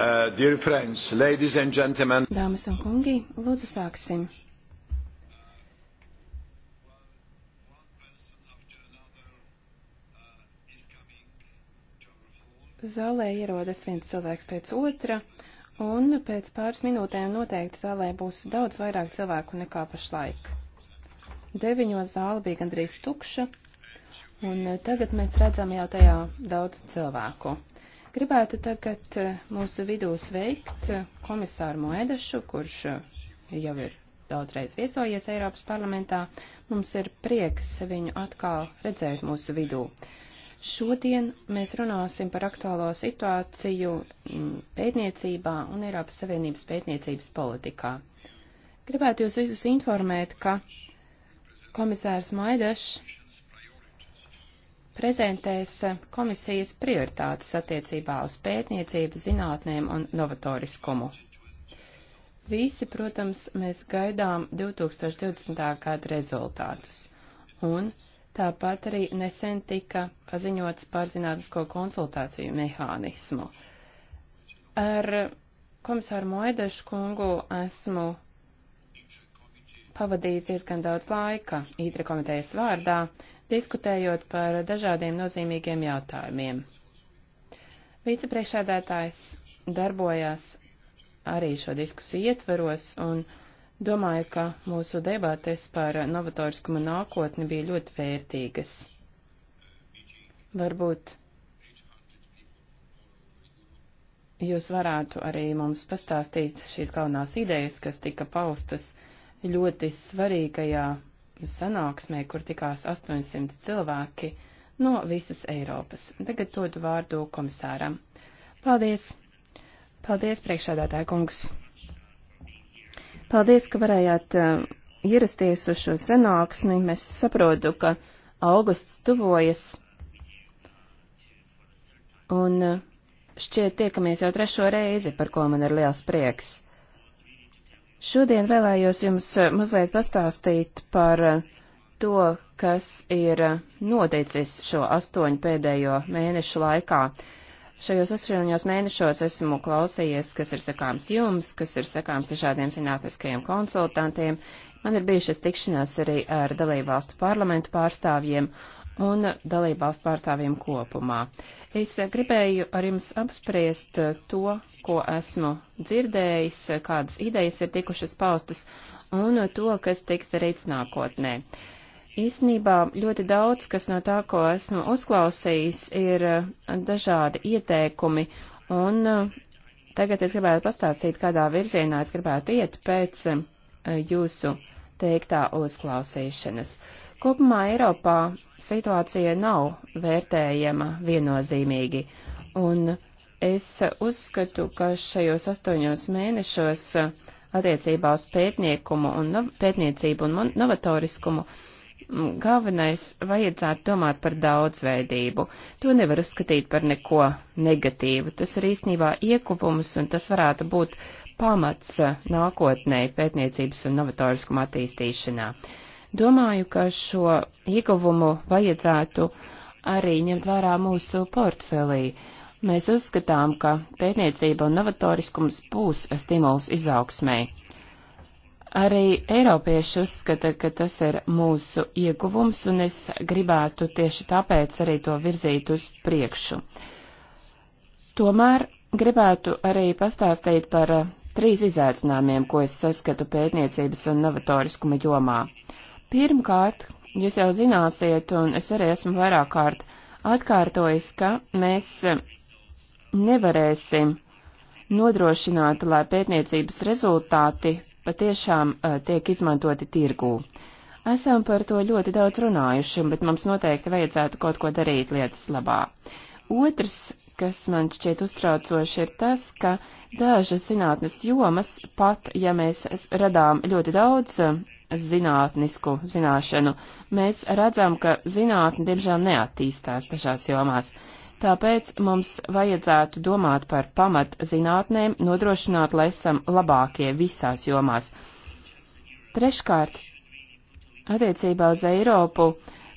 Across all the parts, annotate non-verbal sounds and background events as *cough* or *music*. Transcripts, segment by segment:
Uh, dear friends, ladies and gentlemen. Dāmas un kungi, lūdzu sāksim. Zālē ierodas viens cilvēks pēc otra, un pēc pāris minūtēm noteikti zālē būs daudz vairāk cilvēku nekā pašlaik. Deviņos zāle bija gandrīz tukša, un tagad mēs redzam jau tajā daudz cilvēku. Gribētu tagad eh, mūsu vidū sveikt eh, komisāru Moedešu, kurš eh, jau ir daudzreiz viesojies Eiropas parlamentā. Mums ir prieks viņu atkal redzēt mūsu vidū. Šodien mēs runāsim par aktuālo situāciju mm, pētniecībā un Eiropas Savienības pētniecības politikā. Gribētu jūs visus informēt, ka komisārs Maidešs prezentēs eh, komisijas prioritātes attiecībā uz pētniecību, zinātnēm un novatoriskumu. Visi, protams, mēs gaidām 2020. gada rezultātus. Un tāpat arī nesen tika paziņots par zinātnisko konsultāciju mehānismu. Ar komisāru Moedešu kungu esmu pavadījis diezgan daudz laika Ītra komitejas vārdā, diskutējot par dažādiem nozīmīgiem jautājumiem. Vicepriekšēdētājs darbojās arī šo diskusiju ietveros un domāju, ka mūsu debates par novatoriskumu nākotni bija ļoti vērtīgas. Varbūt jūs varētu arī mums pastāstīt šīs galvenās idejas, kas tika paustas ļoti svarīgajā sanāksmē, kur tikās 800 cilvēki no visas Eiropas. Tagad dodu vārdu komisāram. Paldies! Paldies, priekšādātāja kungs! Paldies, ka varējāt uh, ierasties uz šo sanāksmi. Mēs saprotu, ka augusts tuvojas. Un uh, šķiet tiekamies jau trešo reizi, par ko man ir liels prieks. Šodien vēlējos jums eh, mazliet pastāstīt par eh, to, kas ir eh, noticis šo astoņu pēdējo mēnešu laikā. Šajos astoņos mēnešos esmu klausījies, kas ir sakāms jums, kas ir sakāms dažādiem zinātniskajiem konsultantiem. Man ir bijušas tikšanās arī ar dalībvalstu parlamentu pārstāvjiem, un dalībvalstu pārstāvjiem kopumā. Es gribēju ar jums apspriest to, ko esmu dzirdējis, kādas idejas ir tikušas paustas un to, kas tiks darīts nākotnē. Īsnībā ļoti daudz, kas no tā, ko esmu uzklausījis, ir dažādi ieteikumi, un tagad es gribētu pastāstīt, kādā virzienā es gribētu iet pēc jūsu teiktā uzklausīšanas. Kopumā Eiropā situācija nav vērtējama viennozīmīgi, un es uzskatu, ka šajos astoņos mēnešos uh, attiecībā uz pētniekumu un pētniecību un novatoriskumu mm, galvenais vajadzētu domāt par daudzveidību. To nevar uzskatīt par neko negatīvu. Tas ir īstenībā iekupums un tas varētu būt pamats uh, nākotnē pētniecības un novatoriskuma attīstīšanā. Domāju, ka šo ieguvumu vajadzētu arī ņemt vērā mūsu portfelī. Mēs uzskatām, ka pētniecība un novatoriskums būs stimuls izaugsmai. Arī eiropieši uzskata, ka tas ir mūsu ieguvums, un es gribētu tieši tāpēc arī to virzīt uz priekšu. Tomēr gribētu arī pastāstīt par trīs izaicinājumiem, ko es saskatu pētniecības un novatoriskuma jomā. Uh, Pirmkārt, jūs jau zināsiet, un es arī esmu vairāk kārt atkārtojis, ka mēs eh, nevarēsim nodrošināt, lai pētniecības rezultāti patiešām eh, tiek izmantoti tirgū. Esam par to ļoti daudz runājuši, bet mums noteikti vajadzētu kaut ko darīt lietas labā. Otrs, kas man šķiet uztraucoši, ir tas, ka dažas zinātnes jomas, pat ja mēs radām ļoti daudz zinātnisku zināšanu. Mēs redzam, ka zinātne, diemžēl, neattīstās dažās jomās. Tāpēc mums vajadzētu domāt par pamat zinātnēm, nodrošināt, lai esam labākie visās jomās. Treškārt, attiecībā uz Eiropu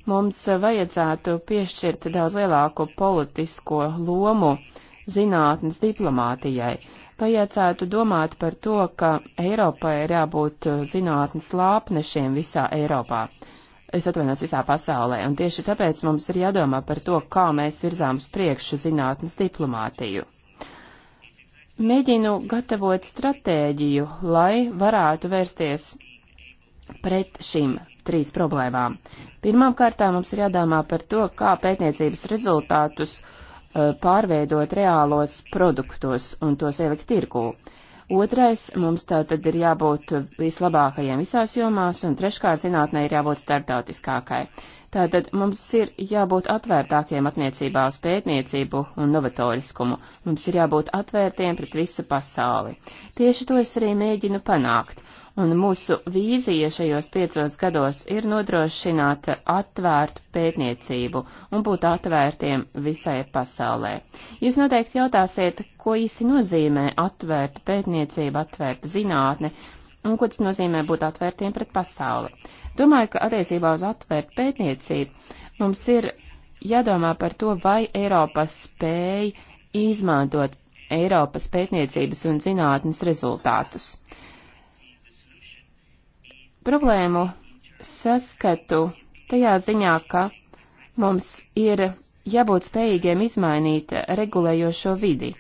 mums vajadzētu piešķirt daudz lielāku politisko lomu zinātnes diplomātijai vajadzētu domāt par to, ka Eiropai ir jābūt eh, zinātnes lāpnešiem visā Eiropā. Es atvainos visā pasaulē, un tieši tāpēc mums ir jādomā par to, kā mēs virzām uz priekšu zinātnes diplomātiju. Mēģinu gatavot stratēģiju, lai varētu vērsties pret šīm trīs problēmām. Pirmkārt, mums ir jādomā par to, kā pētniecības rezultātus uh, Uh, pārveidot reālos produktos un tos ielikt tirgū. Otrais, mums tā tad ir jābūt vislabākajiem visās jomās, un treškārt zinātnē ir jābūt starptautiskākai. Tātad mums ir jābūt atvērtākiem attiecībā uz pētniecību un novatoriskumu. Mums ir jābūt atvērtiem pret visu pasauli. Tieši to es arī mēģinu panākt, Un mūsu vīzija šajos piecos gados ir nodrošināt atvērtu pētniecību un būt atvērtiem visai pasaulē. Jūs noteikti jautāsiet, ko īsi nozīmē atvērta pētniecība, atvērta zinātne un ko tas nozīmē būt atvērtiem pret pasauli. Domāju, ka attiecībā uz atvērtu pētniecību mums ir jādomā par to, vai Eiropa spēj izmantot Eiropas pētniecības un zinātnes rezultātus. Problēmu saskatu tajā ziņā, ka mums ir jābūt spējīgiem izmainīt regulējošo vidi.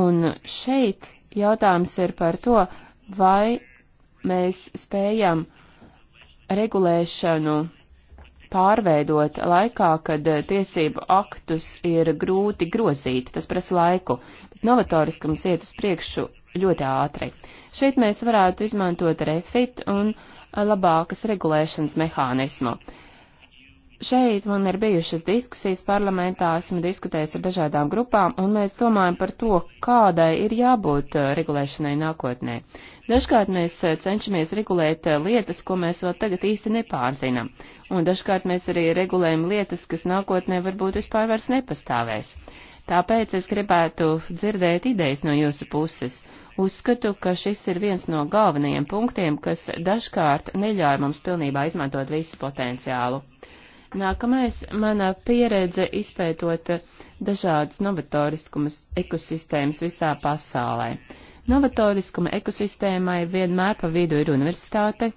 Un šeit jautājums ir par to, vai mēs spējam regulēšanu pārveidot laikā, kad tiesību aktus ir grūti grozīt. Tas prasa laiku, bet novatoriskums iet uz priekšu ļoti ātri. Šeit mēs varētu izmantot refit un uh, labākas regulēšanas mehānismu. Šeit man ir bijušas diskusijas parlamentā, esmu diskutējis ar dažādām grupām, un mēs domājam par to, kādai ir jābūt eh, regulēšanai nākotnē. Dažkārt mēs eh, cenšamies regulēt eh, lietas, ko mēs vēl tagad īsti nepārzinām, un dažkārt mēs arī regulējam lietas, kas nākotnē varbūt vispār vairs nepastāvēs. Tāpēc es gribētu dzirdēt idejas no jūsu puses. Uzskatu, ka šis ir viens no galvenajiem punktiem, kas dažkārt neļauj mums pilnībā izmantot visu potenciālu. Nākamais - mana pieredze izpētot dažādas novatoriskumas ekosistēmas visā pasaulē. Novatoriskuma ekosistēmai vienmēr pa vidu ir universitāte,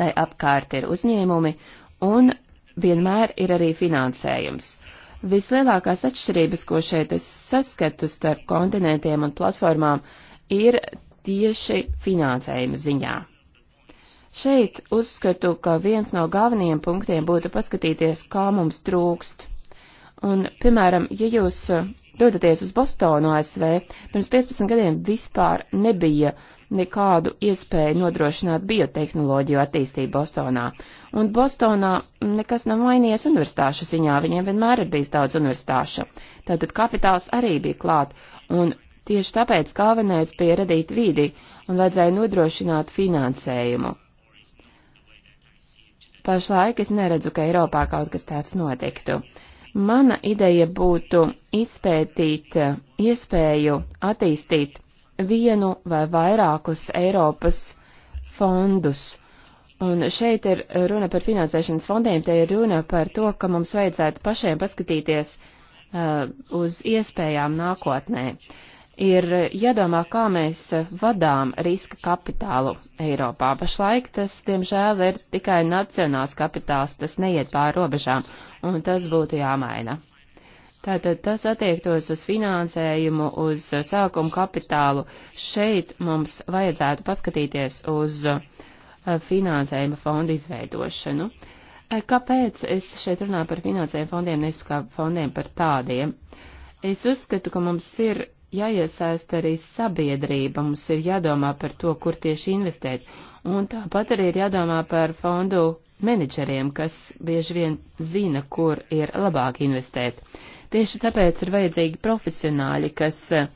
tai apkārt ir uzņēmumi un vienmēr ir arī finansējums. Vislielākās atšķirības, ko šeit es saskatu starp kontinentiem un platformām, ir tieši finansējuma ziņā. Šeit uzskatu, ka viens no galvenajiem punktiem būtu paskatīties, kā mums trūkst. Un, piemēram, ja jūs dodaties uz Bostonu ASV, pirms 15 gadiem vispār nebija nekādu iespēju nodrošināt biotehnoloģiju attīstību Bostonā. Un Bostonā nekas nav mainījies universitāšu ziņā, viņiem vienmēr ir bijis daudz universitāšu. Tātad kapitāls arī bija klāt, un tieši tāpēc galvenais bija radīt vidi un vajadzēja nodrošināt finansējumu. Pašlaik es neredzu, ka Eiropā kaut kas tāds notiktu. Mana ideja būtu izpētīt iespēju attīstīt vienu vai vairākus Eiropas fondus. Un šeit ir runa par finansēšanas fondiem, te ir runa par to, ka mums vajadzētu pašiem paskatīties uh, uz iespējām nākotnē. Ir jādomā, kā mēs vadām riska kapitālu Eiropā. Pašlaik tas, diemžēl, ir tikai nacionāls kapitāls, tas neiet pāri robežām, un tas būtu jāmaina. Tātad tas attiektos uz finansējumu, uz sākumu kapitālu. Šeit mums vajadzētu paskatīties uz eh, finansējuma fondu izveidošanu. Eh, kāpēc es šeit runāju par finansējuma fondiem, nevis kā fondiem par tādiem? Es uzskatu, ka mums ir jāiesaist arī sabiedrība, mums ir jādomā par to, kur tieši investēt. Un tāpat arī ir jādomā par fondu menedžeriem, kas bieži vien zina, kur ir labāk investēt. Uh, Tieši tāpēc ir vajadzīgi profesionāļi, kas eh,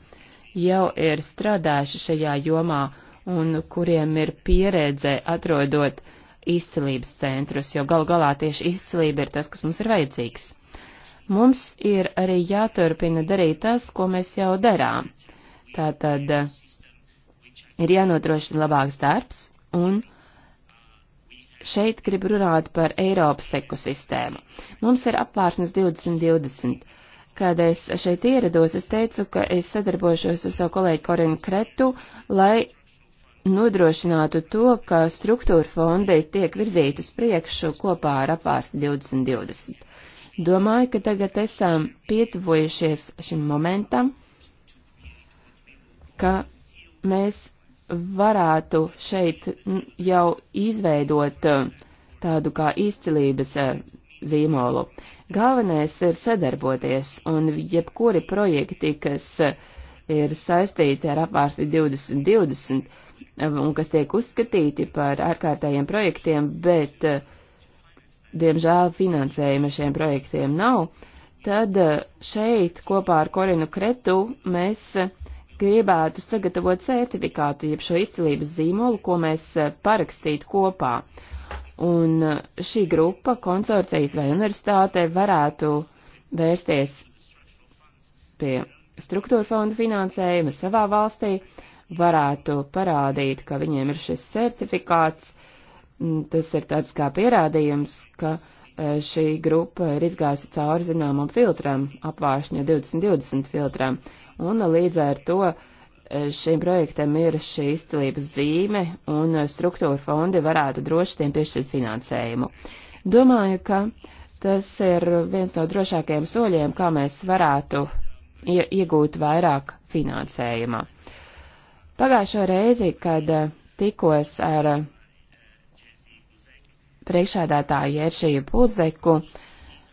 jau ir strādājuši šajā jomā un kuriem ir pieredze atrodot izcelības centrus, jo gal galā tieši izcelība ir tas, kas mums ir vajadzīgs. Mums ir arī jāturpina darīt tas, ko mēs jau darām. Tātad eh, ir jānodrošina labāks darbs, un šeit grib runāt par Eiropas ekosistēmu. Mums ir apvārsnes 2020. Kad es šeit ierados, es teicu, ka es sadarbošos ar savu kolēģi Korinu Kretu, lai nodrošinātu to, ka struktūra fondi tiek virzīti uz priekšu kopā ar apvārsti 2020. Domāju, ka tagad esam pietuvojušies šim momentam, ka mēs varētu šeit jau izveidot tādu kā izcilības eh, zīmolu. Galvenais ir sadarboties, un jebkuri projekti, kas ir saistīti ar apvārsti 2020 un kas tiek uzskatīti par ārkārtējiem projektiem, bet, diemžēl, finansējuma šiem projektiem nav, tad šeit kopā ar Korinu Kretu mēs gribētu sagatavot certifikātu, jeb šo izcilības zīmolu, ko mēs parakstītu kopā. Un uh, šī grupa, konsorcijas vai universitāte, varētu vērsties pie struktūra fondu finansējuma savā valstī, varētu parādīt, ka viņiem ir šis certifikāts. Mm, tas ir tāds kā pierādījums, ka uh, šī grupa ir izgājusi cauri zināmam filtram, apvāršņa 2020 filtram, un uh, līdz ar to uh, šim projektam ir šī izcilības zīme un struktūra fondi varētu droši tiem piešķirt finansējumu. Domāju, ka tas ir viens no drošākajiem soļiem, kā mēs varētu iegūt vairāk finansējuma. Pagājušo reizi, kad eh, tikos ar priekšādātāju Jēršiju Pūdzeku,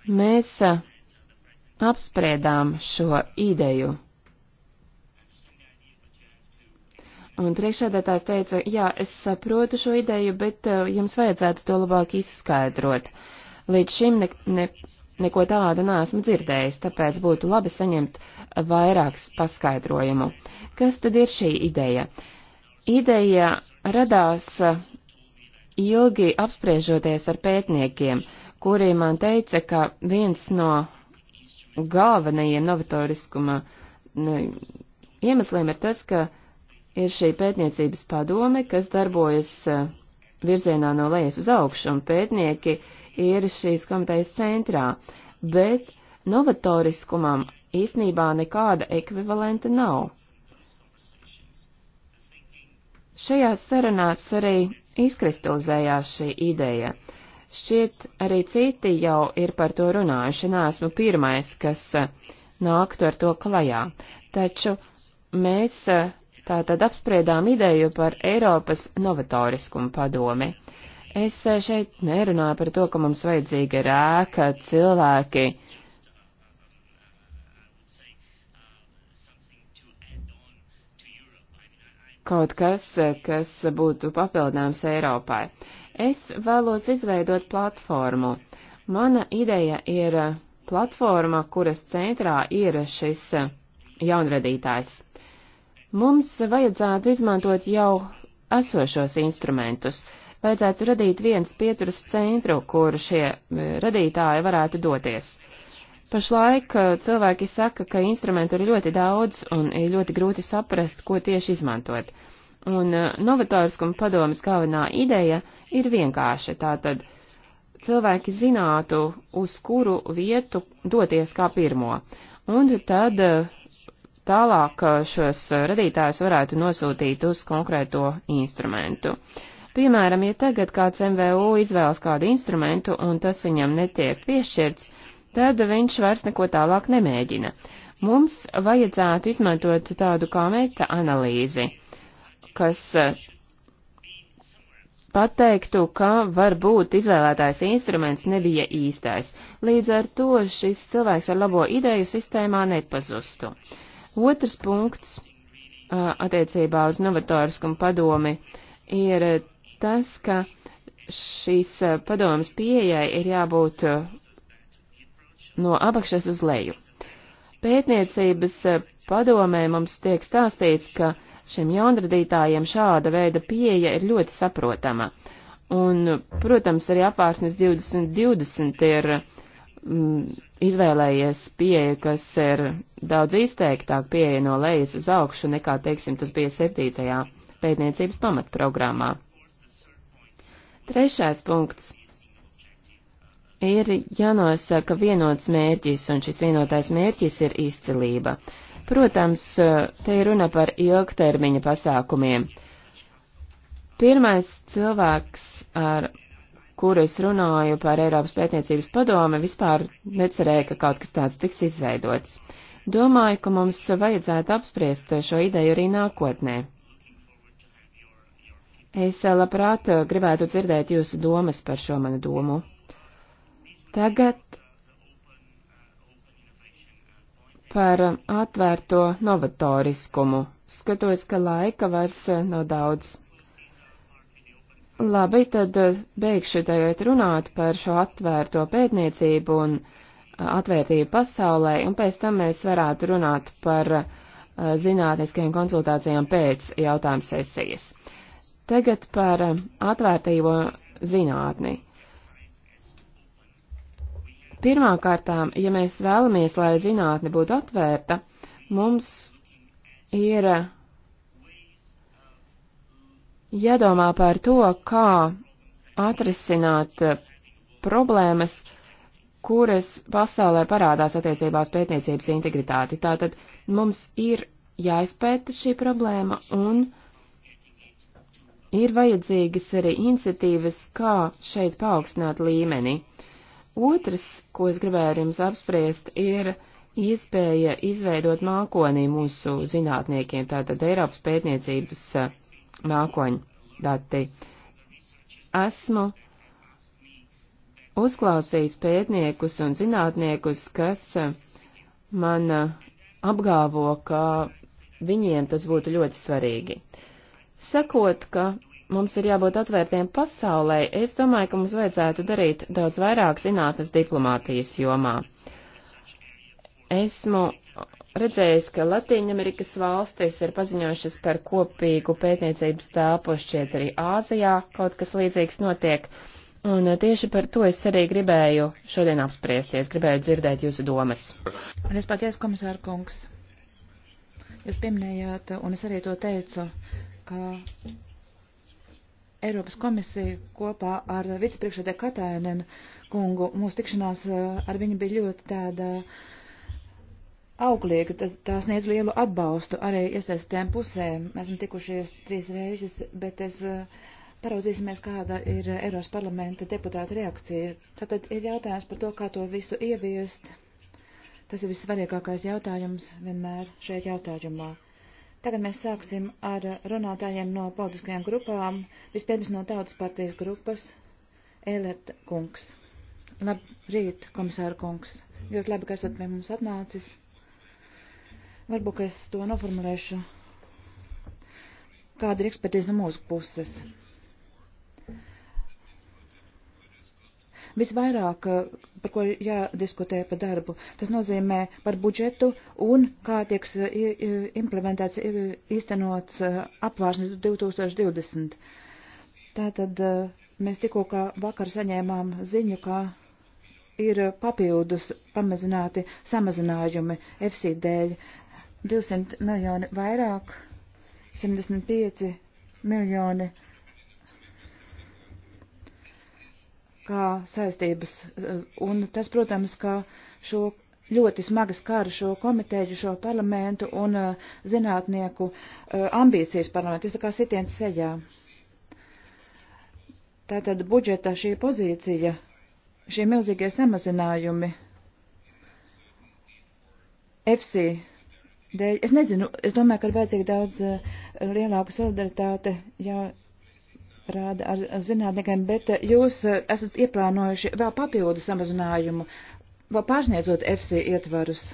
mēs eh, apspriedām šo ideju Un priekšsēdētājs teica, jā, es saprotu šo ideju, bet uh, jums vajadzētu to labāk izskaidrot. Līdz šim ne, ne, neko tādu neesmu dzirdējis, tāpēc būtu labi saņemt vairāks paskaidrojumu. Kas tad ir šī ideja? Ideja radās eh, ilgi apspriežoties ar pētniekiem, kuri man teica, ka viens no galvenajiem novatoriskuma nu, iemesliem ir tas, ka ir šī pētniecības padome, kas darbojas e, virzienā no lejas uz augšu, un pētnieki ir šīs komitejas centrā, bet novatoriskumam īsnībā nekāda ekvivalenta nav. Šajās sarunās arī izkristalizējās šī ideja. Šķiet, arī citi jau ir par to runājuši, nesmu pirmais, kas e, nāktu ar to klajā, taču mēs e, Tātad apspriedām ideju par Eiropas novatoriskumu padomi. Es eh, šeit nerunāju par to, ka mums vajadzīga rēka, cilvēki. Kaut kas, eh, kas būtu papildināms Eiropai. Es vēlos izveidot platformu. Mana ideja ir eh, platforma, kuras centrā ir šis jaunradītājs. Mums vajadzētu izmantot jau esošos instrumentus. Vajadzētu radīt viens pieturas centru, kur šie e, radītāji varētu doties. Pašlaik e, cilvēki saka, ka instrumentu ir ļoti daudz un ir ļoti grūti saprast, ko tieši izmantot. Un e, novatoriskuma padomas galvenā ideja ir vienkārša. Tātad cilvēki zinātu, uz kuru vietu doties kā pirmo. Un tad tālāk eh, šos eh, radītājus varētu nosūtīt uz konkrēto instrumentu. Piemēram, ja tagad kāds MVU izvēlas kādu instrumentu un tas viņam netiek piešķirts, tad viņš vairs neko tālāk nemēģina. Mums vajadzētu izmantot tādu kā meta analīzi, kas eh, pateiktu, ka varbūt izvēlētais instruments nebija īstais. Līdz ar to šis cilvēks ar labo ideju sistēmā nepazustu. Otrs punkts attiecībā uz novatoriskumu padomi ir tas, ka šīs padomas pieejai ir jābūt no apakšas uz leju. Pētniecības padomē mums tiek stāstīts, ka šiem jaunradītājiem šāda veida pieeja ir ļoti saprotama. Un, protams, arī apvārsnes 2020 ir uh, Mm, izvēlējies pieeja, kas ir daudz izteiktāk pieeja no lejas uz augšu nekā, teiksim, tas bija septītajā pētniecības pamatprogrammā. Trešais punkts ir jānosaka vienots mērķis, un šis vienotais mērķis ir izcilība. Protams, te ir runa par ilgtermiņa pasākumiem. Pirmais cilvēks ar kur es runāju par Eiropas pētniecības padomi, vispār necerēju, ka kaut kas tāds tiks izveidots. Domāju, ka mums vajadzētu apspriest šo ideju arī nākotnē. Es labprāt gribētu dzirdēt jūsu domas par šo manu domu. Tagad par atvērto novatoriskumu. Skatos, ka laika vairs nav daudz. Labi, tad eh, beigšu tagad runāt par šo atvērto pētniecību un eh, atvērtību pasaulē, un pēc tam mēs varētu runāt par eh, zinātniskajām konsultācijām pēc jautājuma sesijas. Tagad par atvērtību zinātni. Pirmkārtām, ja mēs vēlamies, lai zinātne būtu atvērta, mums ir jādomā par to, kā atrisināt eh, problēmas, kuras pasaulē parādās attiecībās pētniecības integritāti. Tātad mums ir jāizpēta šī problēma un ir vajadzīgas arī iniciatīvas, kā šeit paaugstināt līmeni. Otrs, ko es gribēju ar jums apspriest, ir iespēja izveidot mākonī mūsu zinātniekiem, tātad Eiropas pētniecības eh, mākoņu dati. Esmu uzklausījis pētniekus un zinātniekus, kas eh, man eh, apgāvo, ka viņiem tas būtu ļoti svarīgi. Sakot, ka mums ir jābūt atvērtiem pasaulē, es domāju, ka mums vajadzētu darīt daudz vairāk zinātnes diplomātijas jomā. Esmu redzējis, ka Latīņamerikas valstis ir paziņojušas par kopīgu pētniecības telpu, šķiet arī Āzijā kaut kas līdzīgs notiek. Un eh, tieši par to es arī gribēju šodien apspriesties, gribēju dzirdēt jūsu domas. Un es paties, komisāra kungs, jūs pieminējāt, un es arī to teicu, ka Eiropas komisija kopā ar vicepriekšēdē Katainen kungu mūsu tikšanās eh, ar viņu bija ļoti tāda uh, auglīga, tas, tā sniedz lielu atbalstu arī iesaistēm pusēm. Mēs esam tikušies trīs reizes, bet es eh, paraudzīsimies, kāda ir Eiros parlamenta deputāta reakcija. Tātad ir jautājums par to, kā to visu ieviest. Tas ir vissvarīgākais jautājums vienmēr šeit jautājumā. Tagad mēs sāksim ar runātājiem no politiskajām grupām. Vispirms no Tautas partijas grupas Ēlert kungs. Labrīt, komisāra kungs. Ļoti labi, ka esat pie mums atnācis. Varbūt es to noformulēšu. Kāda ir ekspertīze no mūsu puses? Visvairāk, eh, par ko jādiskutē par darbu, tas nozīmē par budžetu un kā tiek eh, implementēts, īstenots eh, apvārsnes 2020. Tātad mēs tikko kā vakar saņēmām ziņu, ka ir papildus pamazināti samazinājumi FC dēļ. 200 miljoni vairāk, 75 miljoni kā saistības. Un tas, protams, ka šo ļoti smagi skara šo komiteju, šo parlamentu un uh, zinātnieku uh, ambīcijas parlamentu. Tas tā kā sitiens sejā. Tātad budžeta šī pozīcija, šie milzīgie samazinājumi, EFSI dēļ. Es nezinu, es domāju, ka ir vajadzīga daudz eh, lielāka solidaritāte, jā, rāda ar zinātniekiem, bet eh, jūs eh, esat ieplānojuši vēl papildu samazinājumu, vēl pārsniedzot FC ietvarus.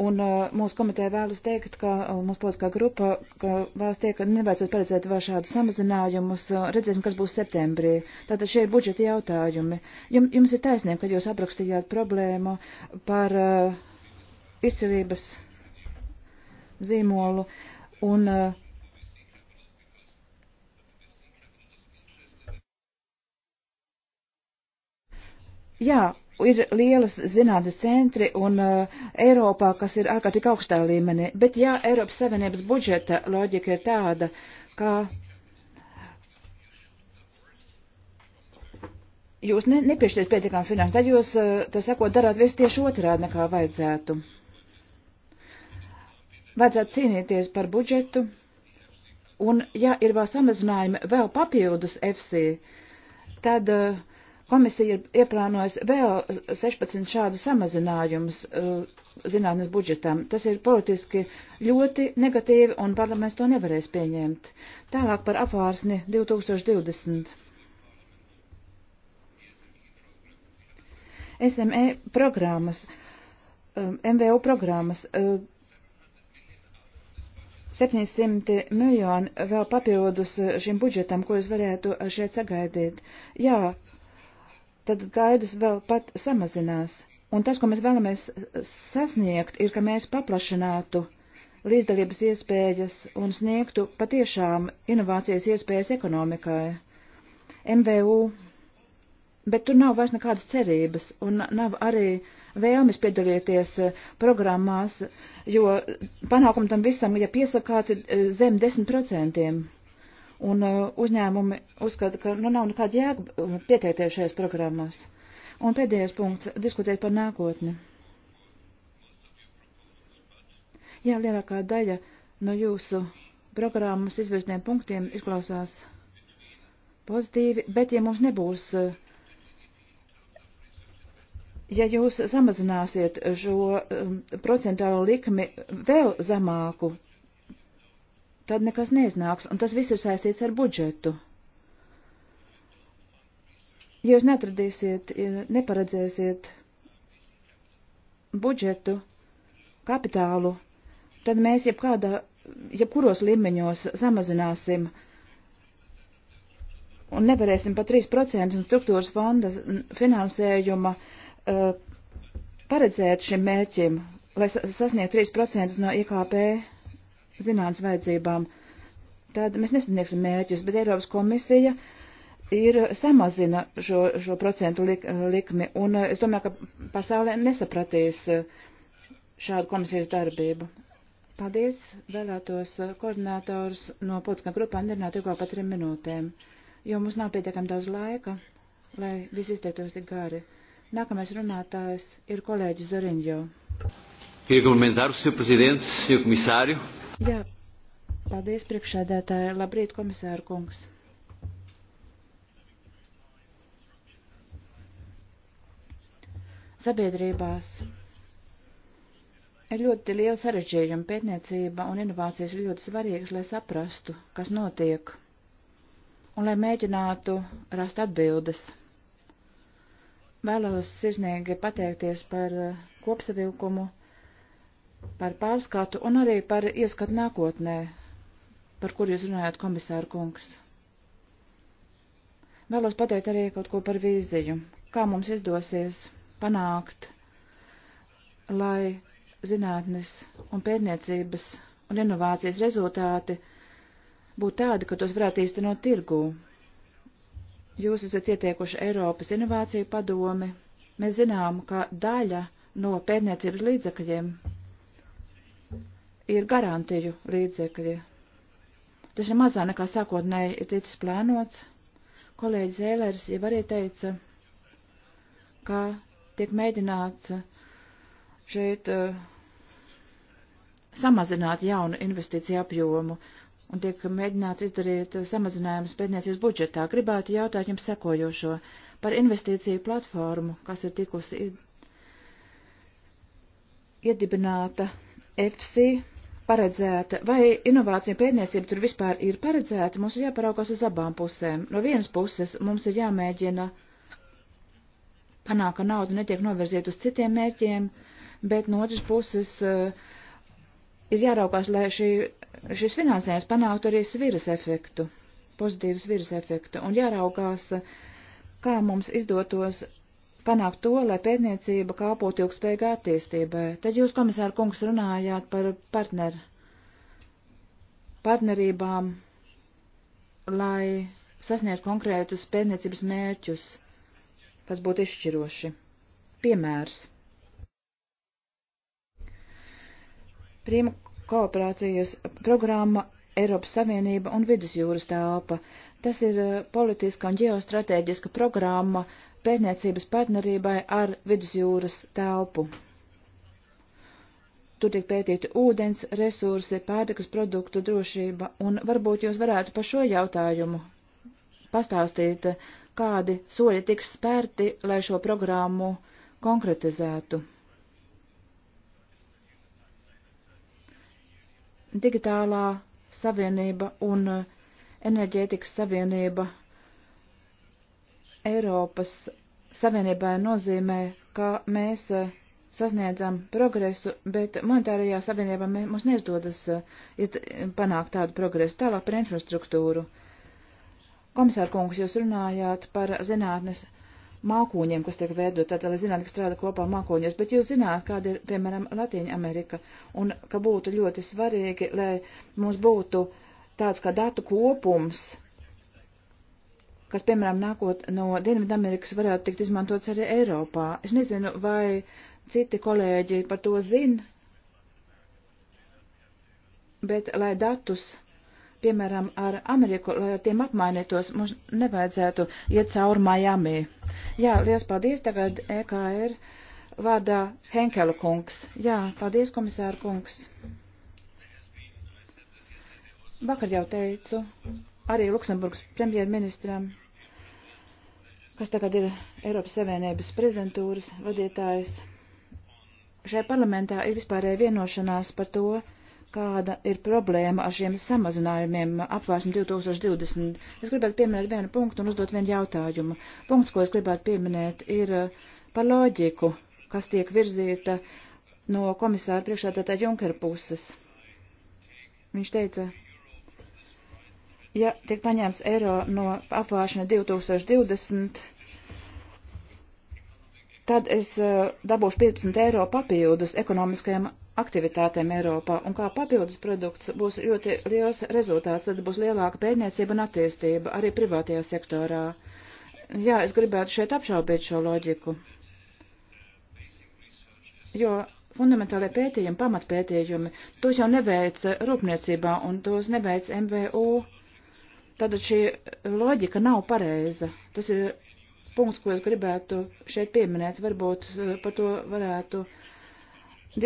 Un uh, mūsu komiteja vēlas teikt, ka uh, mūsu politiskā grupa vēlas teikt, ka nevajadzētu paredzēt vēl šādu samazinājumus. Uh, redzēsim, kas būs septembrī. Tātad šie ir budžeta jautājumi. Jum, jums ir taisnība, kad jūs aprakstījāt problēmu par uh, izcilības zīmolu un uh, Jā, ir lielas zinātnes centri un uh, Eiropā, kas ir ārkārtīgi augstā līmenī, bet jā, Eiropas Savienības budžeta loģika ir tāda, ka jūs ne, nepiešķirat pietiekami finanses, tad jūs, uh, tā sakot, darāt visu tieši otrādi nekā vajadzētu vajadzētu cīnīties par budžetu, un ja ir vēl samazinājumi vēl papildus FC, tad uh, komisija ir ieplānojusi vēl 16 šādu samazinājumus uh, zinātnes budžetam. Tas ir politiski ļoti negatīvi, un parlaments to nevarēs pieņemt. Tālāk par apvārsni 2020. SME programmas, um, eh, MVU programmas. Uh, 700 miljoni vēl papildus šim budžetam, ko jūs varētu šeit sagaidīt. Jā, tad gaidas vēl pat samazinās. Un tas, ko mēs vēlamies sasniegt, ir, ka mēs paplašinātu līdzdalības iespējas un sniegtu patiešām inovācijas iespējas ekonomikai. MVU, bet tur nav vairs nekādas cerības un nav arī uh, vēlmes piedalīties eh, programmās, jo panākumu tam visam, ja piesakāts, ir eh, zem 10%. Un eh, uzņēmumi uzskata, ka nu, nav nekāda jēga um, pieteikties šajās programmās. Un pēdējais punkts - diskutēt par nākotni. Jā, lielākā daļa no jūsu programmas izvirstiem punktiem izklausās pozitīvi, bet ja mums nebūs uh, ja jūs samazināsiet šo um, procentālo likmi vēl zemāku, tad nekas neiznāks, un tas viss ir saistīts ar budžetu. Ja jūs netradīsiet, neparedzēsiet budžetu, kapitālu, tad mēs jebkādā, jebkuros līmeņos samazināsim un nevarēsim pa 3% struktūras fonda finansējuma uh, uh, paredzēt šim mērķim, lai sasniegtu 3% no IKP zinātnes vajadzībām, tad mēs nesasniegsim mērķus, bet Eiropas komisija ir samazina šo, šo procentu lik, uh, likmi, un uh, es domāju, ka pasaulē nesapratīs uh, šādu komisijas darbību. Paldies, vēlētos koordinātors no politiskā grupā nerunāt ilgāk par trim minūtēm, jo mums nav pietiekami daudz laika, lai visi izteiktos tik gari. Nākamais runātājs ir kolēģis Zoriņģo. Queria cumprimentar o Sr. Presidente, Sr. Comissário. Jā, paldies priekšsēdētāji. Labrīt, komisāra kungs. Sabiedrībās ir ļoti liela sarežģījuma pētniecība un inovācijas ir ļoti svarīgas, lai saprastu, kas notiek, un lai mēģinātu rast atbildes. Vēlos sirsnīgi pateikties par eh, kopsavilkumu, par pārskatu un arī par ieskatu nākotnē, par kur jūs runājat, komisāra kungs. Vēlos pateikt arī kaut ko par vīziju, kā mums izdosies panākt, lai zinātnes un pētniecības un inovācijas rezultāti būtu tādi, ka tos varētu īstenot tirgū. Jūs esat ieteikuši Eiropas inovāciju padomi. Mēs zinām, ka daļa no pētniecības līdzekļiem ir garantiju līdzekļi. Tas ir mazā nekā sākotnēji ir ticis plānots. Kolēģis Ēlers jau arī teica, ka tiek mēģināts šeit uh, samazināt jaunu investīciju apjomu un tiek mēģināts izdarīt samazinājumus pētniecības budžetā. Gribētu jautāt jums sekojošo par investīciju platformu, kas ir tikusi iedibināta EFSI paredzēta, vai inovācija pētniecība tur vispār ir paredzēta, mums ir jāparaukās uz abām pusēm. No vienas puses mums ir jāmēģina panākt, ka nauda netiek novirzīta uz citiem mērķiem, bet no otras puses uh, ir jāraukās, lai šī šis finansējums panāktu arī sviras efektu, pozitīvu sviras efektu, un jāraugās, kā mums izdotos panākt to, lai pētniecība kāpotu ilgspējīgai attīstībai. Tad jūs, komisāra kungs, runājāt par partneru partnerībām, lai sasniegtu konkrētus pētniecības mērķus, kas būtu izšķiroši. Piemērs. Prima kooperācijas programma Eiropas Savienība un Vidusjūras telpa. Tas ir eh, politiska un ģeostrateģiska programma pētniecības partnerībai ar Vidusjūras telpu. Tur tiek pētīti ūdens resursi, pārtikas produktu drošība, un varbūt jūs varētu par šo jautājumu pastāstīt, eh, kādi soļi tiks spērti, lai šo programmu konkretizētu. digitālā savienība un eh, enerģētikas savienība Eiropas savienībai nozīmē, ka mēs eh, sasniedzam progresu, bet monetārajā savienībā mums neizdodas eh, panākt tādu progresu tālāk par infrastruktūru. Komisārkungs, jūs runājāt par zinātnes mākoņiem, kas tiek veidot, tātad, lai zinātu, ka strādā kopā mākoņos, bet jūs zināt, kāda ir, piemēram, Latīņa Amerika, un ka būtu ļoti svarīgi, lai mums būtu tāds kā datu kopums, kas, piemēram, nākot no Dienvidamerikas, varētu tikt izmantots arī Eiropā. Es nezinu, vai citi kolēģi par to zina, bet, lai datus piemēram, ar Ameriku, lai ar tiem apmainītos, mums nevajadzētu iet cauri Miami. Jā, liels paldies tagad EKR vārdā Henkela kungs. Jā, paldies, komisāra kungs. Vakar jau teicu, arī Luksemburgas premjerministram, kas tagad ir Eiropas Savienības prezidentūras vadītājs. Šajā parlamentā ir vispārēja vienošanās par to, kāda ir problēma ar šiem samazinājumiem apvārsim 2020. Es gribētu pieminēt vienu punktu un uzdot vienu jautājumu. Punkts, ko es gribētu pieminēt, ir eh, par loģiku, kas tiek virzīta no komisāra priekšādātā Junkera puses. Viņš teica, ja tiek paņēmts eiro no apvāršana 2020, tad es eh, dabūšu 15 eiro papildus ekonomiskajām aktivitātēm Eiropā, un kā papildus produkts būs ļoti liels rezultāts, tad būs lielāka pētniecība un attīstība arī privātajā sektorā. Jā, es gribētu šeit apšaubīt šo loģiku, jo fundamentālie pētījumi, pamatpētījumi, tos jau neveic rūpniecībā un tos neveic MVU. Tātad šī loģika nav pareiza. Tas ir punkts, ko es gribētu šeit pieminēt. Varbūt eh, par to varētu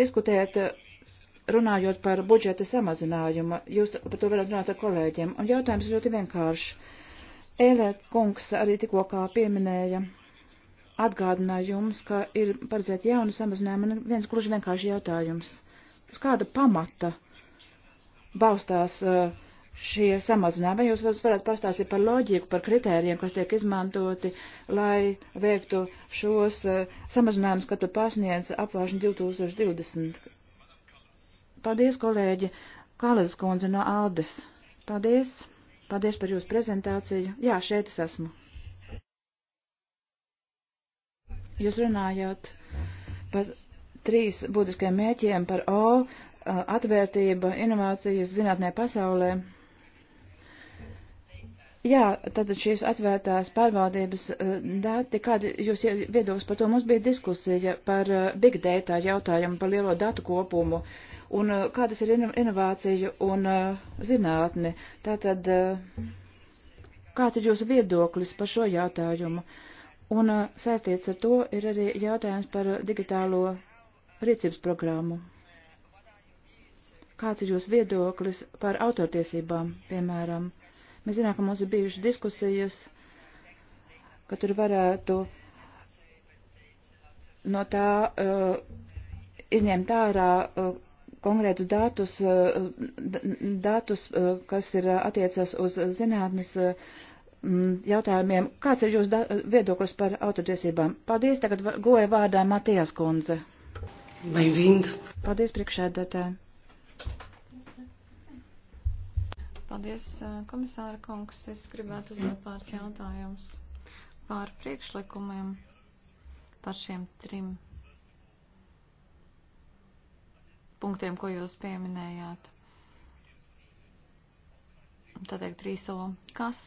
diskutēt, eh, runājot par budžeta samazinājumu. Jūs par to varat runāt ar kolēģiem. Un jautājums ļoti vienkāršs. Ēlēt kungs arī tikko kā pieminēja, atgādināja jums, ka ir paredzēti jauni samazinājumi. Un viens gluži vienkārši jautājums. Uz kāda pamata balstās uh, šie samazinājumi. Vai jūs varētu pastāstīt par loģiku, par kritērijiem, kas tiek izmantoti, lai veiktu šos eh, samazinājumus, kad tu pārsniedz apvāršanu 2020? Paldies, kolēģi! Kalas kundze no Aldes. Paldies! Paldies par jūsu prezentāciju. Jā, šeit es esmu. Jūs runājāt par trīs būtiskajiem mēķiem, par O, eh, atvērtība, inovācijas zinātnē pasaulē Jā, tātad šīs atvērtās pārvaldības eh, dati, kādi jūs viedoklis par to? Mums bija diskusija par eh, big data jautājumu, par lielo datu kopumu un eh, kādas ir inovācija un zinātne. Tātad, kāds ir jūsu viedoklis par šo jautājumu? Un saistīts ar to ir arī jautājums par digitālo rīcības programmu. Kāds ir jūsu viedoklis par autortiesībām, piemēram? Mēs zinām, ka mums ir bijušas diskusijas, ka tur varētu no tā uh, izņemt ārā uh, konkrētus datus, uh, datus uh, kas ir uh, attiecas uz zinātnes uh, jautājumiem. Kāds ir jūsu viedoklis par autotiesībām? Paldies, tagad goja vārdā Matijas kundze. Bem-vindo. Paldies, priekšēdētāji. Paldies, komisāra kungs. Es gribētu uzdot pāris jautājumus par priekšlikumiem, par šiem trim punktiem, ko jūs pieminējāt. Tāteikt, trīso. Kas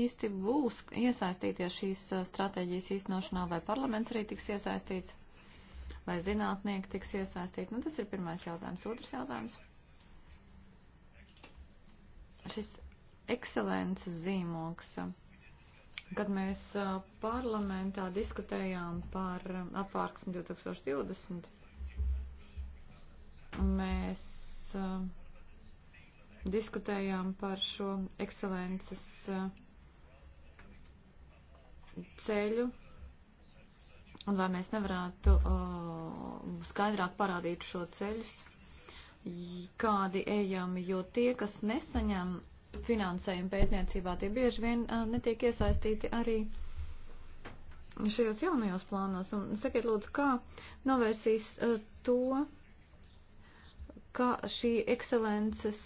īsti būs iesaistīties šīs stratēģijas īstenošanā, vai parlaments arī tiks iesaistīts, vai zinātnieki tiks iesaistīti? Nu, tas ir pirmais jautājums. Otrs jautājums Šis ekscelences zīmoks, kad mēs parlamentā diskutējām par apvārksni 2020, mēs diskutējām par šo ekscelences ceļu un vai mēs nevarētu skaidrāk parādīt šo ceļus kādi ejami, jo tie, kas nesaņem finansējumu pētniecībā, tie bieži vien netiek iesaistīti arī šajos jaunajos plānos. Un sakiet lūdzu, kā novērsīs to, ka šī ekscelences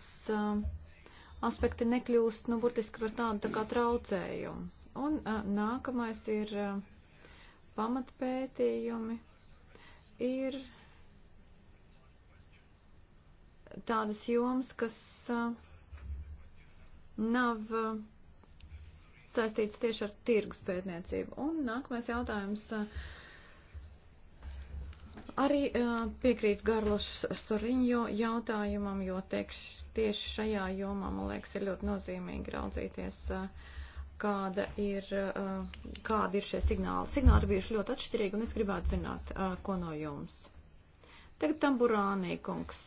aspekti nekļūst, nu, burtiski par tādu tā kā traucējumu. Un nākamais ir pamatpētījumi. Ir tādas jomas, kas nav saistīts tieši ar tirgus pētniecību. Un nākamais jautājums. Arī piekrīt Garlos Soriņo jautājumam, jo teikšu, tieši šajā jomā, man liekas, ir ļoti nozīmīgi raudzīties, kāda ir, kāda ir šie signāli. Signāli bijuši ļoti atšķirīgi, un es gribētu zināt, ko no jums. Tagad tamburānī kungs.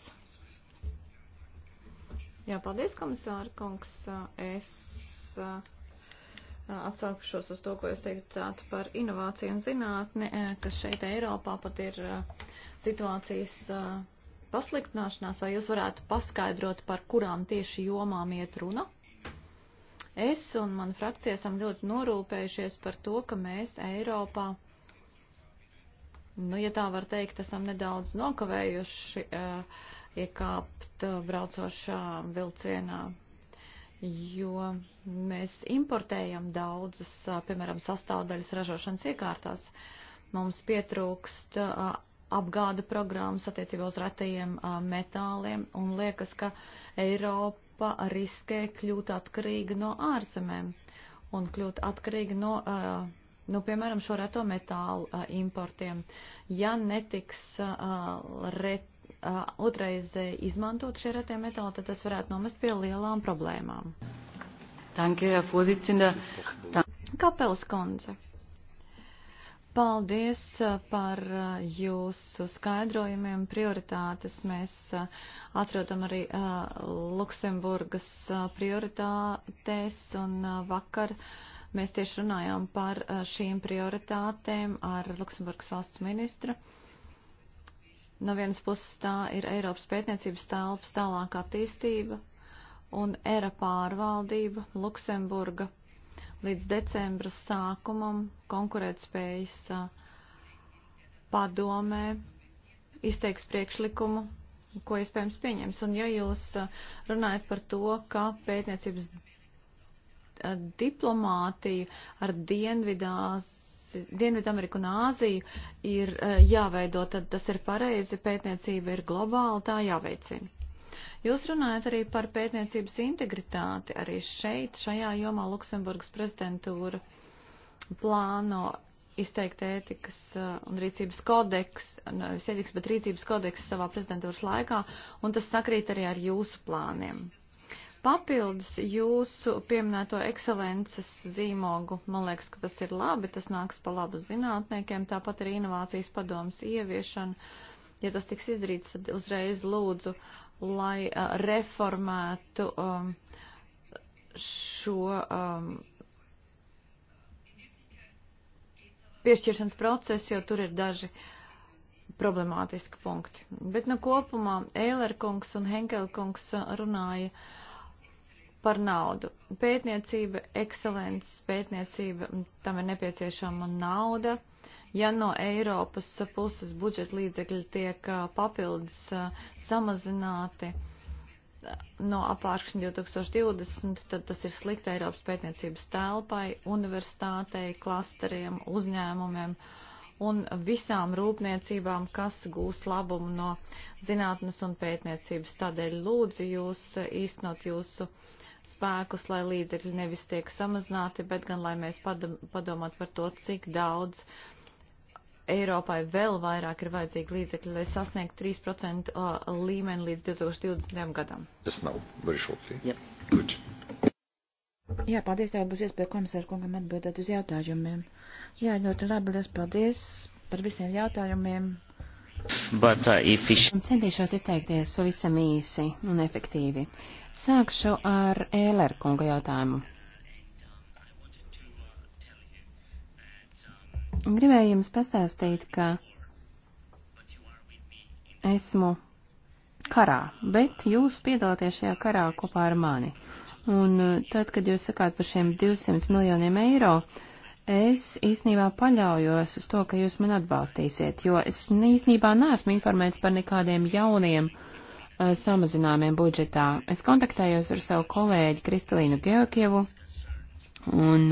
Jā, paldies, komisāra kungs. Es uh, atsaukšos uz to, ko jūs teicāt par inovāciju un zinātni, uh, ka šeit Eiropā pat ir uh, situācijas pasliktināšanās, vai jūs varētu paskaidrot, par kurām tieši jomām iet runa? Es un mana frakcija esam ļoti norūpējušies par to, ka mēs Eiropā, nu, ja tā var teikt, esam nedaudz nokavējuši uh, iekāpt uh, braucošā vilcienā, jo mēs importējam daudzas, uh, piemēram, sastāvdaļas ražošanas iekārtās. Mums pietrūkst uh, apgāda programmas attiecībā uz retajiem metāliem un liekas, ka Eiropa riskē kļūt atkarīga no ārzemēm un kļūt atkarīga no, nu, piemēram, šo reto metālu importiem. Ja netiks ret otrais izmantot šie retie metāli, tad tas varētu nomest pie lielām problēmām. Danke, Herr Vorsitzender. Kapelas kundze. Paldies par jūsu skaidrojumiem, prioritātes. Mēs atrodam arī Luksemburgas prioritātēs un vakar mēs tieši runājām par šīm prioritātēm ar Luksemburgas valsts ministru. No vienas puses tā ir Eiropas pētniecības telpas tālāk attīstība un era pārvaldība Luksemburga līdz decembra sākumam konkurētspējas padomē izteiks priekšlikumu, ko iespējams pieņems. Un ja jūs runājat par to, ka pētniecības diplomātija ar Dienvidās Dienvidameriku un Āziju ir eh, jāveido, tad tas ir pareizi, pētniecība ir globāla, tā jāveicina. Jūs runājat arī par pētniecības integritāti, arī šeit, šajā jomā Luksemburgas prezidentūra plāno izteikt ētikas eh, un rīcības kodeks, nevis ētikas, bet rīcības kodeks savā prezidentūras laikā, un tas sakrīt arī ar jūsu plāniem. Papildus jūsu pieminēto ekscelences zīmogu, man liekas, ka tas ir labi, tas nāks pa labu zinātniekiem, tāpat arī inovācijas padomas ieviešana. Ja tas tiks izdarīts, tad uzreiz lūdzu, lai uh, reformētu um, šo um, piešķiršanas procesu, jo tur ir daži uh, problemātiski punkti. Bet nu kopumā Eiler kungs un Henkel kungs runāja par naudu. Pētniecība, ekscelences pētniecība, tam ir nepieciešama nauda. Ja no Eiropas puses budžeta līdzekļi tiek papildus samazināti no apārkšņa 2020, tad tas ir slikti Eiropas pētniecības telpai, universitātei, klasteriem, uzņēmumiem un visām rūpniecībām, kas gūs labumu no zinātnes un pētniecības. Tādēļ lūdzu jūs īstenot jūsu uh, spēkus, lai līdzekļi nevis tiek samazināti, bet gan lai mēs padomātu par to, cik daudz Eiropai vēl vairāk ir vajadzīgi līdzekļi, lai sasniegtu 3% uh, līmeni līdz 2020. gadam. Tas nav very shortly. Yep. Good. Jā, paldies, tev būs iespēja komisāra kungam atbildēt uz jautājumiem. Jā, ļoti labi, liels paldies par visiem jautājumiem. But, uh, it... Centīšos izteikties pavisam īsi un efektīvi. Sākšu ar Ēlera kunga jautājumu. Gribēju jums pastāstīt, ka esmu karā, bet jūs piedalāties šajā karā kopā ar mani. Un uh, tad, kad jūs sakāt par šiem 200 miljoniem eiro, uh, Es īsnībā paļaujos uz to, ka jūs man atbalstīsiet, jo es īsnībā neesmu informēts par nekādiem jauniem uh, samazinājumiem budžetā. Es kontaktējos ar savu kolēģi Kristalīnu Georgievu un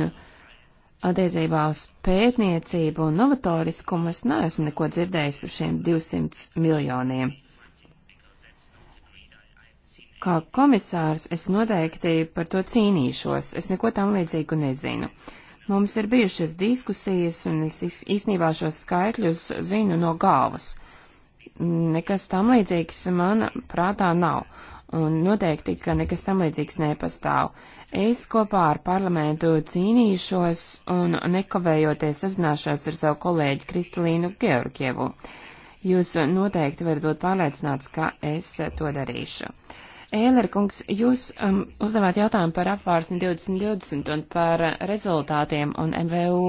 attiecībā uz pētniecību un novatoriskumu es neesmu neko dzirdējis par šiem 200 miljoniem. Kā komisārs es noteikti par to cīnīšos, es neko tam līdzīgu nezinu. Uh, Mums ir bijušas diskusijas, un es īstenībā šos skaitļus zinu no galvas. Nekas tam līdzīgs man prātā nav, un noteikti, ka nekas tam līdzīgs nepastāv. Es kopā ar parlamentu cīnīšos un nekavējoties sazināšos ar savu kolēģi Kristalīnu Georgievu. Jūs noteikti varat būt pārliecināts, ka es to darīšu. Uh, Ēlerkungs, jūs um, uzdevāt jautājumu par apvārsni 2020 un par rezultātiem un MVU.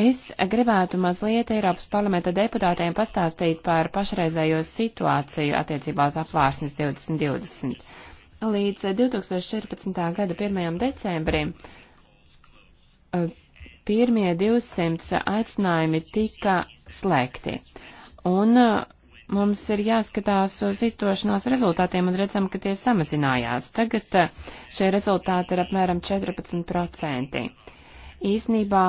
Es gribētu mazliet Eiropas parlamenta deputātiem pastāstīt par pašreizējo situāciju attiecībā uz apvārsnes 2020. Līdz 2014. Eh, gada 1. decembrim eh, pirmie 200 aicinājumi tika slēgti. Un uh, mums ir jāskatās uz izdošanās rezultātiem un redzam, ka tie samazinājās. Tagad eh, šie rezultāti ir apmēram 14%. Īsnībā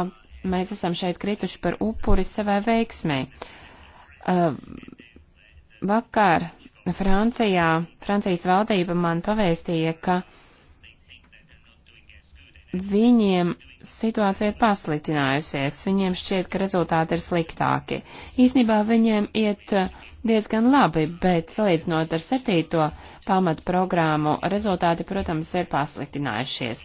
mēs esam šeit krituši par upuri savai veiksmē. Eh, vakar Francijā, Francijas valdība man pavēstīja, ka viņiem situācija ir pasliktinājusies, viņiem šķiet, ka rezultāti ir sliktāki. Īsnībā viņiem iet eh, diezgan labi, bet salīdzinot ar septīto pamatu programmu, rezultāti, protams, ir pasliktinājušies.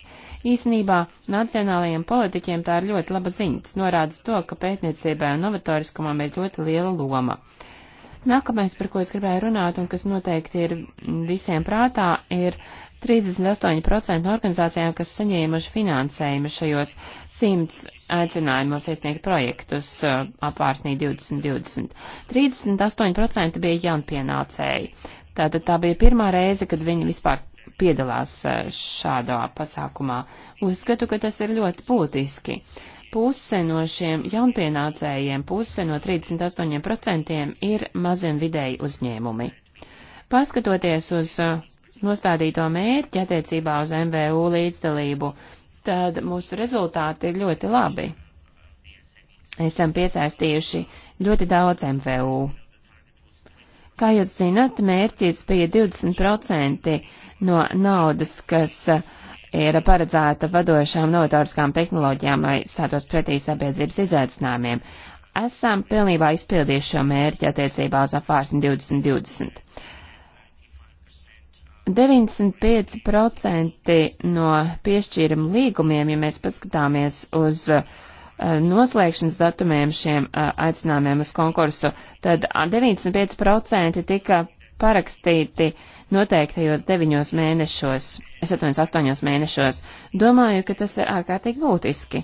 Īsnībā nacionālajiem politiķiem tā ir ļoti laba ziņa, tas norāda to, ka pētniecībai un novatoriskumam ir ļoti liela loma. Nākamais, par ko es gribēju runāt un kas noteikti ir visiem prātā, ir 38% no organizācijām, kas saņēmuši finansējumu šajos 100 aicinājumos iesniegt projektus apvārsnī 2020. 38% bija jaunpienācēji. Tātad tā bija pirmā reize, kad viņi vispār piedalās šādā pasākumā. Uzskatu, ka tas ir ļoti būtiski. Puse no šiem jaunpienācējiem, puse no 38% ir mazi un vidēji uzņēmumi. Paskatoties uz nostādīto mērķi attiecībā uz MVU līdzdalību, tad mūsu rezultāti ir ļoti labi. Esam piesaistījuši ļoti daudz MVU. Kā jūs zināt, mērķis bija 20% no naudas, kas ir paredzēta vadošām novatoriskām tehnoloģijām, lai stātos pretī sabiedrības izaicinājumiem. Esam pilnībā izpildījuši šo mērķi attiecībā uz apvārsni 2020. 95% no piešķīruma līgumiem, ja mēs paskatāmies uz uh, noslēgšanas datumiem šiem uh, aicinājumiem uz konkursu, tad 95% uh, tika parakstīti noteiktajos deviņos mēnešos, es atvainojos astoņos mēnešos. Domāju, ka tas ir ārkārtīgi būtiski.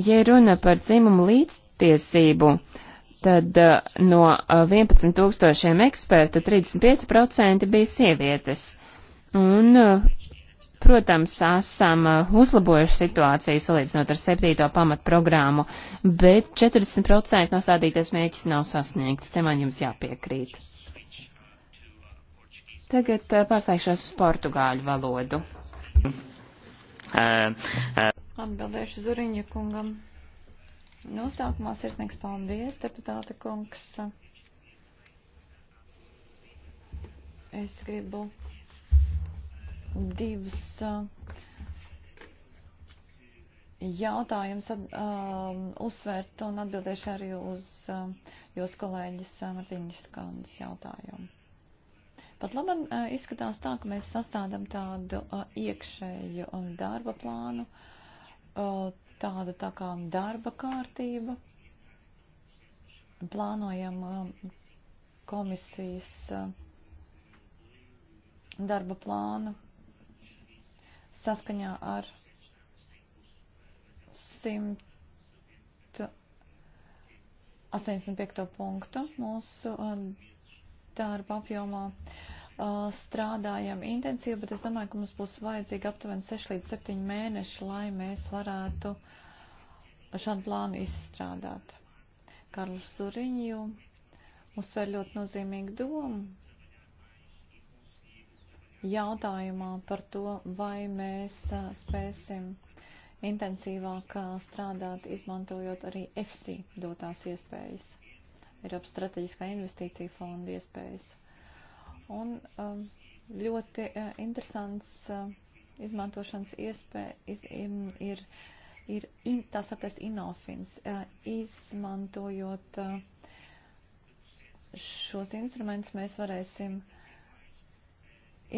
Ja runa par dzimumu līdztiesību, uh, tad uh, no 11 uh, tūkstošiem ekspertu 35% bija sievietes. Un, uh, protams, esam uzlabojuši situāciju salīdzinot ar 7. pamatprogrammu, bet 40% nosādītais mērķis nav sasniegts. Te man jums jāpiekrīt. Tagad pārslēgšos uz portugāļu valodu. Atbildēšu Zuriņa kungam. Nosākumā nu, sirsnīgs paldies, deputāta kungs. Es gribu divus uh, jautājumus um, uzsvērt un atbildēšu arī uz um, jūsu kolēģis Martiņas Kandas jautājumu. Pat labi uh, izskatās tā, ka mēs sastādām tādu uh, iekšēju um, darba plānu. Uh, tāda tā kā darba kārtība. Plānojam um, komisijas um, darba plānu saskaņā ar 185. punktu mūsu um, darba apjomā. Uh, strādājam intensīvi, bet es domāju, ka mums būs vajadzīgi aptuveni 6 līdz 7 mēneši, lai mēs varētu šādu plānu izstrādāt. Karls Zuriņu uzsver ļoti nozīmīgu domu jautājumā par to, vai mēs spēsim intensīvāk strādāt, izmantojot arī EFSI dotās iespējas, Eiropas strateģiskā investīcija fonda iespējas un um, ļoti uh, interesants uh, izmantošanas iespēja iz, im, ir, ir in, tā saktais inofins, uh, izmantojot uh, šos instrumentus mēs varēsim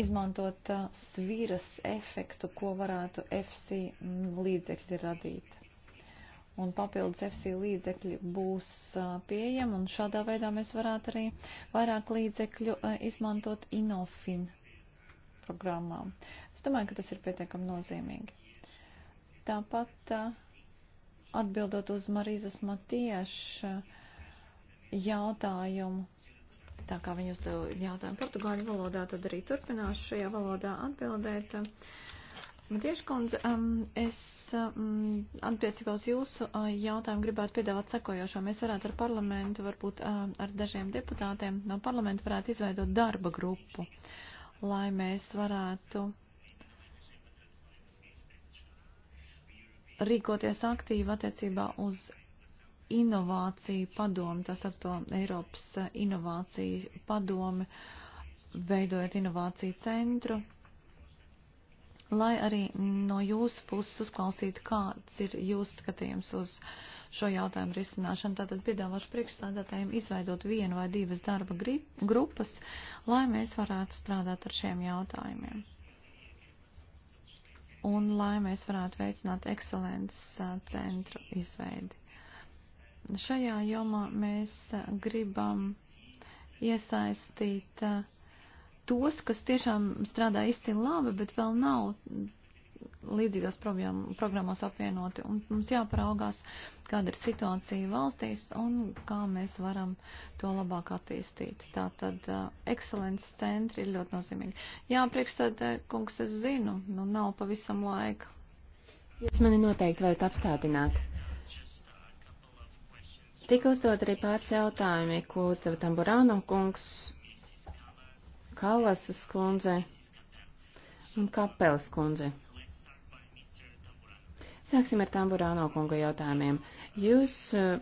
izmantot uh, sviras efektu, ko varētu FC mm, līdzekļi radīt un papildus FC līdzekļi būs pieejami, un šādā veidā mēs varētu arī vairāk līdzekļu izmantot Inofin programmām. Es domāju, ka tas ir pietiekami nozīmīgi. Tāpat atbildot uz Marīzas Matieša jautājumu, tā kā viņus jautājumu portugāļu valodā, tad arī turpināšu šajā valodā atbildēt. Uh, Matieškundze, um, es um, attiecībā uz jūsu uh, jautājumu gribētu piedāvāt sekojošo. Mēs varētu ar parlamentu, varbūt uh, ar dažiem deputātiem no parlamenta varētu izveidot darba grupu, lai mēs varētu rīkoties aktīvi attiecībā uz inovāciju padomu, tas ar to Eiropas uh, inovāciju padomi, veidojot inovāciju centru lai arī no jūsu puses uzklausītu, kāds ir jūsu skatījums uz šo jautājumu risināšanu. Tātad piedāvāšu priekšsādātājiem izveidot vienu vai divas darba grupas, lai mēs varētu strādāt ar šiem jautājumiem. Un lai mēs varētu veicināt ekscelences centru izveidi. Šajā jomā mēs gribam iesaistīt uh, tos, kas tiešām strādā izcili labi, bet vēl nav līdzīgās programmās apvienoti. Un mums jāparaugās, kāda ir situācija valstīs un kā mēs varam to labāk attīstīt. Tātad uh, ekscelences centri ir ļoti nozīmīgi. Jā, priekšstādē, kungs, es zinu, nu nav pavisam laika. Jūs mani noteikti varat apstādināt. Tik uzdot arī pāris jautājumi, ko uzdeva Tamburāno kungs Kalasas kundzei un Kapelas kundzei. Sāksim ar Tamburāno kunga jautājumiem. Jūs eh,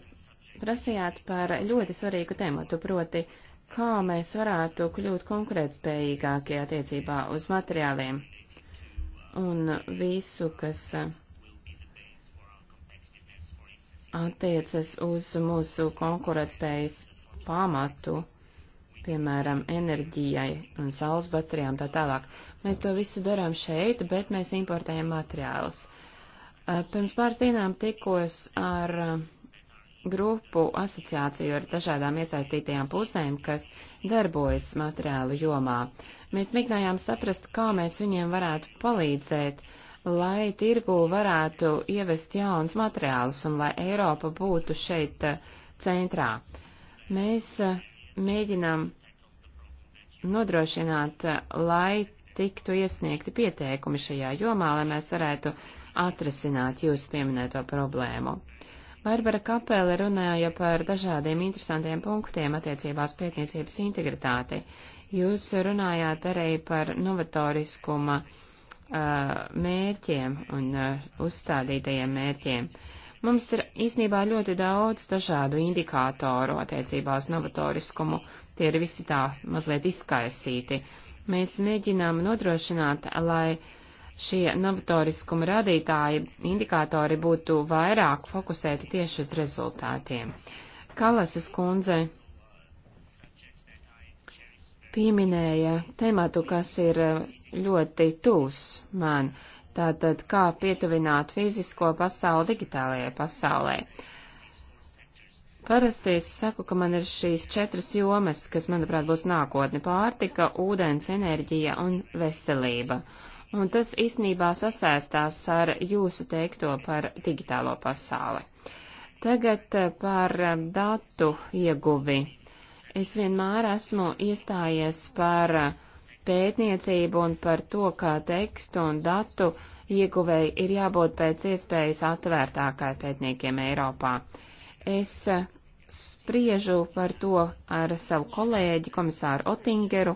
prasījāt par ļoti svarīgu tematu, proti, kā mēs varētu kļūt konkurētspējīgākie attiecībā uz materiāliem un visu, kas eh, attiecas uz mūsu konkurētspējas pamatu piemēram, enerģijai un saules baterijām tā tālāk. Mēs to visu darām šeit, bet mēs importējam materiālus. Eh, pirms pāris dienām tikos ar eh, grupu asociāciju ar dažādām iesaistītajām pusēm, kas darbojas materiālu jomā. Mēs mēģinājām saprast, kā mēs viņiem varētu palīdzēt, lai tirgu varētu ievest jauns materiālus un lai Eiropa būtu šeit eh, centrā. Mēs mēģinām nodrošināt, lai tiktu iesniegti pieteikumi šajā jomā, lai mēs varētu atrasināt jūsu pieminēto problēmu. Barbara Kapele runāja par dažādiem interesantiem punktiem attiecībās pētniecības integritāti. Jūs runājāt arī par novatoriskuma uh, mērķiem un uh, uzstādītajiem mērķiem. Uh, Mums ir īsnībā ļoti daudz dažādu indikātoru attiecībā uz novatoriskumu, tie ir visi tā mazliet izkaisīti. Mēs mēģinām nodrošināt, lai šie novatoriskuma radītāji indikātori būtu vairāk fokusēti tieši uz rezultātiem. Kalasas kundze pieminēja tematu, kas ir eh, ļoti tūs man. Tātad, kā pietuvināt fizisko pasauli digitālajai pasaulē. Parasti es saku, ka man ir šīs četras jomas, kas, manuprāt, būs nākotne - pārtika, ūdens, enerģija un veselība. Un tas īstenībā sasēstās ar jūsu teikto par digitālo pasauli. Tagad eh, par eh, datu ieguvi. Es vienmēr esmu iestājies par uh, pētniecību un par to, kā tekstu un datu ieguvēji ir jābūt pēc iespējas atvērtākai pētniekiem Eiropā. Es eh, spriežu par to ar savu kolēģi komisāru Otingeru.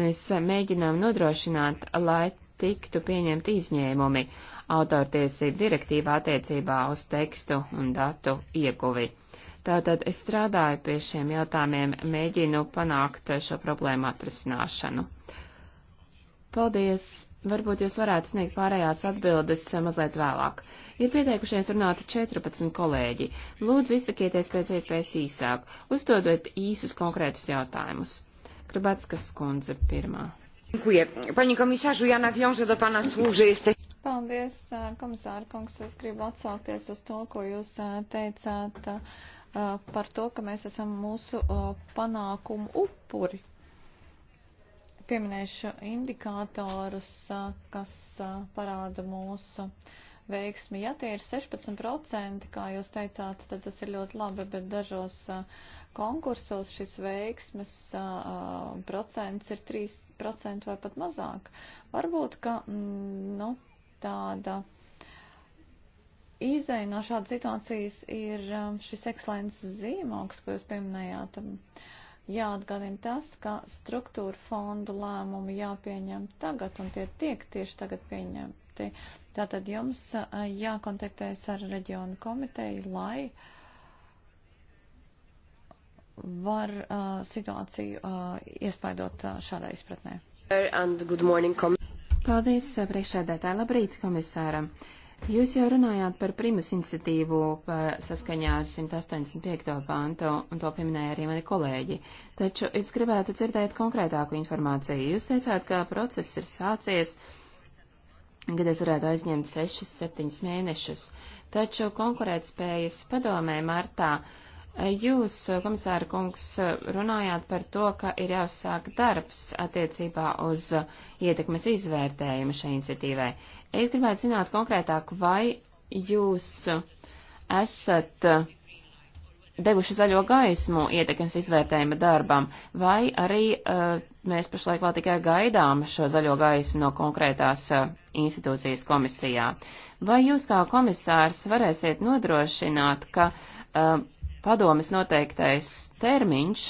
Mēs eh, mēģinām nodrošināt, lai tiktu pieņemti izņēmumi autortiesību direktīvā attiecībā uz tekstu un datu ieguvi. Tātad es strādāju pie šiem jautājumiem, mēģinu panākt eh, šo problēmu atrisināšanu. Paldies! Varbūt jūs varētu sniegt pārējās atbildes eh, mazliet vēlāk. Ir pieteikušies runāt 14 kolēģi. Lūdzu, izsakieties pēc iespējas īsāk. Uzdodot īsus konkrētus jautājumus. Krabatskas skundze pirmā. Paldies, eh, komisāra kungs. Es gribu atsaukties uz to, ko jūs eh, teicāt par to, ka mēs esam mūsu panākumu upuri. Pieminēšu indikātorus, kas parāda mūsu veiksmi. Ja tie ir 16%, kā jūs teicāt, tad tas ir ļoti labi, bet dažos konkursos šis veiksmes procents ir 3% vai pat mazāk. Varbūt, ka nu, tāda izeja no šādas situācijas ir šis ekscelences zīmoks, ko jūs pieminējāt. Um, Jāatgādina tas, ka struktūra fondu lēmumi jāpieņem tagad, un tie tiek tieši tagad pieņemti. Tātad jums jākontaktējas ar reģionu komiteju, lai var uh, situāciju uh, iespaidot uh, šādā izpratnē. Paldies, priekšsēdētāji. Labrīt, komisāram. Uh, Jūs jau runājāt par primas iniciatīvu saskaņā ar 185. pantu, un to pieminēja arī mani kolēģi. Taču es gribētu dzirdēt konkrētāku informāciju. Jūs teicāt, ka process ir sācies, kad es varētu aizņemt 6-7 mēnešus, taču konkurētspējas padomē martā uh, Jūs, komisāra kungs, runājāt par to, ka ir jāuzsāk darbs attiecībā uz ietekmes izvērtējumu šai iniciatīvai. Es gribētu zināt konkrētāk, vai jūs esat devuši zaļo gaismu ietekmes izvērtējuma darbam, vai arī uh, mēs pašlaik vēl tikai gaidām šo zaļo gaismu no konkrētās uh, institūcijas komisijā. Vai jūs kā komisārs varēsiet nodrošināt, ka uh, padomis noteiktais termiņš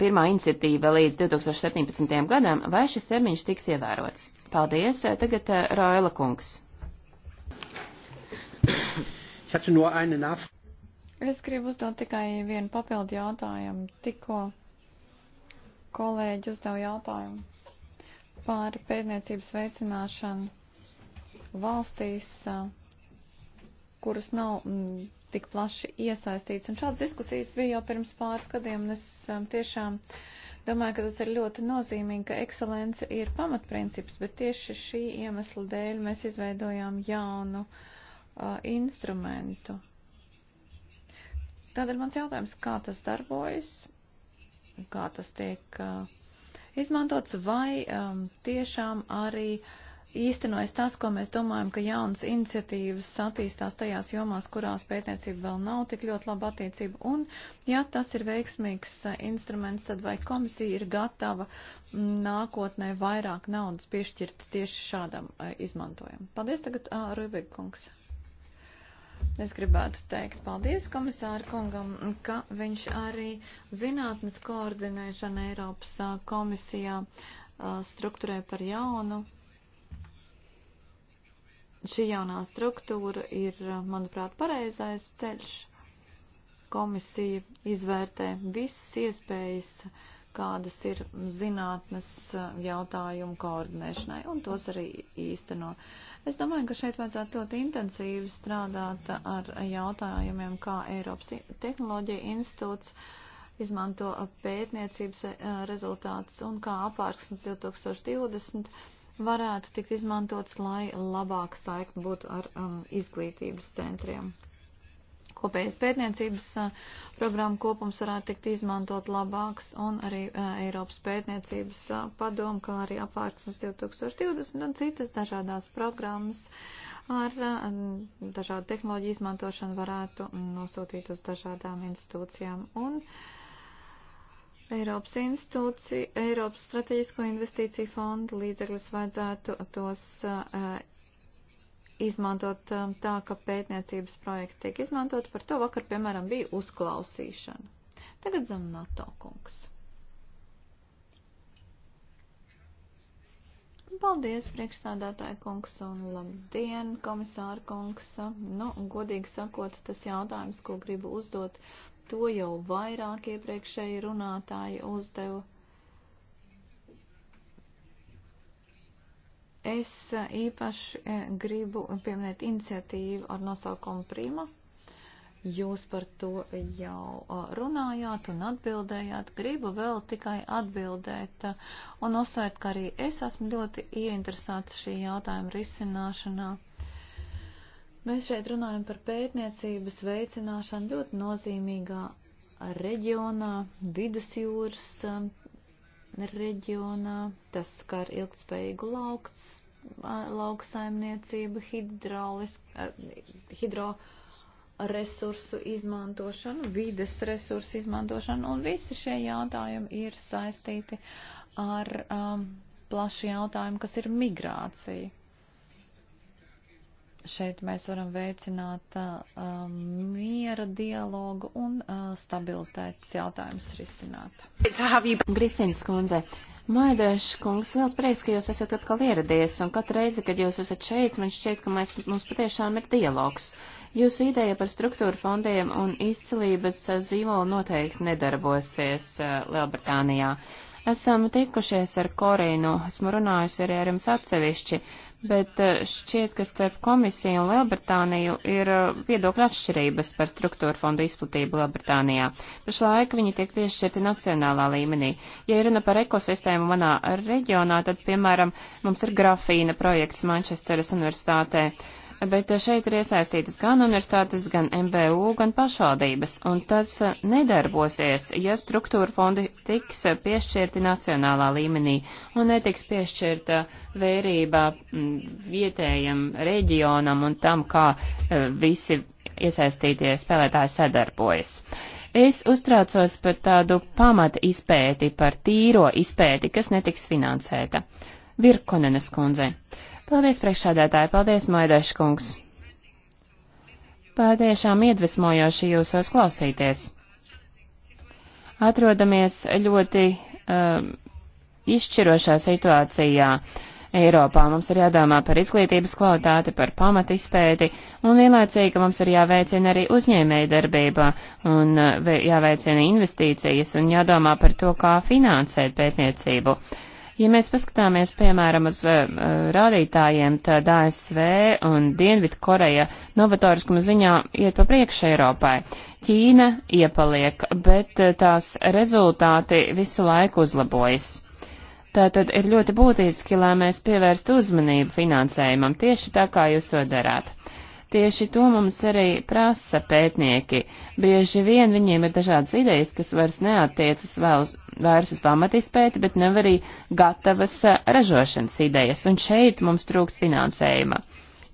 pirmā iniciatīva līdz 2017. gadam, vai šis termiņš tiks ievērots? Paldies. Tagad eh, Rāila kungs. Es gribu uzdot tikai vienu papildu jautājumu. Tikko kolēģi uzdeva jautājumu par pētniecības veicināšanu valstīs, eh, kuras nav mm, tik plaši iesaistīts. Un šādas diskusijas bija jau pirms pāris gadiem, un es um, tiešām domāju, ka tas ir ļoti nozīmīgi, ka ekscelence ir pamatprincips, bet tieši šī iemesla dēļ mēs izveidojām jaunu uh, instrumentu. Tādēļ mans jautājums, kā tas darbojas, kā tas tiek uh, izmantots, vai um, tiešām arī uh, īstenojas tas, ko mēs domājam, ka jaunas iniciatīvas attīstās tajās jomās, kurās pētniecība vēl nav tik ļoti laba attiecība. Un, ja tas ir veiksmīgs eh, instruments, tad vai komisija ir gatava mm, nākotnē vairāk naudas piešķirt tieši šādam eh, izmantojumam? Paldies tagad, ah, Rubigkungs. Es gribētu teikt paldies komisāru kungam, ka viņš arī zinātnes koordinēšana Eiropas eh, komisijā struktūrē par jaunu šī jaunā struktūra ir, manuprāt, pareizais ceļš. Komisija izvērtē visas iespējas, kādas ir zinātnes eh, jautājumu koordinēšanai, un tos arī īsteno. Es domāju, ka šeit vajadzētu ļoti intensīvi strādāt ar jautājumiem, kā Eiropas tehnoloģija institūts izmanto pētniecības eh, rezultātus un kā apvārksnes 2020 varētu tikt izmantots, lai labāk saikni būtu ar um, izglītības centriem. Kopējas pētniecības uh, programma kopums varētu tikt izmantot labāks un arī uh, Eiropas pētniecības uh, padomu, kā arī apārksnes 2020 un citas dažādās programmas ar uh, dažādu tehnoloģiju izmantošanu varētu nosūtīt uz dažādām institūcijām. Un, uh, Eiropas institūcija, Eiropas strateģisko investīciju fondu līdzekļus vajadzētu tos uh, izmantot um, tā, ka pētniecības projekti tiek izmantot. Par to vakar, piemēram, bija uzklausīšana. Tagad zem NATO kungs. Paldies, priekšstādātāja kungs, un labdien, komisāra kungs. Nu, godīgi sakot, tas jautājums, ko gribu uzdot, To jau vairāk iepriekšēji runātāji uzdeva. Es īpaši eh, gribu pieminēt iniciatīvu ar nosaukumu Prima. Jūs par to jau eh, runājāt un atbildējāt. Gribu vēl tikai atbildēt eh, un uzsvērt, ka arī es esmu ļoti ieinteresēts šī jautājuma risināšanā. Mēs šeit runājam par pētniecības veicināšanu ļoti nozīmīgā reģionā, vidusjūras um, reģionā. Tas skar ilgspējīgu laukts, lauksaimniecību, hidroresursu izmantošanu, vides resursu izmantošanu, un visi šie jautājumi ir saistīti ar um, plašu jautājumu, kas ir migrācija Šeit mēs varam veicināt uh, miera dialogu un uh, stabilitātes jautājumus risināt. Grifins kundze, Maidēš kungs, liels prieks, ka jūs esat atkal ieradies, un katru reizi, kad jūs esat šeit, man šķiet, ka mēs, mums patiešām ir dialogs. Jūsu ideja par struktūru fondiem un izcilības zīmolu noteikti nedarbosies uh, Lielbritānijā. Uh, Esam tikušies ar Korinu, esmu runājusi arī ar jums atsevišķi, bet eh, šķiet, ka starp komisiju un Lielbritāniju ir eh, viedokļa atšķirības par struktūra fondu izplatību Lielbritānijā. Pašlaik viņi tiek piešķirti nacionālā līmenī. Ja runa par ekosistēmu manā reģionā, tad, piemēram, mums ir grafīna projekts Manchesteras universitātē. Uh, bet šeit ir iesaistītas gan universitātes, gan MVU, gan pašvaldības, un tas eh, nedarbosies, ja struktūra fondi tiks piešķirti nacionālā līmenī un netiks piešķirta vērībā mm, vietējam reģionam un tam, kā eh, visi iesaistītie spēlētāji sadarbojas. Es uztraucos par tādu pamata izpēti, par tīro izpēti, kas netiks finansēta. Virkonenes kundzei. Paldies, priekšsēdētāji, paldies, Maideškungs. Patiešām iedvesmojoši jūsos klausīties. Atrodamies ļoti um, izšķirošā situācijā. Eiropā mums ir jādomā par izglītības kvalitāti, par pamatizpēti, un vienlaicīgi mums ir jāveicina arī uzņēmēja darbība, un uh, jāveicina investīcijas, un jādomā par to, kā finansēt pētniecību. Uh, Ja mēs paskatāmies, piemēram, uz uh, rādītājiem, tad ASV un Dienvidkoreja novatoriskuma ziņā iet pa priekšu Eiropai. Ķīna iepaliek, bet uh, tās rezultāti visu laiku uzlabojas. Tātad ir ļoti būtiski, lai mēs pievērstu uzmanību finansējumam tieši tā, kā jūs to darāt. Tieši to mums arī prasa pētnieki. Bieži vien viņiem ir dažādas idejas, kas vairs neatiecas vēl uz, vairs uz pamatizpēti, bet nav arī gatavas eh, ražošanas idejas, un šeit mums trūks finansējuma.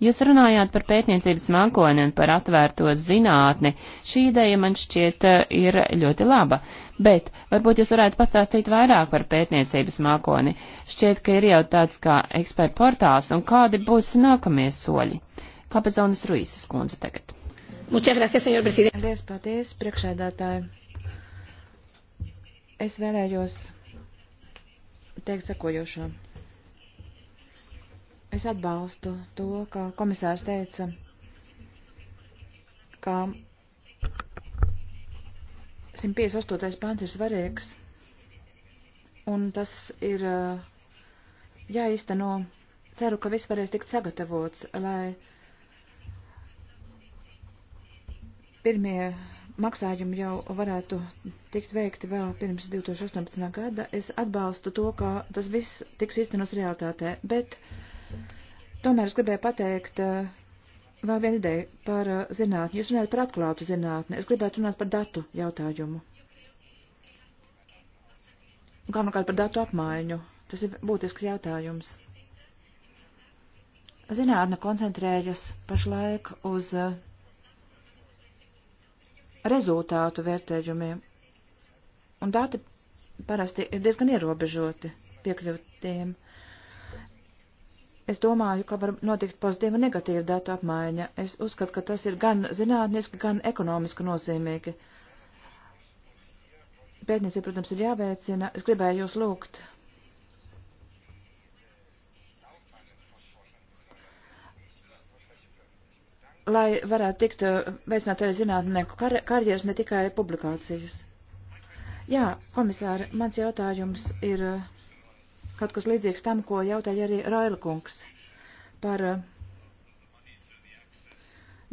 Jūs runājāt par pētniecības mākoni un par atvērto zinātni. Šī ideja man šķiet eh, ir ļoti laba, bet varbūt jūs varētu pastāstīt vairāk par pētniecības mākoni. Šķiet, ka ir jau tāds kā eksperta portāls, un kādi būs nākamie soļi? Kabezonas Ruīsas kundze tagad. Muchas gracias, señor presidente. Paldies, paldies, priekšēdātāji. Es vēlējos teikt sekojošo. Es atbalstu to, ka komisārs teica, ka 158. pāns ir svarīgs, un tas ir uh, jāizteno. Ceru, ka viss varēs tikt sagatavots, lai Pirmie maksājumi jau varētu tikt veikti vēl pirms 2018. gada. Es atbalstu to, ka tas viss tiks īstenos realitātē, bet tomēr es gribēju pateikt eh, vēl vienu ideju par eh, zinātni. Jūs runājat par atklātu zinātni. Es gribētu runāt par datu jautājumu. Galvenokārt par datu apmaiņu. Tas ir būtisks jautājums. Zinātne koncentrējas pašlaik uz uh, rezultātu vērtējumiem. Un dati parasti ir diezgan ierobežoti piekļūtiem. Es domāju, ka var notikt pozitīva un negatīva datu apmaiņa. Es uzskatu, ka tas ir gan zinātniski, gan ekonomiski nozīmīgi. Pētniecība, protams, ir jāveicina. Es gribēju jūs lūgt lai varētu tikt eh, veicināt arī zinātnieku kar karjeras, ne tikai publikācijas. Jā, komisāri, mans jautājums ir eh, kaut kas līdzīgs tam, ko jautāja arī Railkungs par eh,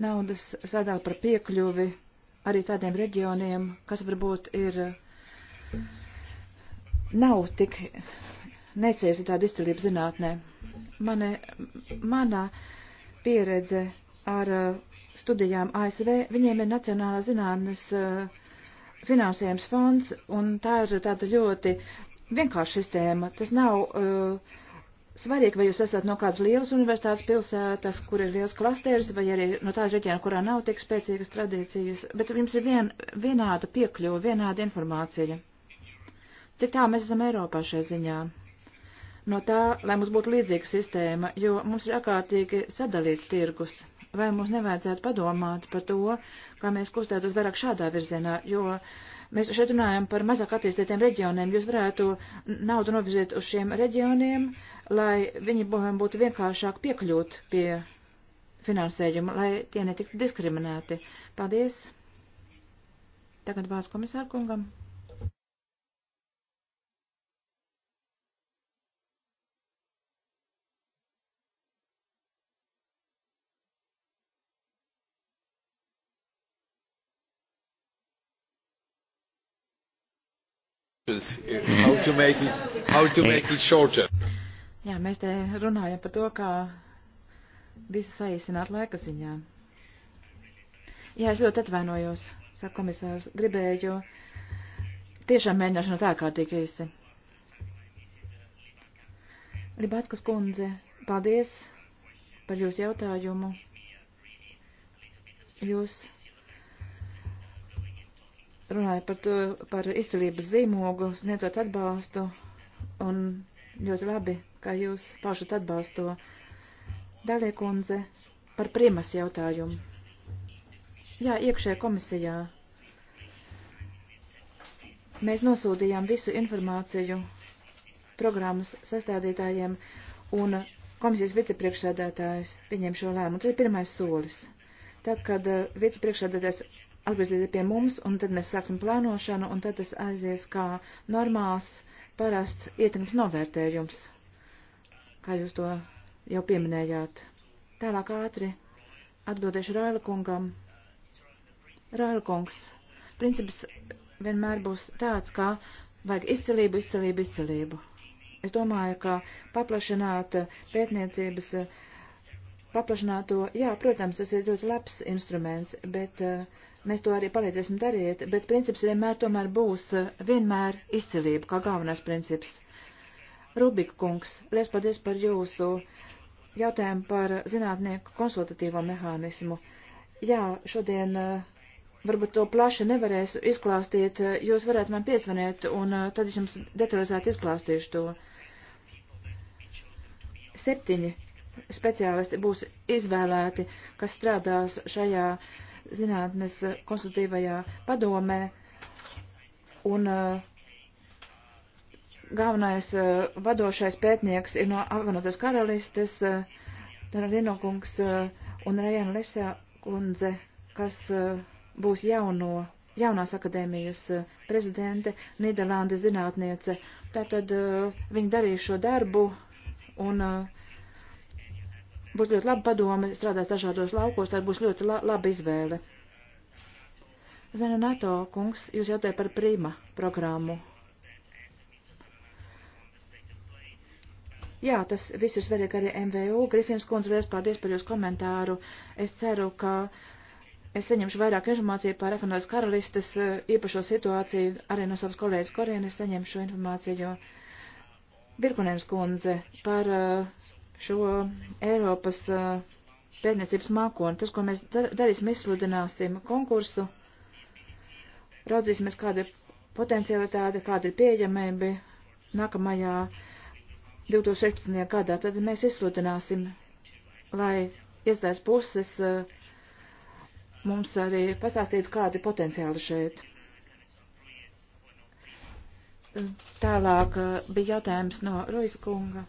naudas sadālu par piekļuvi arī tādiem reģioniem, kas varbūt ir nav tik neciesi tāda izcilība zinātnē. Mane, manā pieredze ar uh, studijām ASV, viņiem ir Nacionālā zinātnes uh, finansējums fonds, un tā ir tāda ļoti vienkārša sistēma. Tas nav uh, svarīgi, vai jūs esat no kādas lielas universitātes pilsētas, kur ir liels klasteris, vai arī no tāda reģiona, kurā nav tik spēcīgas tradīcijas, bet jums ir vien, vienāda piekļuva, vienāda informācija. Cik tā mēs esam Eiropā šajā ziņā? no tā, lai mums būtu līdzīga sistēma, jo mums ir ārkārtīgi sadalīts tirgus. Vai mums nevajadzētu padomāt par to, kā mēs kustētos vairāk šādā virzienā, jo mēs šeit runājam par mazāk attīstītiem reģioniem. Jūs varētu naudu novirzīt uz šiem reģioniem, lai viņi būtu vienkāršāk piekļūt pie finansējumu, lai tie netiktu diskriminēti. Paldies! Tagad vārds komisārkungam. questions how to make it, how to make it shorter. Jā, mēs te runājam par to, kā visu saīsināt laika ziņā. Jā, es ļoti atvainojos, saka komisārs, gribēju tiešām mēģināšanu tā kā tik īsi. Ribātskas kundze, paldies par jūsu jautājumu. Jūs runāja par, to, par izcelības zīmogu, sniedzot atbalstu, un ļoti labi, ka jūs paušat atbalstu Daliekundze par priemas jautājumu. Jā, iekšējā komisijā mēs nosūtījām visu informāciju programmas sastādītājiem, un komisijas vicepriekšsēdētājs pieņem šo lēmumu. Tas ir pirmais solis. Tad, kad eh, vicepriekšsēdētājs atgriezīsies pie mums, un tad mēs sāksim plānošanu, un tad tas aizies kā normāls, parasts ietekmes novērtējums, kā jūs to jau pieminējāt. Tālāk ātri atbildēšu Raila kungam. Raila kungs, princips vienmēr būs tāds, ka vajag izcelību, izcelību, izcelību. Es domāju, ka paplašināt pētniecības paplašināto, jā, protams, tas ir ļoti labs instruments, bet uh, Mēs to arī palīdzēsim darīt, bet princips vienmēr tomēr būs vienmēr izcilība, kā galvenais princips. Rubika kungs, liels paldies par jūsu jautājumu par zinātnieku konsultatīvo mehānismu. Jā, šodien eh, varbūt to plaši nevarēšu izklāstīt, jūs varētu man piesvanēt, un eh, tad es jums detalizēti izklāstīšu to. Septiņi speciālisti būs izvēlēti, kas strādās šajā uh, zinātnes konsultīvajā padomē. Un eh, galvenais eh, vadošais pētnieks ir no Avanotas karalistes, eh, Taralino kungs un Rejana Lesā kundze, kas būs jauno, jaunās akadēmijas prezidente, Nīderlandes zinātniece. Tātad viņi darīs šo darbu un uh, būs ļoti laba padome, strādās dažādos laukos, tā būs ļoti la laba izvēle. Zinu, NATO kungs, jūs jautājat par prima programmu. Jā, tas viss ir svarīgi arī MVU. Grifins kundze, liels paldies par jūsu komentāru. Es ceru, ka es saņemšu vairāk informāciju par ekonomikas karalistes eh, īpašo situāciju. Arī no savas kolēģis Korienes saņemšu informāciju. Virkunēns kundze par uh, šo Eiropas pētniecības mākoni. Tas, ko mēs dar darīsim, izsludināsim konkursu, raudzīsimies, kāda ir potenciālitāte, kāda ir pieejamība nākamajā 2016. gadā. Tad mēs izsludināsim, lai iestājas puses mums arī pastāstītu, kādi potenciāli šeit. Tālāk bija jautājums no Roiskunga.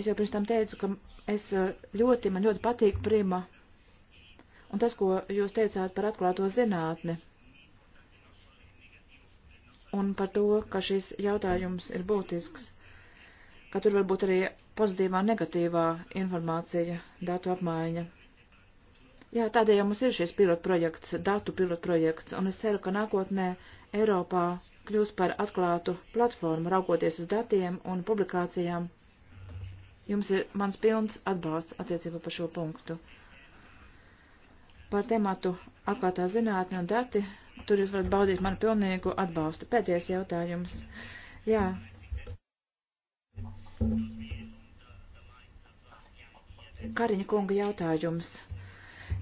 Es jau pirms tam teicu, ka es eh, ļoti, man ļoti patīk prima. Un tas, ko jūs teicāt par atklāto zinātni. Un par to, ka šis jautājums ir būtisks. Ka tur var būt arī pozitīvā, negatīvā informācija, datu apmaiņa. Jā, tādēļ jau mums ir šis pilotprojekts, datu pilotprojekts, un es ceru, ka nākotnē Eiropā kļūs par atklātu platformu, raugoties uz datiem un publikācijām Jums ir mans pilns atbalsts attiecībā par šo punktu. Par tematu atklātā zinātne un dati, tur jūs varat baudīt manu pilnīgu atbalstu. Pēdējais jautājums. Jā. Kariņa kunga jautājums.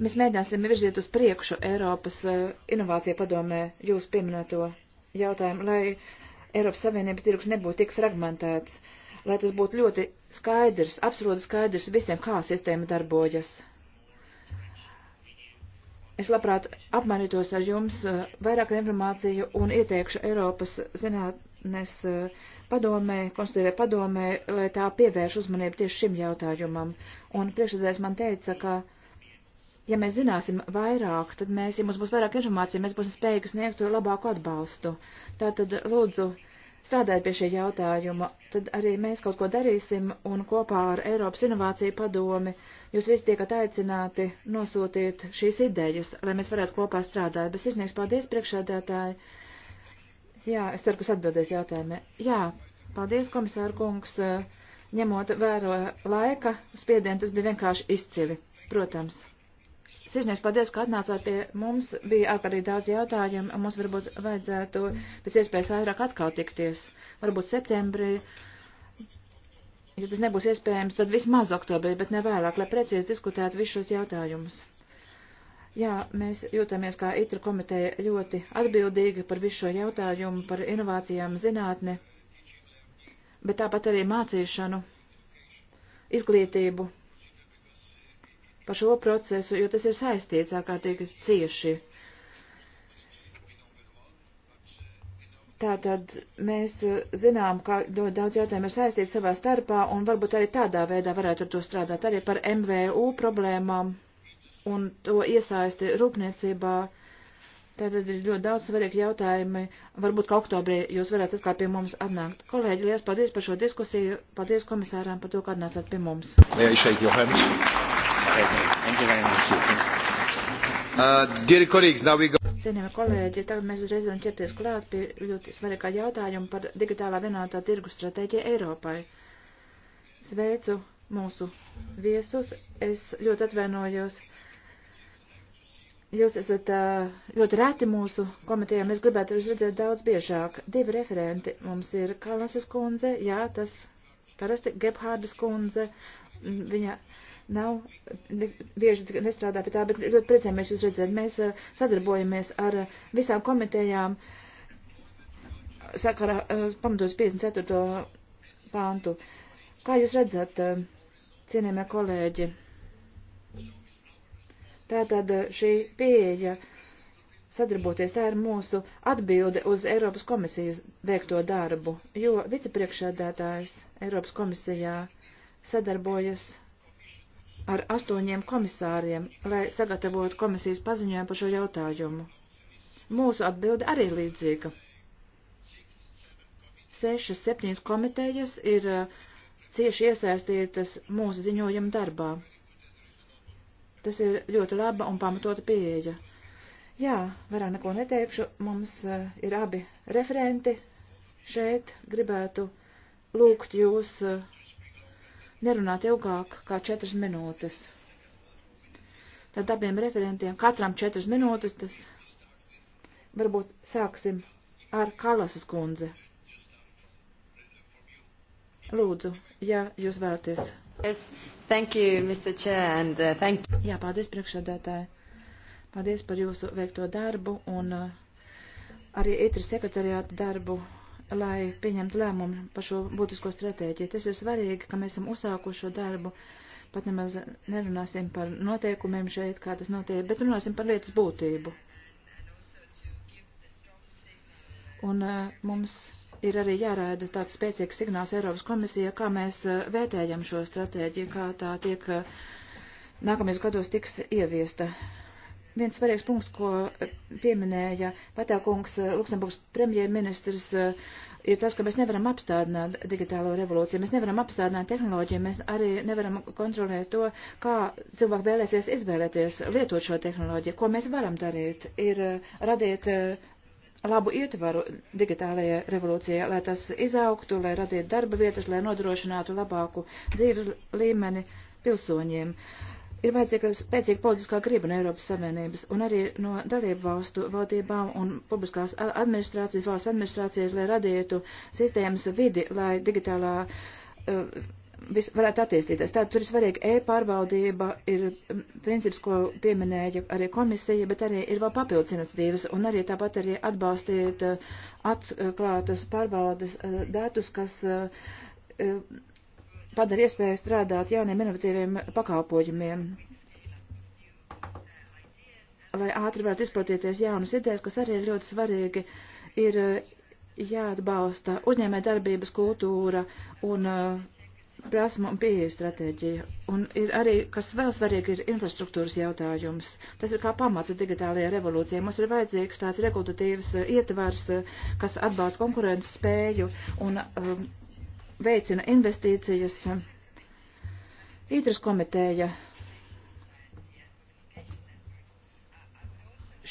Mēs mēģināsim virzīt uz priekšu Eiropas eh, inovācija padomē jūs pieminēto jautājumu, lai Eiropas Savienības tirgus nebūtu tik fragmentēts. Uh, lai tas būtu ļoti skaidrs, absolūti skaidrs visiem, kā sistēma darbojas. Es labprāt apmainītos ar jums eh, vairāk informāciju un ieteikšu Eiropas zinātnes eh, padomē, konstitūvē padomē, lai tā pievērš uzmanību tieši šim jautājumam. Un priekšsēdētājs man teica, ka ja mēs zināsim vairāk, tad mēs, ja mums būs vairāk informācija, mēs būsim spējīgi sniegt labāku atbalstu. Tātad, lūdzu, strādājat pie šī jautājuma, tad arī mēs kaut ko darīsim un kopā ar Eiropas Inovāciju padomi jūs visi tiekat aicināti nosūtīt šīs idejas, lai mēs varētu kopā strādāt. Bet izniegs paldies priekšādātāji. Jā, es ceru, ka atbildēs jautājumiem. Jā, paldies, komisāra kungs. Ņemot vēro laika spiedienu, tas bija vienkārši izcili, protams. Sirsnieks, paldies, ka atnācāt pie mums. Bija ārkārtīgi daudz jautājumu, un mums varbūt vajadzētu pēc iespējas vairāk atkal tikties. Varbūt septembrī. Ja tas nebūs iespējams, tad vismaz oktobrī, bet ne vēlāk, lai precīzi diskutētu visus šos jautājumus. Jā, mēs jūtamies kā ITRA komiteja ļoti atbildīgi par visu šo jautājumu, par inovācijām zinātni, bet tāpat arī mācīšanu, izglītību par šo procesu, jo tas ir saistīts ārkārtīgi cieši. Tātad mēs uh, zinām, ka ļoti daudz jautājumu ir saistīti savā starpā, un varbūt arī tādā veidā varētu ar to strādāt arī par MVU problēmām un to iesaisti rūpniecībā. Tātad ir ļoti daudz svarīgi jautājumi. Varbūt, ka oktobrī jūs varētu atkal pie mums atnākt. Kolēģi, liels paldies par šo diskusiju. Paldies komisārām par to, ka atnācāt pie mums. Yeah, President. Thank you very much. Thank you. Uh, dear colleagues, now we go. Cienījamie kolēģi, tagad mēs uzreiz varam ķerties klāt pie ļoti svarīgā jautājuma par digitālā vienotā tirgu stratēģiju Eiropai. Sveicu mūsu viesus. Es ļoti atvainojos. Jūs esat uh, ļoti reti mūsu komitejā. Mēs gribētu jūs redzēt daudz biežāk. Divi referenti mums ir Kalases kundze, jā, tas parasti Gebhārdas kundze. Viņa nav bieži nestrādā pie tā, bet ļoti priecājamies jūs redzēt. Mēs eh, sadarbojamies ar eh, visām komitejām sakarā eh, pamatos 54. pāntu. Kā jūs redzat, cienījamie kolēģi? Tātad šī pieeja sadarboties, tā ir mūsu atbilde uz Eiropas komisijas veikto darbu, jo vicepriekšēdētājs Eiropas komisijā sadarbojas ar astoņiem komisāriem, lai sagatavotu komisijas paziņojumu par šo jautājumu. Mūsu atbilde arī ir līdzīga. Sešas, septiņas komitejas ir uh, cieši iesaistītas mūsu ziņojuma darbā. Tas ir ļoti laba un pamatota pieeja. Jā, vairāk neko neteikšu. Mums uh, ir abi referenti šeit. Gribētu lūgt jūs uh, nerunāt ilgāk kā četras minūtes. Tad abiem referentiem katram četras minūtes, tas varbūt sāksim ar Kalasas kundze. Lūdzu, ja jūs vēlaties. Yes, thank you, Mr. Chair, and uh, thank you. Jā, paldies priekšsēdētāji. Paldies par jūsu veikto darbu un uh, arī ETRI sekretariāta darbu lai pieņemtu lēmumu par šo būtisko stratēģiju. Tas ir svarīgi, ka mēs esam uzsākuši šo darbu, pat nemaz nerunāsim par noteikumiem šeit, kā tas notiek, bet runāsim par lietas būtību. Un uh, mums ir arī jārāda tāds spēcīgs signāls Eiropas komisijā, kā mēs uh, vērtējam šo stratēģiju, kā tā tiek uh, nākamajos gados tiks ieviesta. Uh, Viens svarīgs punkts, ko eh, pieminēja Patākungs, eh, Luksemburgas premjerministrs, eh, ir tas, ka mēs nevaram apstādināt digitālo revolūciju, mēs nevaram apstādināt tehnoloģiju, mēs arī nevaram kontrolēt to, kā cilvēki vēlēsies izvēlēties lietot šo tehnoloģiju. Ko mēs varam darīt, ir radīt labu ietvaru digitālajai revolūcijai, lai tas izaugtu, lai radītu darba vietas, lai nodrošinātu labāku dzīves līmeni pilsoņiem. Uh, Ir vajadzīga spēcīga politiskā griba no Eiropas Savienības un arī no dalību valstu valdībām un publiskās administrācijas, valsts administrācijas, lai radītu sistēmas vidi, lai digitālā uh, vis varētu attīstīties. Tātad tur ir svarīga e-pārbaudība, ir princips, ko pieminēja arī komisija, bet arī ir vēl papildus iniciatīvas un arī tāpat arī atbalstīt uh, atklātas pārbaudas uh, e, datus, kas. Uh, uh, padara iespēju strādāt jauniem inovatīviem pakalpojumiem, lai ātri varētu izplatīties jaunas idejas, kas arī ir ļoti svarīgi, ir eh, jāatbalsta uzņēmē darbības kultūra un eh, prasmu un pieeju stratēģija. Un ir arī, kas vēl svarīgi, ir infrastruktūras jautājums. Tas ir kā pamats digitālajai revolūcijai. Mums ir vajadzīgs tāds regulatīvs eh, ietvars, kas atbalsta konkurences spēju un um, veicina investīcijas. Ītras komiteja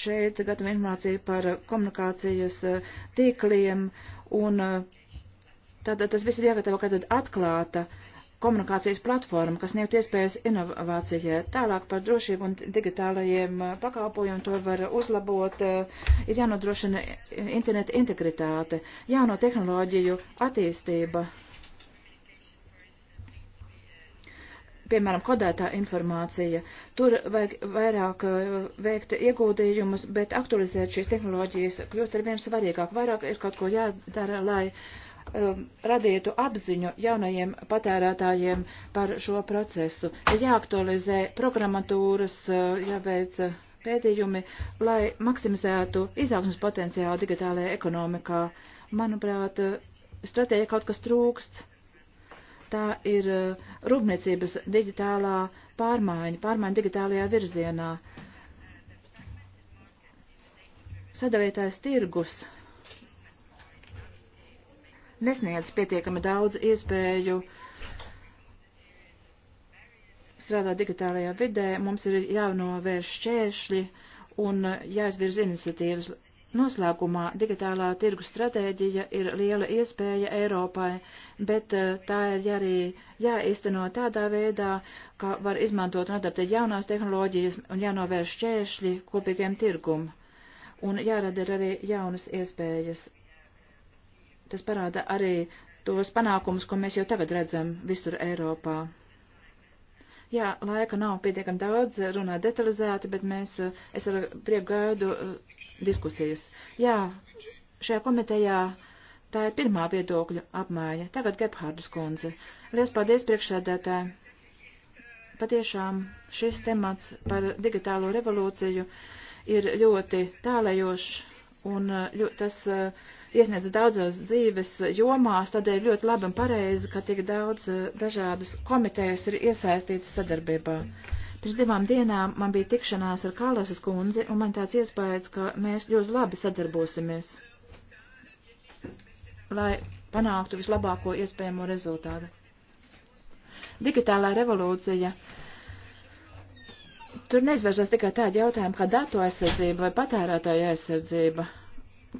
šeit gatavo informāciju par komunikācijas eh, tīkliem un eh, tātad tas viss ir jāgatavo, kad tad atklāta komunikācijas platforma, kas sniegt iespējas inovācijai. Tālāk par drošību un digitālajiem eh, pakalpojumiem to var uzlabot. Ir jānodrošina interneta integritāte, jauno tehnoloģiju attīstība. piemēram, kodētā informācija. Tur vajag vairāk eh, veikt ieguldījumus, bet aktualizēt šīs tehnoloģijas kļūst ar vien svarīgāk. Vairāk ir kaut ko jādara, lai um, radītu apziņu jaunajiem patērētājiem par šo procesu. Ir jāaktualizē programmatūras, eh, jāveic eh, pētījumi, lai maksimizētu izaugsmas potenciālu digitālajā ekonomikā. Manuprāt, stratēģija kaut kas trūksts tā ir eh, rūpniecības digitālā pārmaiņa, pārmaiņa digitālajā virzienā. Sadalītājs tirgus nesniedz pietiekami daudz iespēju strādāt digitālajā vidē. Mums ir jānovērš šķēršļi un eh, jāizvirz iniciatīvas, Noslēgumā digitālā tirgu stratēģija ir liela iespēja Eiropai, bet eh, tā ir arī jāizteno tādā veidā, ka var izmantot un adaptēt jaunās tehnoloģijas un jānovērš šķēršļi kopīgiem tirgum. Un jārada ir arī jaunas iespējas. Tas parāda arī tos panākumus, ko mēs jau tagad redzam visur Eiropā. Jā, laika nav pietiekami daudz, runā detalizēti, bet mēs, eh, es ar prieku gaidu eh, diskusijas. Jā, šajā komitejā tā ir pirmā viedokļu apmaiņa. Tagad Gebhārdas kundze. Liels paldies priekšsēdētāji. Patiešām šis temats par digitālo revolūciju ir ļoti tālējošs Un ļo, tas iesniedz daudzās dzīves jomās, tādēļ ļoti labi un pareizi, ka tik daudz dažādas komitejas ir iesaistītas sadarbībā. Pirms divām dienām man bija tikšanās ar Kālasas kundzi, un man tāds iespējas, ka mēs ļoti labi sadarbosimies, lai panāktu vislabāko iespējamo rezultātu. Digitālā revolūcija uh, Tur neizvēršas tikai tādi jautājumi kā datu aizsardzība vai patērētāja aizsardzība.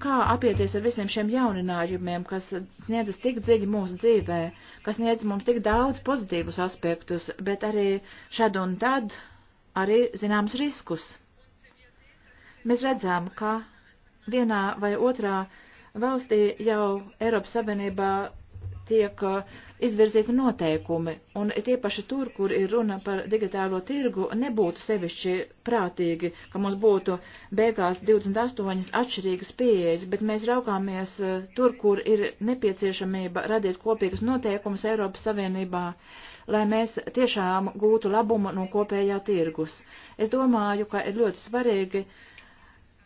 Kā apieties ar visiem šiem jauninājumiem, kas sniedzas tik dziļi mūsu dzīvē, kas sniedz mums tik daudz pozitīvus aspektus, bet arī šad un tad arī zināms riskus. Mēs redzam, ka vienā vai otrā valstī jau Eiropas Savienībā tiek uh, izvirzīti noteikumi, un tiepaši tur, kur ir runa par digitālo tirgu, nebūtu sevišķi prātīgi, ka mums būtu beigās 28 atšķirīgas pieejas, bet mēs raugāmies uh, tur, kur ir nepieciešamība radīt kopīgas noteikumus Eiropas Savienībā, lai mēs tiešām gūtu labumu no kopējā tirgus. Es domāju, ka ir ļoti svarīgi,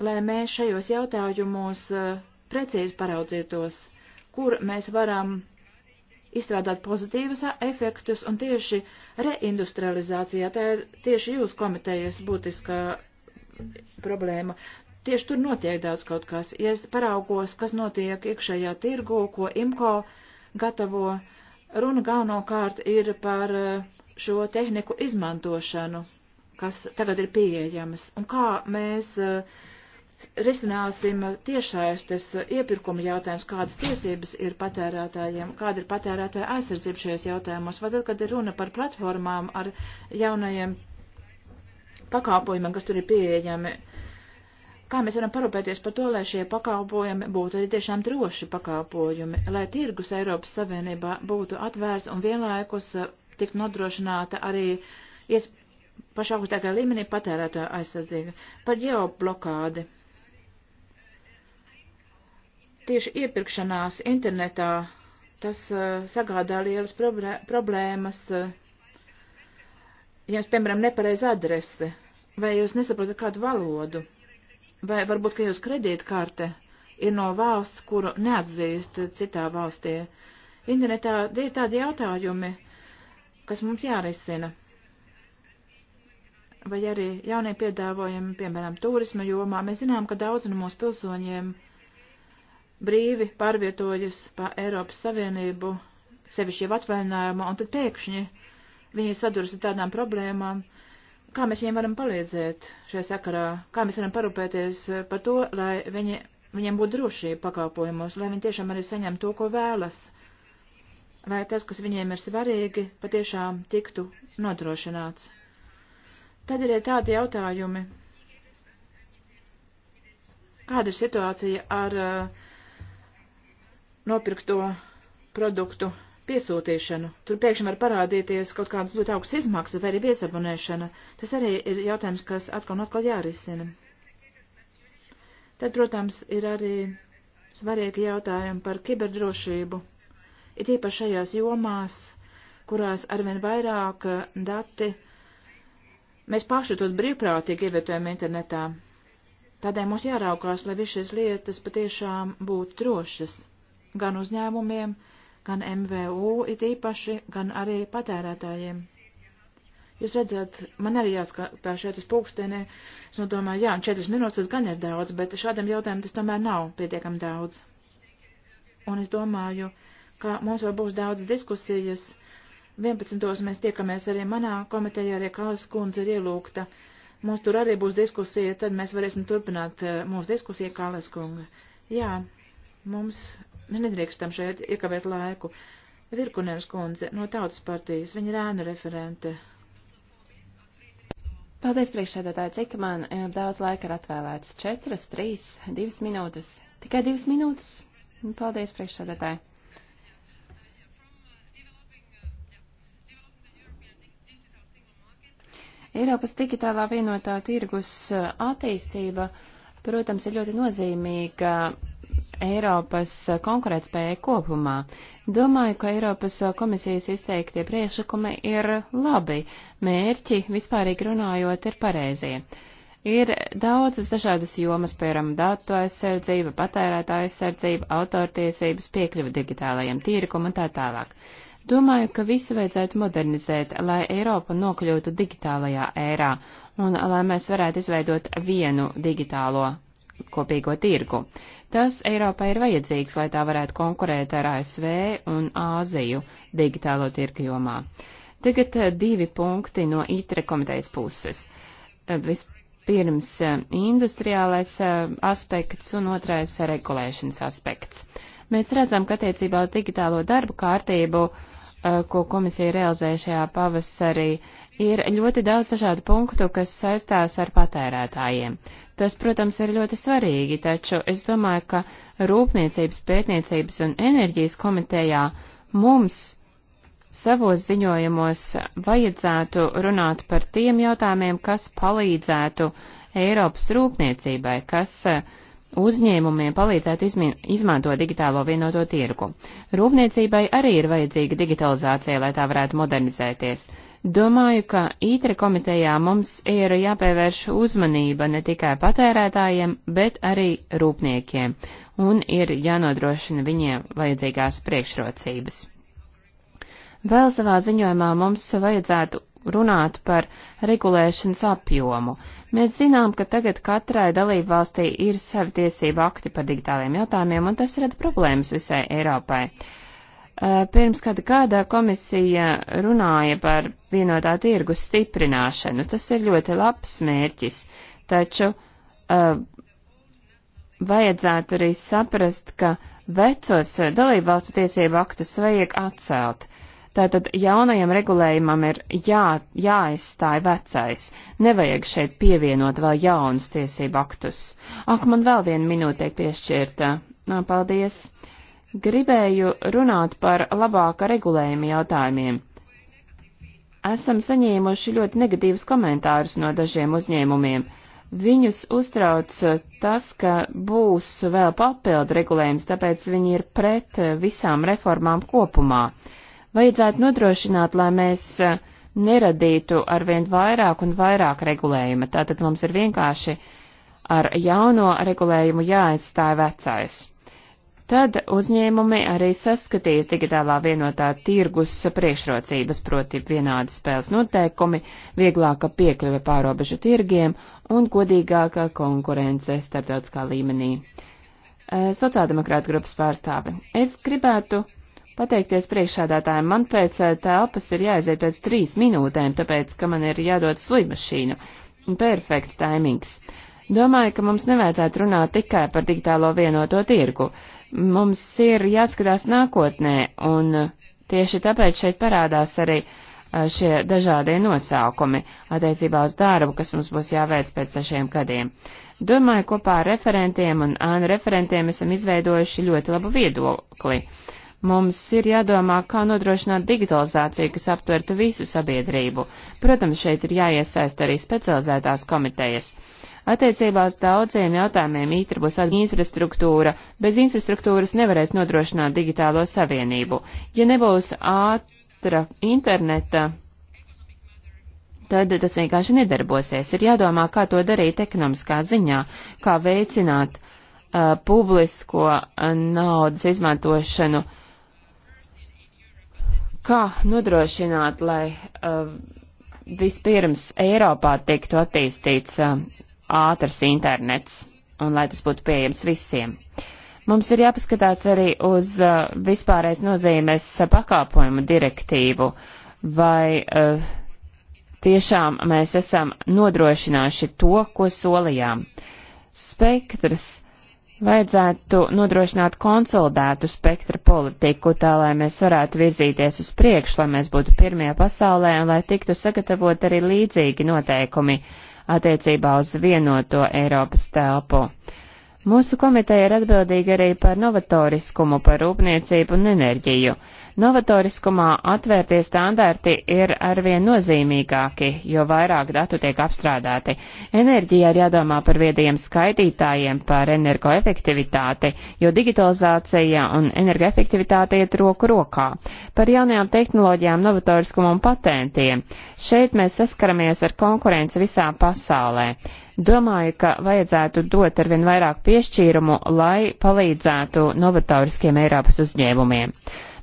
lai mēs šajos jautājumos uh, precīzi paraudzītos, kur mēs varam izstrādāt pozitīvus efektus, un tieši reindustrializācijā, tā ir tieši jūs komitejas būtiskā problēma. Tieši tur notiek daudz kaut kas. Ja es paraugos, kas notiek iekšējā tirgu, ko IMCO gatavo, runa galvenokārt ir par šo tehniku izmantošanu, kas tagad ir pieejamas, un kā mēs uh, risināsim tiešsaistes iepirkuma jautājumus, kādas tiesības ir patērētājiem, kāda ir patērētāja aizsardzība šajos jautājumos, vai tad, kad ir runa par platformām ar jaunajiem pakalpojumiem, kas tur ir pieejami, kā mēs varam parūpēties par to, lai šie pakalpojumi būtu arī tiešām droši pakalpojumi, lai tirgus Eiropas Savienībā būtu atvērts un vienlaikus tik nodrošināta arī pašaugstākā līmenī patērētāja aizsardzība par ģeoblokādi. blokādi Tieši iepirkšanās internetā tas uh, sagādā lielas problēmas. Eh, ja jums, piemēram, nepareiza adrese, vai jūs nesaprotat kādu valodu, vai varbūt, ka jūs kredītkarte ir no valsts, kuru neatzīst citā valstī. Internetā ir tādi jautājumi, kas mums jārisina. Vai arī jaunie piedāvojumi, piemēram, turisma jomā. Mēs zinām, ka daudz no mūsu pilsoņiem brīvi pārvietojas pa Eiropas Savienību, sevišķi jau atvaļinājumu, un tad pēkšņi viņi saduras ar tādām problēmām, kā mēs viņiem varam palīdzēt šajā sakarā, kā mēs varam parūpēties par to, lai viņi, viņiem būtu drošība pakalpojumos, lai viņi tiešām arī saņem to, ko vēlas, lai tas, kas viņiem ir svarīgi, patiešām tiktu nodrošināts. Tad ir tādi jautājumi. Kāda ir situācija ar uh, nopirkto produktu piesūtīšanu. Tur pēkšņi var parādīties kaut kādas ļoti augstas izmaksas vai arī viesabonēšana. Tas arī ir jautājums, kas atkal un atkal jārisina. Tad, protams, ir arī svarīgi jautājumi par kiberdrošību. It īpaši šajās jomās, kurās arvien vairāk eh, dati mēs paši tos brīvprātīgi ievietojam internetā. Tādēļ mums jāraukās, lai visas šīs lietas patiešām būtu drošas gan uzņēmumiem, gan MVU it īpaši, gan arī patērētājiem. Jūs redzat, man arī jāskatā šeit uz pulkstenē, es nodomāju, nu jā, un četras minūtes tas gan ir daudz, bet šādam jautājumam tas tomēr nav pietiekam daudz. Un es domāju, ka mums vēl būs daudz diskusijas. 11. mēs tiekamies arī manā komitejā, arī Kāls kundze ir ielūgta. Mums tur arī būs diskusija, tad mēs varēsim turpināt eh, mūsu diskusiju Kāles kunga. Jā, mums Mēs nedrīkstam šeit iekavēt laiku. Virkunēns kundze no Tautas partijas, viņa ir ēnu referente. Paldies, priekšsēdētāji, cik man eh, daudz laika ir atvēlēts? Četras, trīs, divas minūtes. Tikai divas minūtes? Nu, paldies, priekšsēdētāji. Eiropas digitālā vienotā tirgus eh, attīstība, protams, ir ļoti nozīmīga Eiropas konkurētspējai kopumā. Domāju, ka Eiropas komisijas izteiktie priešakumi ir labi, mērķi vispārīgi runājot ir pareizie. Ir daudzas dažādas jomas, piemēram, datu aizsardzība, patērētāja aizsardzība, autortiesības, piekļuva digitālajiem tīrikumam un tā tālāk. Domāju, ka visu vajadzētu modernizēt, lai Eiropa nokļūtu digitālajā ērā un lai mēs varētu izveidot vienu digitālo kopīgo tirgu. Tas Eiropai ir vajadzīgs, lai tā varētu konkurēt ar ASV un Āziju digitālo tirgu jomā. Tagad eh, divi punkti no ITRE komitejas puses. Eh, vispirms eh, industriālais aspekts un otrais regulēšanas aspekts. Mēs redzam, ka attiecībā uz digitālo darbu kārtību, ko komisija realizē šajā pavasarī, uh, Ir ļoti daudz dažādu punktu, kas saistās ar patērētājiem. Tas, protams, ir ļoti svarīgi, taču es domāju, ka Rūpniecības, Pētniecības un enerģijas komitejā mums savos ziņojumos vajadzētu runāt par tiem jautājumiem, kas palīdzētu Eiropas rūpniecībai, kas eh, uzņēmumiem palīdzētu izmantot digitālo vienoto tirgu. Rūpniecībai arī ir vajadzīga digitalizācija, lai tā varētu modernizēties. Domāju, ka ītra komitejā mums ir jāpievērš uzmanība ne tikai patērētājiem, bet arī rūpniekiem, un ir jānodrošina viņiem vajadzīgās priekšrocības. Vēl savā ziņojumā mums vajadzētu runāt par regulēšanas apjomu. Mēs zinām, ka tagad katrai dalību valstī ir savi tiesību akti par digitāliem jautājumiem, un tas rada problēmas visai Eiropai. Uh, Eh, pirms kāda gada komisija runāja par vienotā tirgus stiprināšanu. Tas ir ļoti labs mērķis, taču uh, vajadzētu arī saprast, ka vecos dalībvalstu tiesību aktus vajag atcelt. Tātad jaunajam regulējumam ir jā, jāaizstāj vecais, nevajag šeit pievienot vēl jaunus tiesību aktus. Ak, man vēl viena minūte tiek piešķirta. Nā, paldies! Uh, Gribēju runāt par labāka regulējuma jautājumiem. Esam saņēmuši ļoti negatīvus komentārus no dažiem uzņēmumiem. Viņus uztrauc tas, ka būs vēl papildu regulējums, tāpēc viņi ir pret visām reformām kopumā. Vajadzētu nodrošināt, lai mēs neradītu arvien vairāk un vairāk regulējuma. Tātad mums ir vienkārši ar jauno regulējumu jāaizstāj vecais tad uzņēmumi arī saskatīs digitālā vienotā tirgus priekšrocības, proti vienādi spēles noteikumi, vieglāka piekļuve pārobežu tirgiem un godīgāka konkurence starptautiskā līmenī. Eh, sociāldemokrāta grupas pārstāvi, es gribētu pateikties priekšādātājiem. Man pēc eh, telpas ir jāaiziet pēc trīs minūtēm, tāpēc, ka man ir jādod slidmašīnu. Perfekts taimings. Domāju, ka mums nevajadzētu runāt tikai par digitālo vienoto tirgu. Uh, Mums ir jāskatās nākotnē, un tieši tāpēc šeit parādās arī šie dažādie nosaukumi attiecībā uz darbu, kas mums būs jāveic pēc sešiem gadiem. Domāju, kopā ar referentiem un ānu referentiem esam izveidojuši ļoti labu viedokli. Mums ir jādomā, kā nodrošināt digitalizāciju, kas aptvertu visu sabiedrību. Protams, šeit ir jāiesaist arī specializētās komitejas. Attiecībās daudziem jautājumiem ītra būs infrastruktūra. Bez infrastruktūras nevarēs nodrošināt digitālo savienību. Ja nebūs ātra interneta, tad tas vienkārši nedarbosies. Ir jādomā, kā to darīt ekonomiskā ziņā, kā veicināt uh, publisko uh, naudas izmantošanu, kā nodrošināt, lai uh, vispirms Eiropā tiktu attīstīts uh, ātrs internets un lai tas būtu pieejams visiem. Mums ir jāpaskatās arī uz uh, vispārreiz nozīmes pakāpojumu direktīvu, vai uh, tiešām mēs esam nodrošinājuši to, ko solījām. Spektrs Vajadzētu nodrošināt konsolidētu spektra politiku, tā lai mēs varētu virzīties uz priekšu, lai mēs būtu pirmie pasaulē un lai tiktu sagatavot arī līdzīgi noteikumi attiecībā uz vienoto Eiropas telpu. Mūsu komiteja ir atbildīga arī par novatoriskumu, par rūpniecību un enerģiju. Novatoriskumā atvērtie standarti ir arvien nozīmīgāki, jo vairāk datu tiek apstrādāti. Enerģijā ir jādomā par viedajiem skaitītājiem, par energoefektivitāti, jo digitalizācija un energoefektivitāte iet roku rokā. Par jaunajām tehnoloģijām, novatoriskumu un patentiem. Šeit mēs saskaramies ar konkurenci visā pasaulē domāju, ka vajadzētu dot arvien vairāk piešķīrumu, lai palīdzētu novatoriskiem Eiropas uzņēmumiem.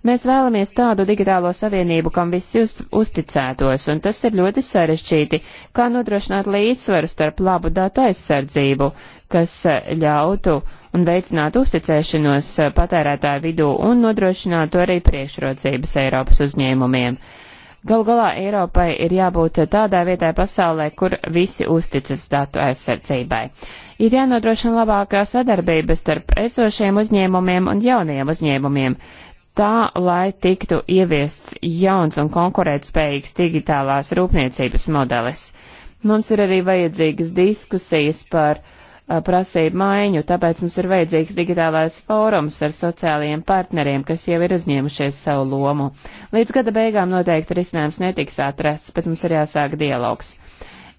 Mēs vēlamies tādu digitālo savienību, kam visi uz, uzticētos, un tas ir ļoti sarežģīti, kā nodrošināt līdzsvaru starp labu datu aizsardzību, kas eh, ļautu un veicinātu uzticēšanos eh, patērētāju vidū un nodrošinātu arī priekšrocības Eiropas uzņēmumiem. Galu galā Eiropai ir jābūt tādā vietā pasaulē, kur visi uzticas datu aizsardzībai. Ir jānodrošina labākā sadarbība starp esošiem uzņēmumiem un jaunajiem uzņēmumiem tā, lai tiktu ieviests jauns un konkurētspējīgs digitālās rūpniecības modelis. Mums ir arī vajadzīgas diskusijas par a, uh, prasību maiņu, tāpēc mums ir vajadzīgs digitālais fórums ar sociālajiem partneriem, kas jau ir uzņēmušies savu lomu. Līdz gada beigām noteikti risinājums netiks atrasts, bet mums ir jāsāk dialogs.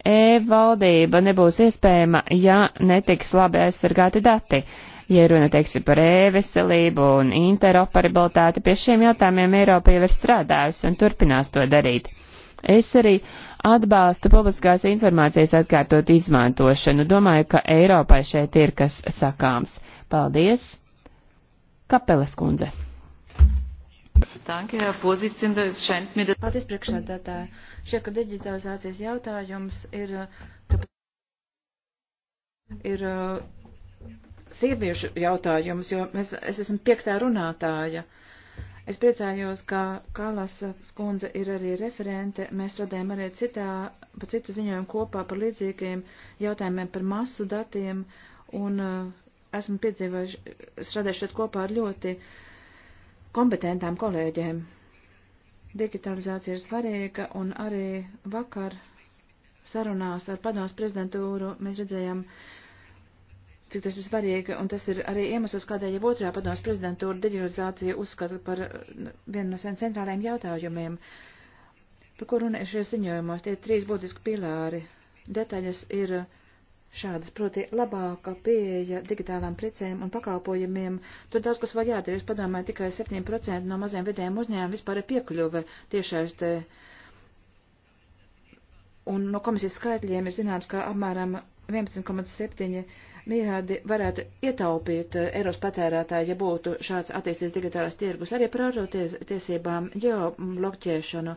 E-valdība nebūs iespējama, ja netiks labi aizsargāti dati ja runa, teiksim, par e-veselību un interoperabilitāti, pie šiem jautājumiem Eiropa jau ir strādājusi un turpinās to darīt. Es arī atbalstu publiskās informācijas atkārtot izmantošanu. Domāju, ka Eiropai šeit ir kas sakāms. Paldies! Kapeles kundze. Danke, Herr Vorsitzender. Es scheint mir, dass. Paldies, priekšsēdētāji. Šķiet, ka digitalizācijas jautājums ir, ir uh, sieviešu jautājumus, jo mēs, es esmu piektā runātāja. Es priecājos, ka Kalas skundze ir arī referente. Mēs strādājam arī citā, pa citu ziņojumu kopā par līdzīgiem jautājumiem par masu datiem un uh, esmu piedzīvojuši, strādājuši šeit kopā ar ļoti kompetentām kolēģiem. Digitalizācija ir svarīga un arī vakar sarunās ar padomus prezidentūru mēs redzējām, uh, cik tas ir svarīgi, un tas ir arī iemesls, kādēļ jau otrā padomas prezidentūra digitalizācija uzskata par vienu no sen centrālajiem jautājumiem, par ko runāju šajos ziņojumos. Tie trīs būtiski pilāri. Detaļas ir šādas, proti labāka pieeja digitālām precēm un pakalpojumiem. Tur daudz kas var jādara, jūs padomājat, tikai 7% no maziem vidējiem uzņēmumiem vispār ir piekļuve tiešais te. Un no komisijas skaitļiem ir zināms, ka apmēram 11,7 mierādi varētu ietaupīt eh, Eiros patērētāji, ja būtu šāds attīstīts digitālās tirgus, arī par ārlotiesībām, geoblokķēšanu,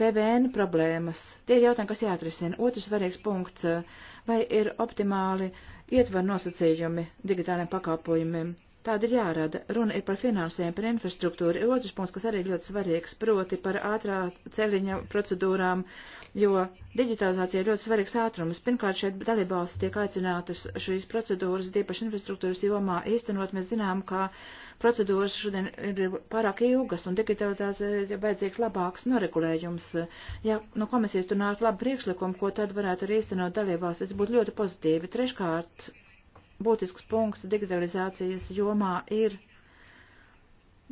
PVN problēmas. Tie ir jautājumi, kas jāatrisina. Otrs svarīgs punkts eh, - vai ir optimāli ietver nosacījumi digitāliem pakalpojumiem. Tāda ir jārada. Runa ir par finansēm, par infrastruktūru. Ir otrs punkts, kas arī ļoti svarīgs, proti par ātrā ceļiņa procedūrām. Uh, jo digitalizācija ir ļoti svarīgs ātrums. Pirmkārt, šeit dalībvalstis tiek aicinātas šīs procedūras, tiepaši infrastruktūras jomā īstenot. Mēs zinām, ka procedūras šodien ir pārāk ilgas un digitalizācija ir vajadzīgs labāks noregulējums. Ja no komisijas tur nāk labi priekšlikumi, ko tad varētu arī īstenot dalībvalstis, tas būtu ļoti pozitīvi. Treškārt, būtisks punkts digitalizācijas jomā ir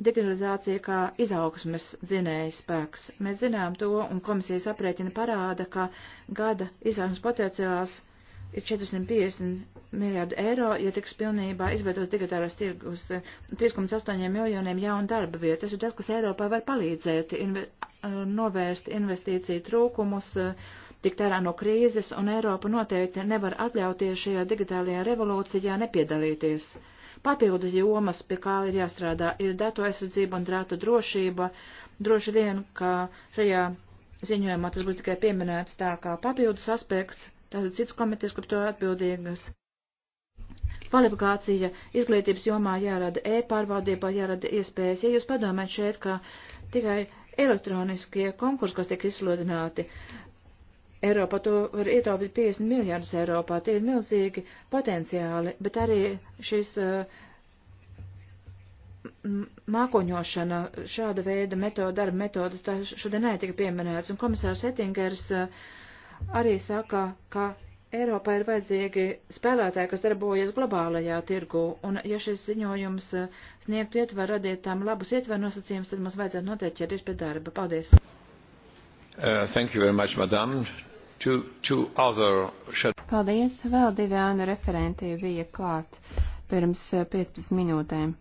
depenalizācija kā izaugsmes dzinēja spēks. Mēs zinām to, un komisijas aprēķina parāda, ka gada izaugsmes potenciāls ir 450 miljārdu eiro, ja tiks pilnībā izveidos digitālās tirgus 3,8 miljoniem jaunu darba vietu. Tas ir tas, kas Eiropā var palīdzēt inve eh, novērst investīciju trūkumus, eh, tikt ārā no krīzes, un Eiropa noteikti nevar atļauties šajā digitālajā revolūcijā nepiedalīties. Papildus jomas, pie kā ir jāstrādā, ir datu aizsardzība un datu drošība. Droši vien, ka šajā ziņojumā tas būs tikai pieminēts tā kā papildus aspekts, tas ir cits komitejas, kurš to atbildīgas. Kvalifikācija izglītības jomā jārada e-pārvaldībā, jārada iespējas. Ja jūs padomājat šeit, ka tikai elektroniskie konkursi, kas tiek izsludināti, Eiropā to var ietaupīt 50 miljardus Eiropā. Tie ir milzīgi potenciāli, bet arī šis uh, mākoņošana, šāda veida metoda, darba metodas, tā šodien netika pieminēts. Un komisārs Ettingers uh, arī saka, ka Eiropā ir vajadzīgi spēlētāji, kas darbojas globālajā tirgu, un ja šis ziņojums uh, sniegtu ietvaru radīt tām labus ietvaru nosacījumus, tad mums vajadzētu noteikti ķerties pie darba. Paldies! Uh, thank you very much, madam. Two, two other... Paldies, vēl divi ānu referenti bija klāt pirms 15 eh, minūtēm.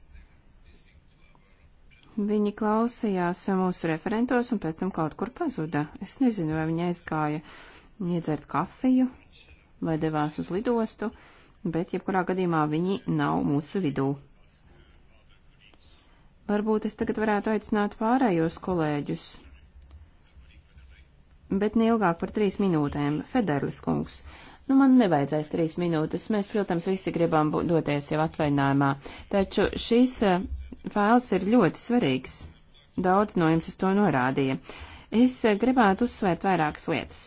Viņi klausījās mūsu referentos un pēc tam kaut kur pazuda. Es nezinu, vai viņi aizgāja iedzert kafiju vai devās uz lidostu, bet jebkurā gadījumā viņi nav mūsu vidū. Varbūt es tagad varētu aicināt pārējos kolēģus bet neilgāk par trīs minūtēm. Federlis kungs, nu man nevajadzēs trīs minūtes, mēs, protams, visi gribam doties jau atvainājumā, taču šīs eh, fails ir ļoti svarīgs. Daudz no jums uz to norādīja. Es eh, gribētu uzsvērt vairākas lietas.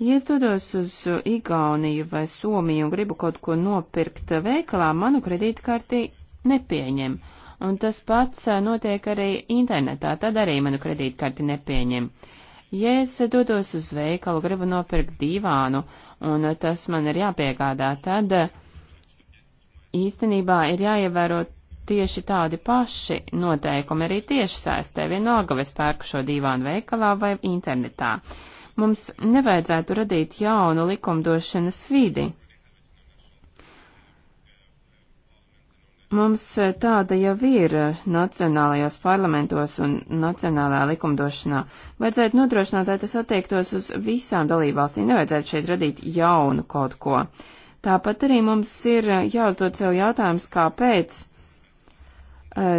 Ja es dodos uz Igauniju vai Somiju un gribu kaut ko nopirkt veikalā, manu kredītkarti nepieņem un tas pats eh, notiek arī internetā, tad arī manu kredītkarti nepieņem. Ja es dodos uz veikalu, gribu nopirkt divānu, un tas man ir jāpiegādā, tad eh, īstenībā ir jāievēro tieši tādi paši noteikumi arī tieši saistē, vienalga, vai es pērku šo divānu veikalā vai internetā. Mums nevajadzētu radīt jaunu likumdošanas vidi. Mums e, tāda jau ir e, nacionālajos parlamentos un nacionālajā likumdošanā. Vajadzētu nodrošināt, lai tas attiektos uz visām dalībvalstīm, nevajadzētu šeit radīt jaunu kaut ko. Tāpat arī mums ir e, jāuzdod sev jautājums, kāpēc uh,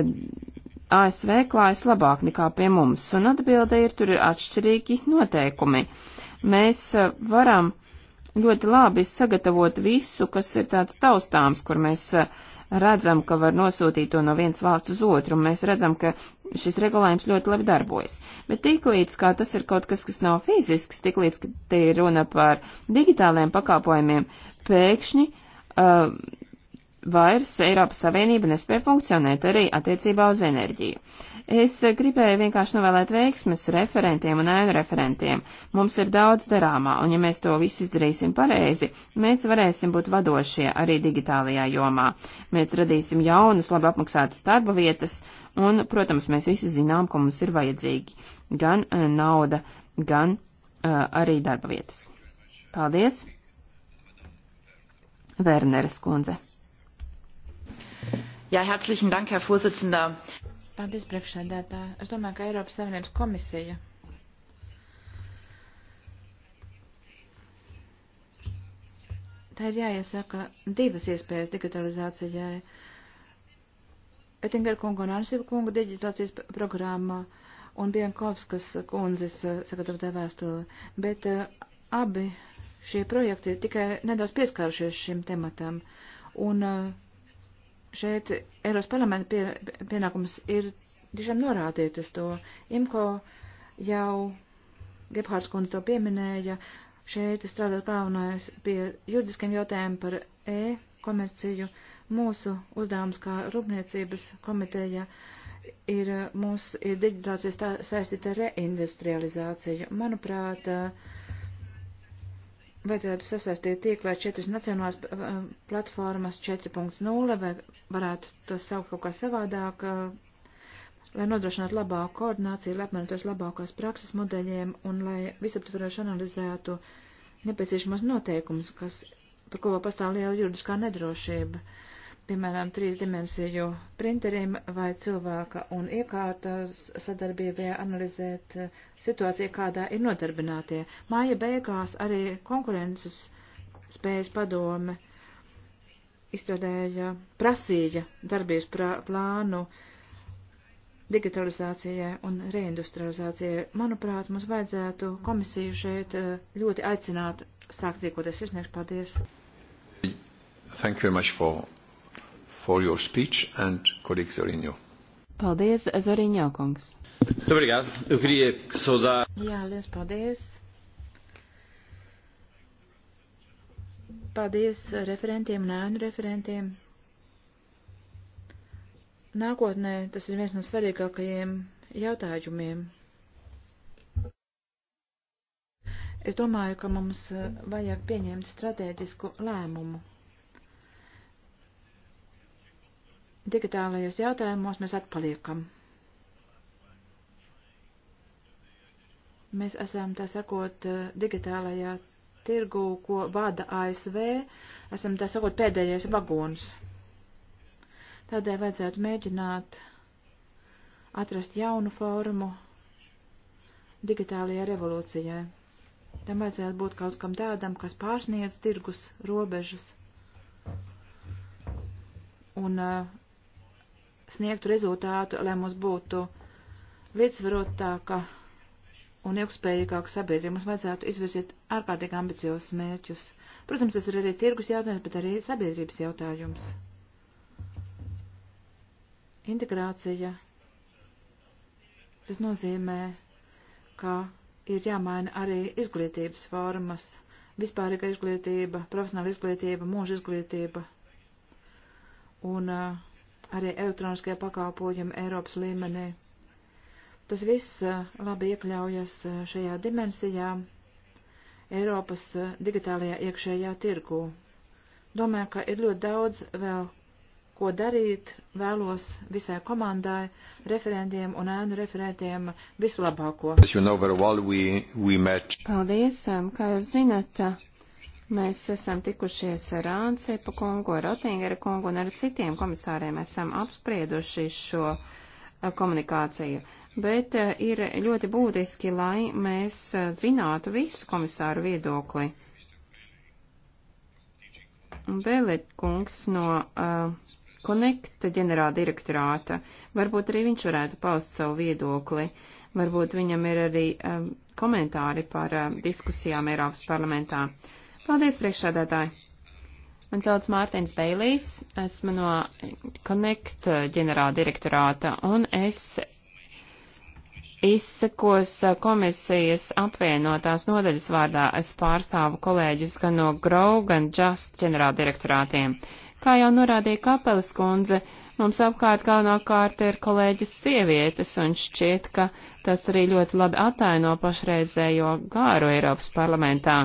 ASV klājas labāk nekā pie mums, un atbilde ir, tur ir atšķirīgi noteikumi. Mēs uh, varam ļoti labi sagatavot visu, kas ir tāds taustāms, kur mēs uh, redzam, ka var nosūtīt to no vienas valsts uz otru, un mēs redzam, ka šis regulējums ļoti labi darbojas. Bet tiklīdz, kā tas ir kaut kas, kas nav fizisks, tiklīdz, ka te ir runa par digitāliem pakalpojumiem, pēkšņi uh, vairs Eiropas Savienība nespēja funkcionēt arī attiecībā uz enerģiju. Es gribēju vienkārši novēlēt veiksmes referentiem un ēnu referentiem. Mums ir daudz darāmā, un ja mēs to visu izdarīsim pareizi, mēs varēsim būt vadošie arī digitālajā jomā. Mēs radīsim jaunas, labi apmaksātas darba vietas, un, protams, mēs visi zinām, ka mums ir vajadzīgi gan eh, nauda, gan uh, arī darba vietas. Paldies! Werneres Kunze. Ja, herzlichen Dank, Herr Vorsitzender. Paldies, priekšsēdētāji. Es domāju, ka Eiropas Savienības komisija tā ir jāiesaka divas iespējas digitalizācijai. Ettinger kunga un Arsiva kunga digitalizācijas programma un Bienkovskas kundzes eh, sagatavotā vēstule, bet uh, abi šie projekti tikai nedaudz pieskārušies šim tematam. Un uh, šeit Eiros parlamenta pie, pienākums ir tiešām norādīt uz to. Imko jau Gebhārds kundze to pieminēja, šeit strādāt galvenais pie juridiskiem jautājumiem par e-komerciju. Mūsu uzdevums kā rūpniecības komiteja ir mūsu ir digitācijas saistīta reindustrializācija. Manuprāt, uh, vajadzētu sasaistīt tīklā četras nacionālās um, platformas 4.0, vai varētu to saukt kaut kā savādāk, uh, lai nodrošinātu labāku koordināciju, lai apmienotos labākās prakses modeļiem un lai visaptvaroši analizētu nepieciešamos noteikumus, kas, par ko pastāv liela juridiskā nedrošība. Uh, piemēram, trīs dimensiju printeriem vai cilvēka un iekārtas sadarbībai analizēt eh, situāciju, kādā ir nodarbinātie. Māja beigās arī konkurences spējas padome izstrādēja, prasīja darbības prā, plānu digitalizācijai un reindustrializācijai. Manuprāt, mums vajadzētu komisiju šeit eh, ļoti aicināt sākt rīkoties. Izniegšu paldies. Thank you very much for for your speech and colleague Zoriņo. Paldies, Zoriņo kungs. Obrigado. Eu queria saudar. Jā, liels paldies. Paldies referentiem un ēnu referentiem. Nākotnē tas ir viens no svarīgākajiem jautājumiem. Es domāju, ka mums eh, vajag pieņemt strateģisku lēmumu. digitālajos jautājumos mēs atpaliekam. Mēs esam, tā sakot, digitālajā tirgu, ko vada ASV, esam, tā sakot, pēdējais vagons. Tādēļ vajadzētu mēģināt atrast jaunu formu digitālajai revolūcijai. Tam vajadzētu būt kaut kam tādam, kas pārsniedz tirgus robežas un uh, sniegtu rezultātu, lai mums būtu līdzsvarotāka un ilgspējīgāka sabiedrība. Mums vajadzētu izvirzīt ārkārtīgi ambiciozus mērķus. Protams, tas ir arī tirgus jautājums, bet arī sabiedrības jautājums. Integrācija. Tas nozīmē, ka ir jāmaina arī izglītības formas, vispārīga izglītība, profesionāla izglītība, mūža izglītība. Un uh, arī elektroniskie pakalpojumi Eiropas līmenī. Tas viss labi iekļaujas šajā dimensijā Eiropas digitālajā iekšējā tirgū. Domāju, ka ir ļoti daudz vēl ko darīt, vēlos visai komandai, referentiem un ēnu referentiem vislabāko. You know, well, we, we Paldies, kā jūs zinat, Mēs esam tikušies ar Ānsepu kungu, ar Rotingera kungu un ar citiem komisāriem esam apsprieduši šo eh, komunikāciju. Bet eh, ir ļoti būtiski, lai mēs eh, zinātu visu komisāru viedokli. Bēlēt kungs no uh, Connect ģenerāla direktorāta. Varbūt arī viņš varētu paust savu viedokli. Varbūt viņam ir arī um, komentāri par um, diskusijām Eiropas parlamentā. Paldies, priekšsēdētāji! Man sauc Mārtiņš Beilīs, esmu no Connect ģenerāla direktorāta un es izsakos komisijas apvienotās nodaļas vārdā. Es pārstāvu kolēģus gan no Grow, gan Just ģenerāla direktorātiem. Kā jau norādīja Kapelis kundze, mums apkārt galvenokārt ir kolēģis sievietes, un šķiet, ka tas arī ļoti labi ataino pašreizējo gāru Eiropas parlamentā.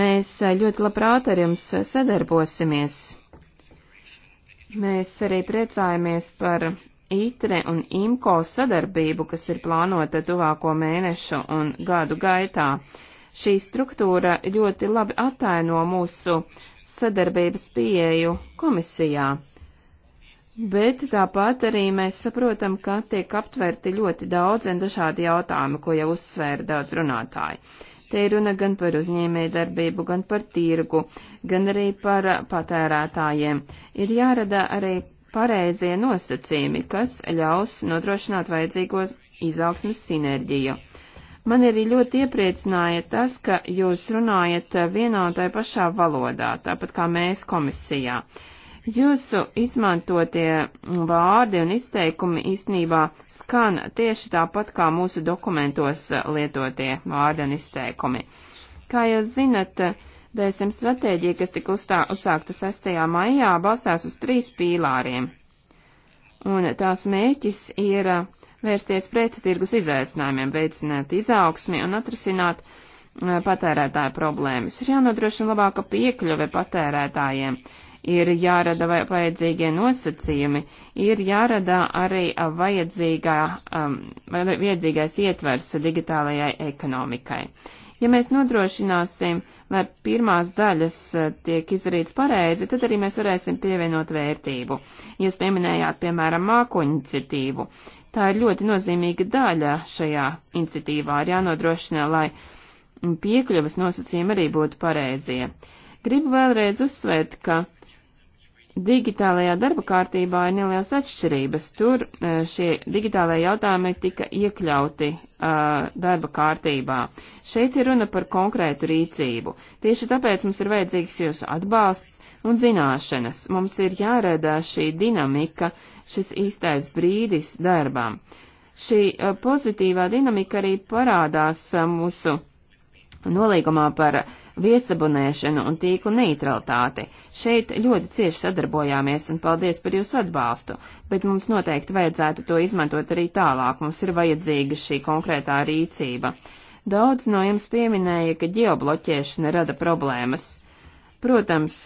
Mēs eh, ļoti labprāt ar jums eh, sadarbosimies. Mēs arī priecājamies par ITRE un IMCO sadarbību, kas ir plānota tuvāko mēnešu un gadu gaitā. Šī struktūra ļoti labi ataino mūsu sadarbības pieeju komisijā. Bet tāpat arī mēs saprotam, ka tiek aptverti ļoti daudz un dažādi jautājumi, ko jau uzsvēra daudz runātāji. Uh, Te ir runa gan par uzņēmēju darbību, gan par tirgu, gan arī par patērētājiem. Ir jārada arī pareizie nosacījumi, kas ļaus nodrošināt vajadzīgo izaugsmes sinerģiju. Man arī ļoti iepriecināja tas, ka jūs runājat vienā un tajā pašā valodā, tāpat kā mēs komisijā. Uh, Jūsu izmantotie vārdi un izteikumi īstenībā skan tieši tāpat kā mūsu dokumentos eh, lietotie vārdi un izteikumi. Kā jūs zinat, DSM stratēģija, kas tika uzstā, uzsākta 6. maijā, balstās uz trīs pīlāriem. Un tās mēķis ir eh, vērsties pret tirgus izaicinājumiem, veicināt izaugsmi un atrisināt eh, patērētāju problēmas. Ir jānodrošina labāka piekļuve patērētājiem, ir jārada vajadzīgie nosacījumi, ir jārada arī vajadzīgā, um, vajadzīgais ietvers digitālajai ekonomikai. Ja mēs nodrošināsim, lai pirmās daļas tiek izdarīts pareizi, tad arī mēs varēsim pievienot vērtību. Jūs pieminējāt, piemēram, mākoņu iniciatīvu. Tā ir ļoti nozīmīga daļa šajā iniciatīvā. Ir jānodrošina, lai piekļuvas nosacījumi arī būtu pareizie. Gribu vēlreiz uzsvērt, ka digitālajā darba kārtībā ir nelielas atšķirības. Tur e, šie digitālajie jautājumi tika iekļauti uh, darba kārtībā. Šeit ir runa par konkrētu rīcību. Tieši tāpēc mums ir vajadzīgs jūsu atbalsts un zināšanas. Mums ir jārada šī dinamika, šis īstais brīdis darbām. Šī uh, pozitīvā dinamika arī parādās uh, mūsu nolīgumā par uh, viesabunēšanu un tīkla neutralitāti. Šeit ļoti cieši sadarbojāmies un paldies par jūsu atbalstu, bet mums noteikti vajadzētu to izmantot arī tālāk, mums ir vajadzīga šī konkrētā rīcība. Daudz no jums pieminēja, ka ģeobloķēšana rada problēmas. Protams,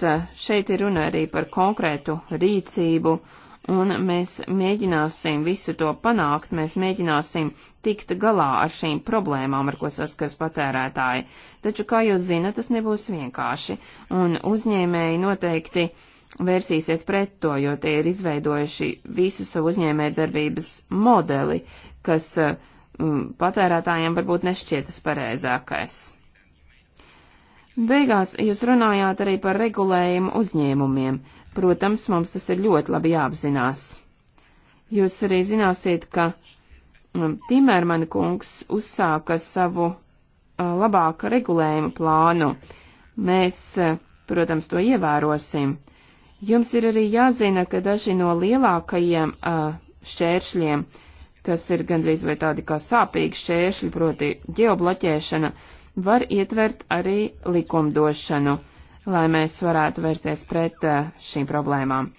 šeit ir runa arī par konkrētu rīcību un mēs mēģināsim visu to panākt, mēs mēģināsim tikt galā ar šīm problēmām, ar ko saskars patērētāji. Taču, kā jūs zinat, tas nebūs vienkārši, un uzņēmēji noteikti vērsīsies pret to, jo tie ir izveidojuši visu savu uzņēmējdarbības modeli, kas mm, patērētājiem varbūt nešķiet tas pareizākais. Beigās jūs runājāt arī par regulējumu uzņēmumiem. Protams, mums tas ir ļoti labi jāapzinās. Jūs arī zināsiet, ka um, Timermana kungs uzsāka savu uh, labāka regulējuma plānu. Mēs, uh, protams, to ievērosim. Jums ir arī jāzina, ka daži no lielākajiem uh, šķēršļiem, kas ir gandrīz vai tādi kā sāpīgi šķēršļi, proti ģeobloķēšana, var ietvert arī likumdošanu lai mēs varētu vērsties pret eh, šīm problēmām.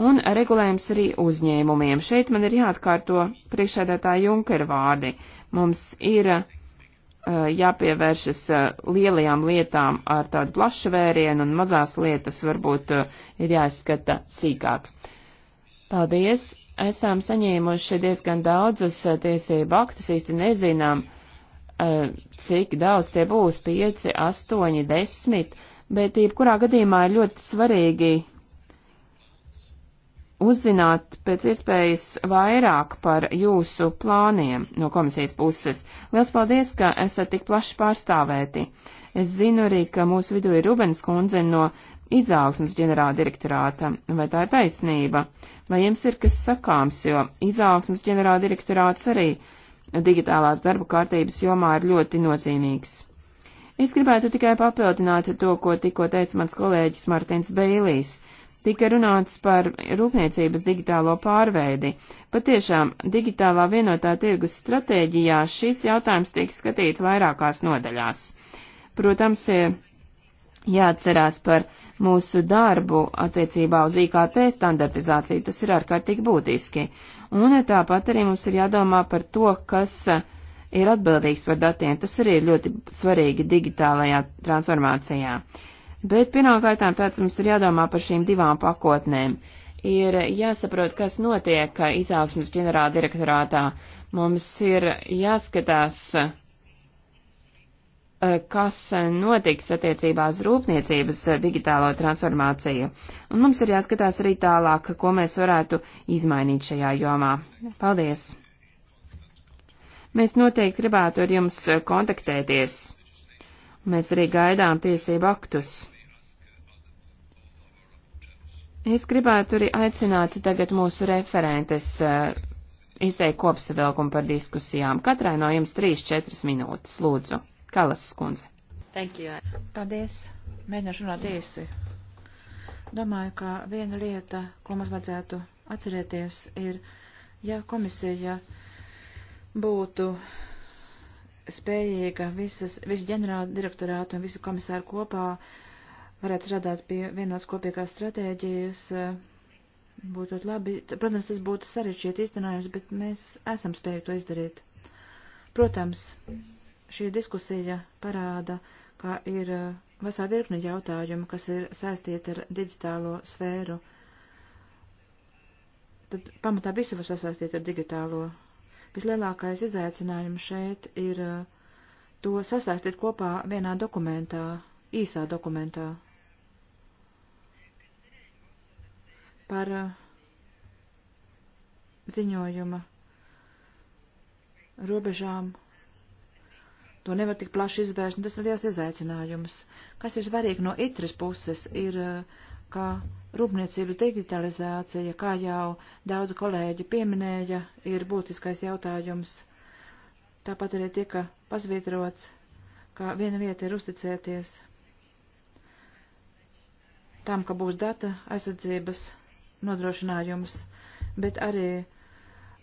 Un regulējums arī uzņēmumiem. Šeit man ir jāatkārto priekšēdētāja Junkera vārdi. Mums ir eh, jāpievēršas eh, lielajām lietām ar tādu plašu vērienu un mazās lietas varbūt ir jāizskata sīkāk. Paldies! Esam saņēmuši diezgan daudzus tiesību aktus, īsti nezinām, uh, Eh, cik daudz tie būs, 5, 8, 10, bet jebkurā gadījumā ir ļoti svarīgi uzzināt pēc iespējas vairāk par jūsu plāniem no komisijas puses. Liels paldies, ka esat tik plaši pārstāvēti. Es zinu arī, ka mūsu vidū ir Rubens kundze no izaugsmas ģenerāla direktorāta. Vai tā ir taisnība? Vai jums ir kas sakāms, jo izaugsmas ģenerāla direktorāts arī uh, digitālās darba kārtības jomā ir ļoti nozīmīgs. Es gribētu tikai papildināt to, ko tikko teica mans kolēģis Martins Bēlīs. Tika runāts par rūpniecības digitālo pārveidi. Patiešām, digitālā vienotā tirgus stratēģijā šis jautājums tiek skatīts vairākās nodaļās. Protams, e, jāatcerās par mūsu darbu attiecībā uz IKT standartizāciju, tas ir ārkārtīgi būtiski. Un tāpat arī mums ir jādomā par to, kas ir atbildīgs par datiem, tas arī ir ļoti svarīgi digitālajā transformācijā. Bet pirmkārtām tāds mums ir jādomā par šīm divām pakotnēm. Ir jāsaprot, kas notiek izaugsmas ģenerāldirektorātā. Mums ir jāskatās, Eh, kas eh, notiks attiecībā uz rūpniecības eh, digitālo transformāciju. Un mums ir jāskatās arī tālāk, ko mēs varētu izmainīt šajā jomā. Paldies! Mēs noteikti gribētu ar jums kontaktēties. Mēs arī gaidām tiesību aktus. Es gribētu arī aicināt tagad mūsu referentes izteikt kopsavilkumu par diskusijām. Katrai no jums 3-4 minūtes, lūdzu. Kalasas kundze. Thank you. Paldies. Mēģināšu runāt īsi. Domāju, ka viena lieta, ko mums vajadzētu atcerēties, ir, ja komisija būtu spējīga visas, visu ģenerālu direktorātu un visu komisāru kopā varētu strādāt pie vienās kopīgās stratēģijas, būtu labi. Protams, tas būtu sarežģīti izcinājums, bet mēs esam spējuši to izdarīt. Protams, šī diskusija parāda, ka ir uh, vesā virkni jautājumu, kas ir saistīti ar digitālo sfēru. Tad pamatā visu var sasaistīt ar digitālo. Vislielākais izaicinājums šeit ir uh, to sasaistīt kopā vienā dokumentā, īsā dokumentā. Par uh, ziņojuma robežām To nevar tik plaši izvērst, un nu, tas ir liels izaicinājums. Kas ir svarīgi no itras puses, ir, eh, ka rūpniecības digitalizācija, kā jau daudz kolēģi pieminēja, ir būtiskais jautājums. Tāpat arī tika pasvītrots, ka viena vieta ir uzticēties tam, ka būs data aizsardzības nodrošinājums, bet arī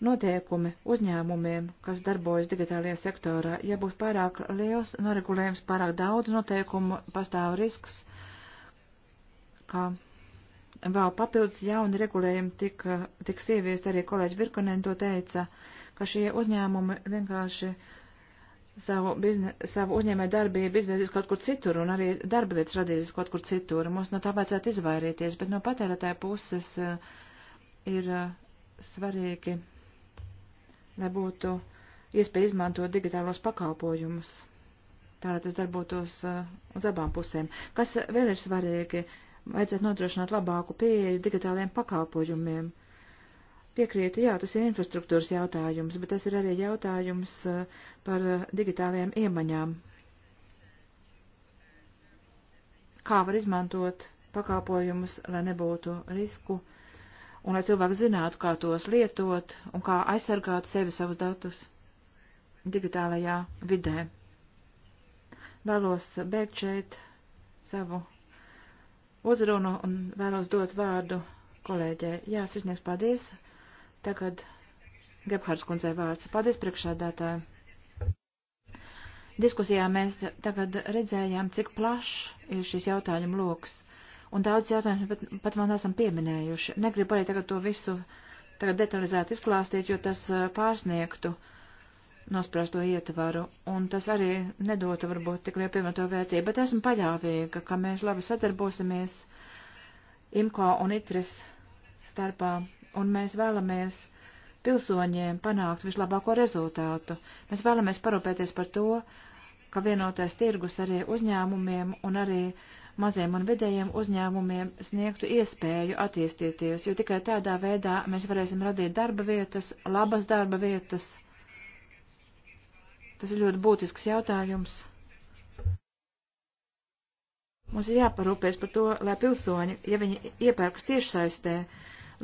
noteikumi uzņēmumiem, kas darbojas digitālajā sektorā. Ja būs pārāk liels noregulējums, pārāk daudz noteikumu, pastāv risks, ka vēl papildus jauni regulējumi tika, tiks ieviest, arī kolēģi Virkonen to teica, ka šie uzņēmumi vienkārši savu, bizne, savu uzņēmē darbību izveidīs kaut kur citur un arī darba vietas radīs kaut kur citur. Mums no tā vajadzētu izvairīties, bet no patērētāja puses eh, ir eh, svarīgi lai būtu iespēja izmantot digitālos pakalpojumus. Tā lai tas darbotos uh, uz abām pusēm. Kas vēl ir svarīgi, vajadzētu nodrošināt labāku pieeju digitāliem pakalpojumiem. Piekrītu, jā, tas ir infrastruktūras jautājums, bet tas ir arī jautājums uh, par digitālajām iemaņām. Kā var izmantot pakalpojumus, lai nebūtu risku? Uh, un lai cilvēki zinātu, kā tos lietot un kā aizsargāt sevi savus datus digitālajā vidē. Vēlos beigt šeit savu uzrunu un vēlos dot vārdu kolēģei. Jā, sirsnieks, paldies. Tagad Gebhards kundzei vārds. Paldies priekšādātāji. Diskusijā mēs tagad redzējām, cik plašs ir šis jautājuma lokus un daudz jautājumu pat, pat vēl neesam pieminējuši. Negribu arī tagad to visu tagad detalizēti izklāstīt, jo tas pārsniegtu nosprāsto ietvaru, un tas arī nedotu varbūt tik lielu pievienoto vērtību, bet esmu paļāvīga, ka mēs labi sadarbosimies IMCO un ITRES starpā, un mēs vēlamies pilsoņiem panākt vislabāko rezultātu. Mēs vēlamies parūpēties par to, ka vienotais tirgus arī uzņēmumiem un arī uh, maziem un vidējiem uzņēmumiem sniegtu iespēju attīstīties, jo tikai tādā veidā mēs varēsim radīt darba vietas, labas darba vietas. Tas ir ļoti būtisks jautājums. Mums ir jāparūpēs par to, lai pilsoņi, ja viņi iepērkas tiešsaistē,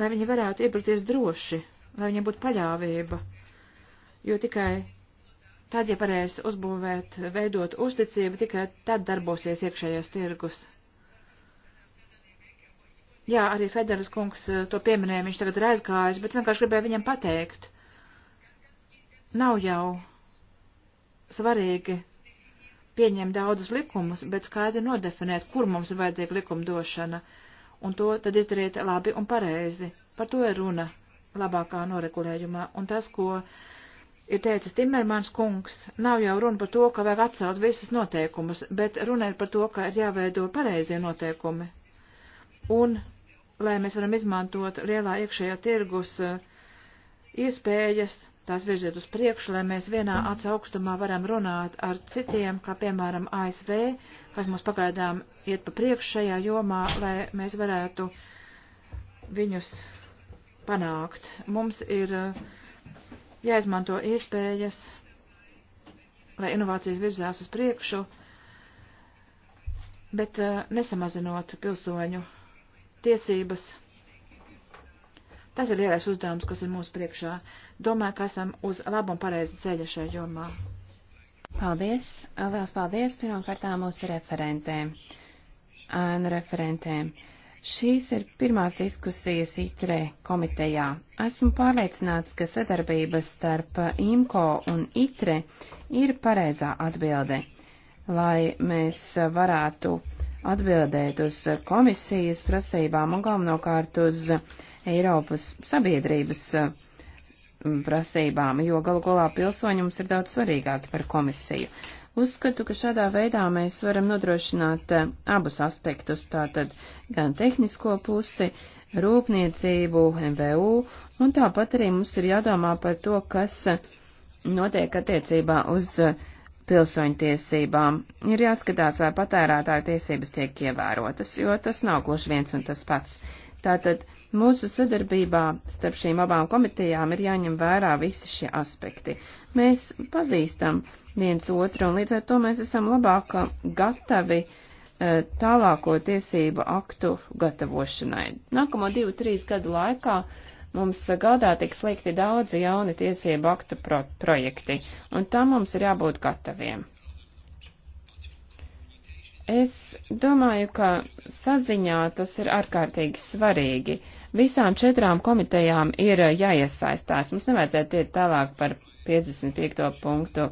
lai viņi varētu iepirkties droši, lai viņiem būtu paļāvība, jo tikai Tad, ja varēs uzbūvēt, veidot uzticību, tikai tad darbosies iekšējais tirgus. Jā, arī Federas kungs eh, to pieminēja, viņš tagad ir aizgājis, bet vienkārši gribēju viņam pateikt. Nav jau svarīgi pieņemt daudzus likumus, bet skaidri nodefinēt, kur mums ir vajadzīga likumdošana, un to tad izdariet labi un pareizi. Par to ir runa labākā noregulējumā, un tas, ko uh, ir teicis Timermans kungs, nav jau runa par to, ka vajag atcelt visas noteikumus, bet runa ir par to, ka ir jāveido pareizie noteikumi. Un, lai mēs varam izmantot lielā iekšējā tirgus eh, iespējas, tās virziet uz priekšu, lai mēs vienā acu augstumā varam runāt ar citiem, kā piemēram ASV, kas mums pagaidām iet pa priekšu šajā jomā, lai mēs varētu viņus panākt. Mums ir uh, jāizmanto iespējas, lai inovācijas virzās uz priekšu, bet eh, nesamazinot pilsoņu tiesības. Tas ir lielais uzdevums, kas ir mūsu priekšā. Domāju, ka esam uz labu un pareizi ceļa šajā jomā. Paldies! Liels paldies pirmkārtām mūsu referentēm, ēnu referentēm. Šīs ir pirmās diskusijas ITRE komitejā. Esmu pārliecināts, ka sadarbība starp IMCO un ITRE ir pareizā atbilde, lai mēs varētu atbildēt uz komisijas prasībām un galvenokārt uz Eiropas sabiedrības mm, prasībām, jo galu galā pilsoņi mums ir daudz svarīgāki par komisiju. Uzskatu, ka šādā veidā mēs varam nodrošināt eh, abus aspektus, tātad gan tehnisko pusi, rūpniecību, MVU, un tāpat arī mums ir jādomā par to, kas eh, notiek attiecībā uz eh, pilsoņu tiesībām. Ir jāskatās, vai patērētāju tiesības tiek ievērotas, jo tas nav gluži viens un tas pats. Tātad mūsu sadarbībā starp šīm abām komitejām ir jāņem vērā visi šie aspekti. Mēs pazīstam viens otru, un līdz ar to mēs esam labāk gatavi e, tālāko tiesību aktu gatavošanai. Nākamo divu, trīs gadu laikā mums gadā tiks liekti daudzi jauni tiesību aktu pro projekti, un tam mums ir jābūt gataviem. Es domāju, ka saziņā tas ir ārkārtīgi svarīgi. Visām četrām komitejām ir jāiesaistās. Mums nevajadzētu iet tālāk par 55. punktu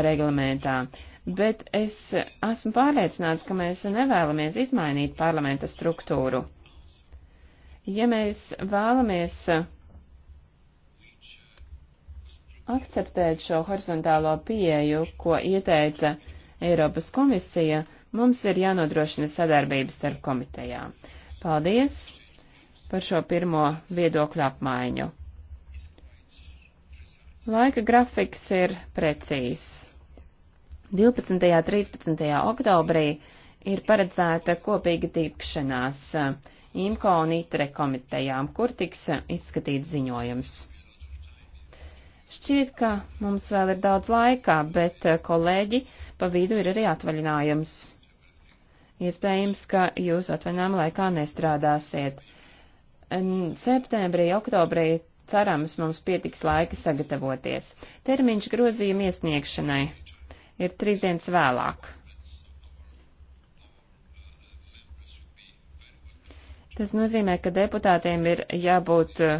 reglamentā. Bet es esmu pārliecināts, ka mēs nevēlamies izmainīt parlamenta struktūru. Ja mēs vēlamies akceptēt šo horizontālo pieeju, ko ieteica Eiropas komisija, mums ir jānodrošina sadarbības ar komitejām. Paldies par šo pirmo viedokļu apmaiņu. Laika grafiks ir precīzs. 12. un 13. oktobrī ir paredzēta kopīga tikšanās IMCO un ITRE komitejām, kur tiks izskatīts ziņojums. Šķiet, ka mums vēl ir daudz laikā, bet eh, kolēģi pa vidu ir arī atvaļinājums. Iespējams, ka jūs atvaļinājuma laikā nestrādāsiet. Septembrī, oktobrī cerams mums pietiks laika sagatavoties. Termiņš grozījuma iesniegšanai ir trīs dienas vēlāk. Tas nozīmē, ka deputātiem ir jābūt uh,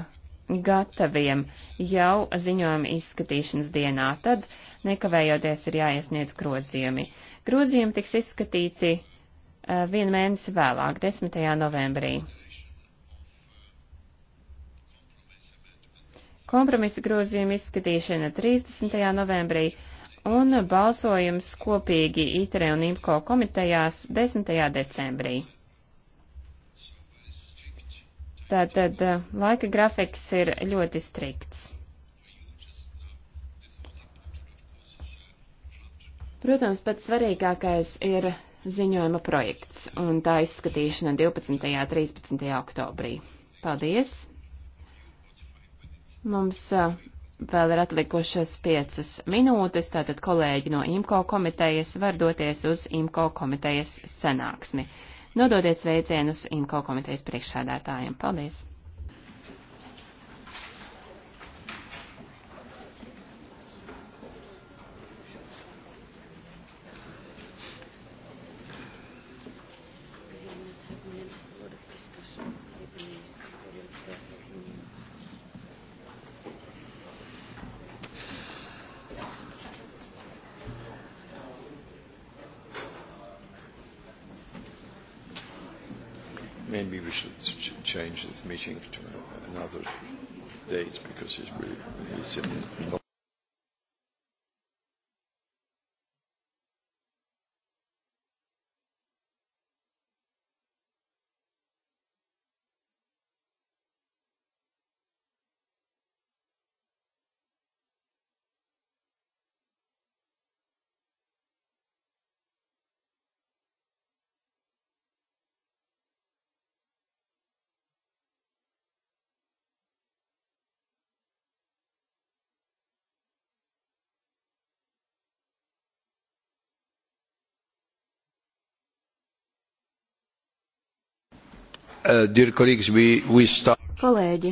gataviem jau ziņojuma izskatīšanas dienā, tad nekavējoties ir jāiesniedz grozījumi. Grozījumi tiks izskatīti uh, vienu mēnesi vēlāk, 10. novembrī. Kompromisa grozījuma izskatīšana 30. novembrī un balsojums kopīgi ITRE un IMCO komitejās 10. decembrī. Tātad eh, laika grafiks ir ļoti strikts. Protams, pats svarīgākais ir ziņojuma projekts un tā izskatīšana 12. un 13. oktobrī. Paldies! Mums eh, vēl ir atlikušas piecas minūtes, tātad kolēģi no IMCO komitejas var doties uz IMCO komitejas sanāksmi. Nododiet sveicienus IMCO komitejas priekšsādātājiem. Paldies! grazie. Uh, we, we start... Kolēģi,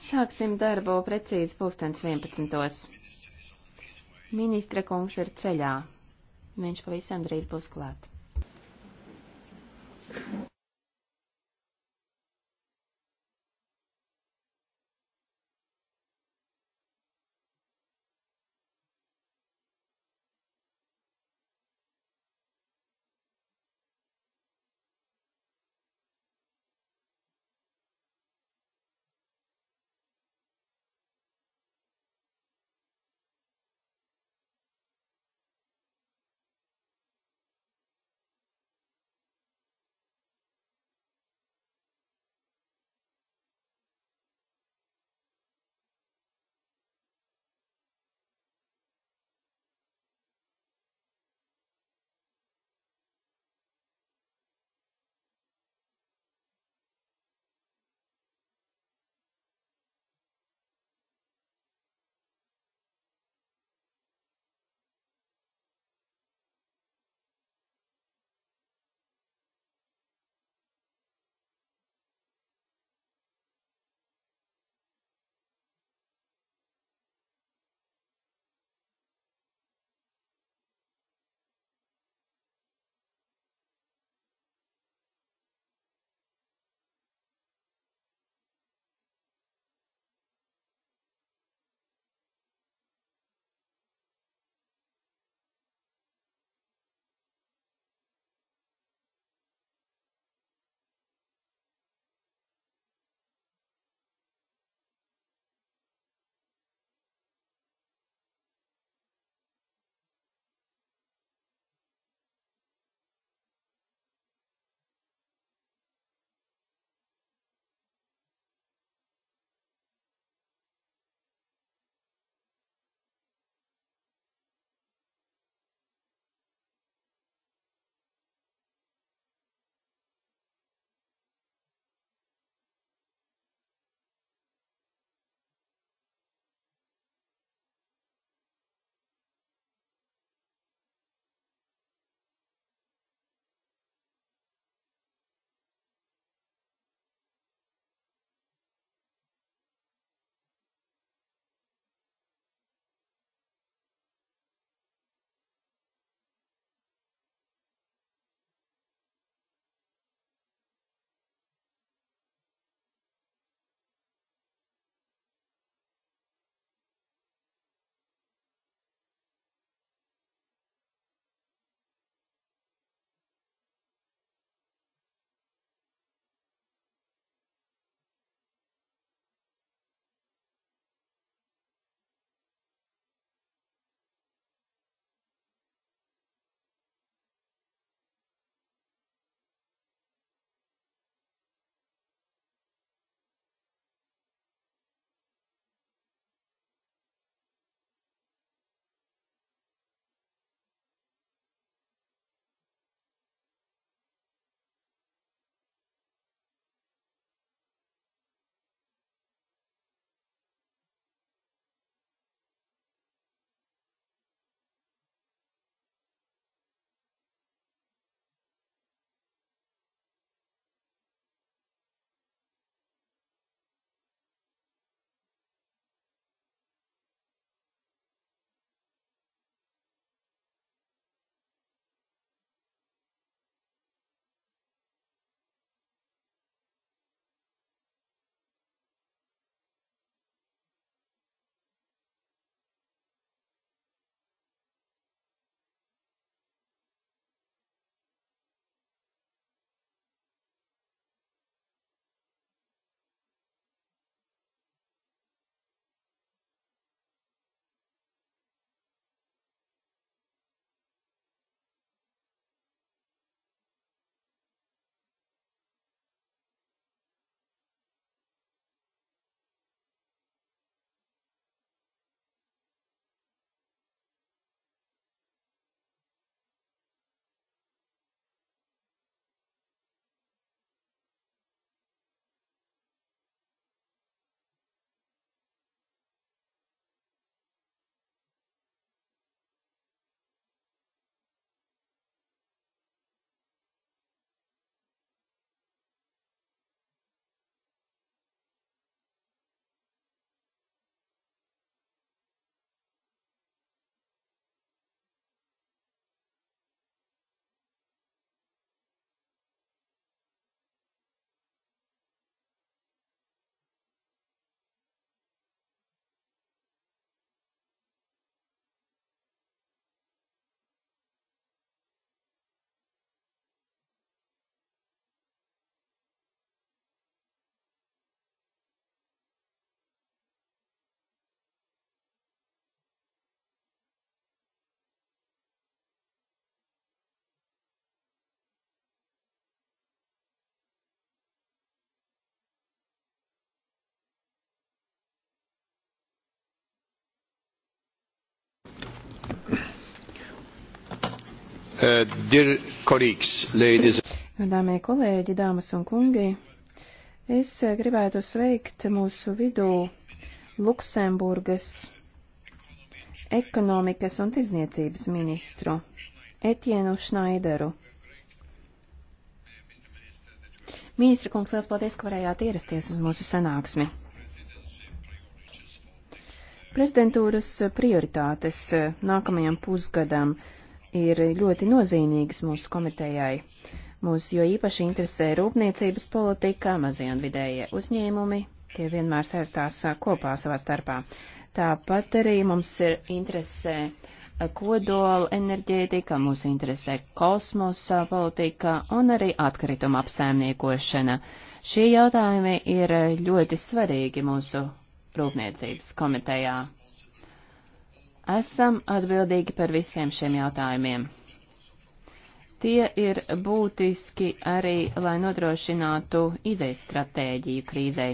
sāksim darbu precīzi pulkstens 11. Ministra kungs ir ceļā. Viņš pavisam drīz būs klāt. Uh, Godāmie kolēģi, dāmas un kungi, es uh, gribētu sveikt mūsu vidū Luksemburgas ekonomikas un tirzniecības ministru Etienu Šnaideru. Ministra kungs, liels paldies, ka varējāt ierasties uz mūsu sanāksmi. Prezidentūras prioritātes uh, nākamajam pusgadam ir ļoti nozīmīgas mūsu komitejai. Mūs jo īpaši interesē rūpniecības politika, mazie un vidējie uzņēmumi, tie vienmēr saistās kopā savā starpā. Tāpat arī mums ir interesē kodola enerģētika, mūs interesē kosmosa politika un arī atkrituma apsaimniekošana. Šie jautājumi ir ļoti svarīgi mūsu rūpniecības komitejā esam atbildīgi par visiem šiem jautājumiem. Tie ir būtiski arī, lai nodrošinātu izejas stratēģiju krīzei.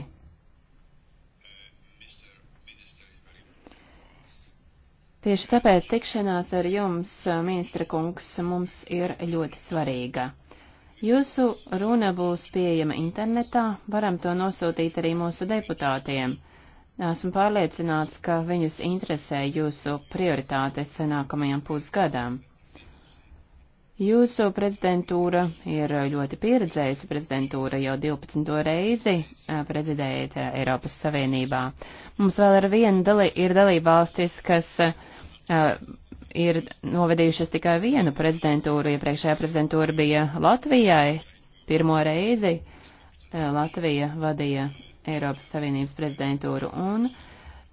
Tieši tāpēc tikšanās ar jums, ministra kungs, mums ir ļoti svarīga. Jūsu runa būs pieejama internetā, varam to nosūtīt arī mūsu deputātiem. Esmu pārliecināts, ka viņus interesē jūsu prioritātes nākamajam pusgadām. Jūsu prezidentūra ir ļoti pieredzējusi prezidentūra jau 12. reizi eh, prezidējiet eh, Eiropas Savienībā. Mums vēl ar vienu dalī, ir dalība valstis, kas uh, ir novedījušas tikai vienu prezidentūru. Iepriekšējā ja prezidentūra bija Latvijai pirmo reizi. Latvija vadīja Eiropas Savienības prezidentūru, un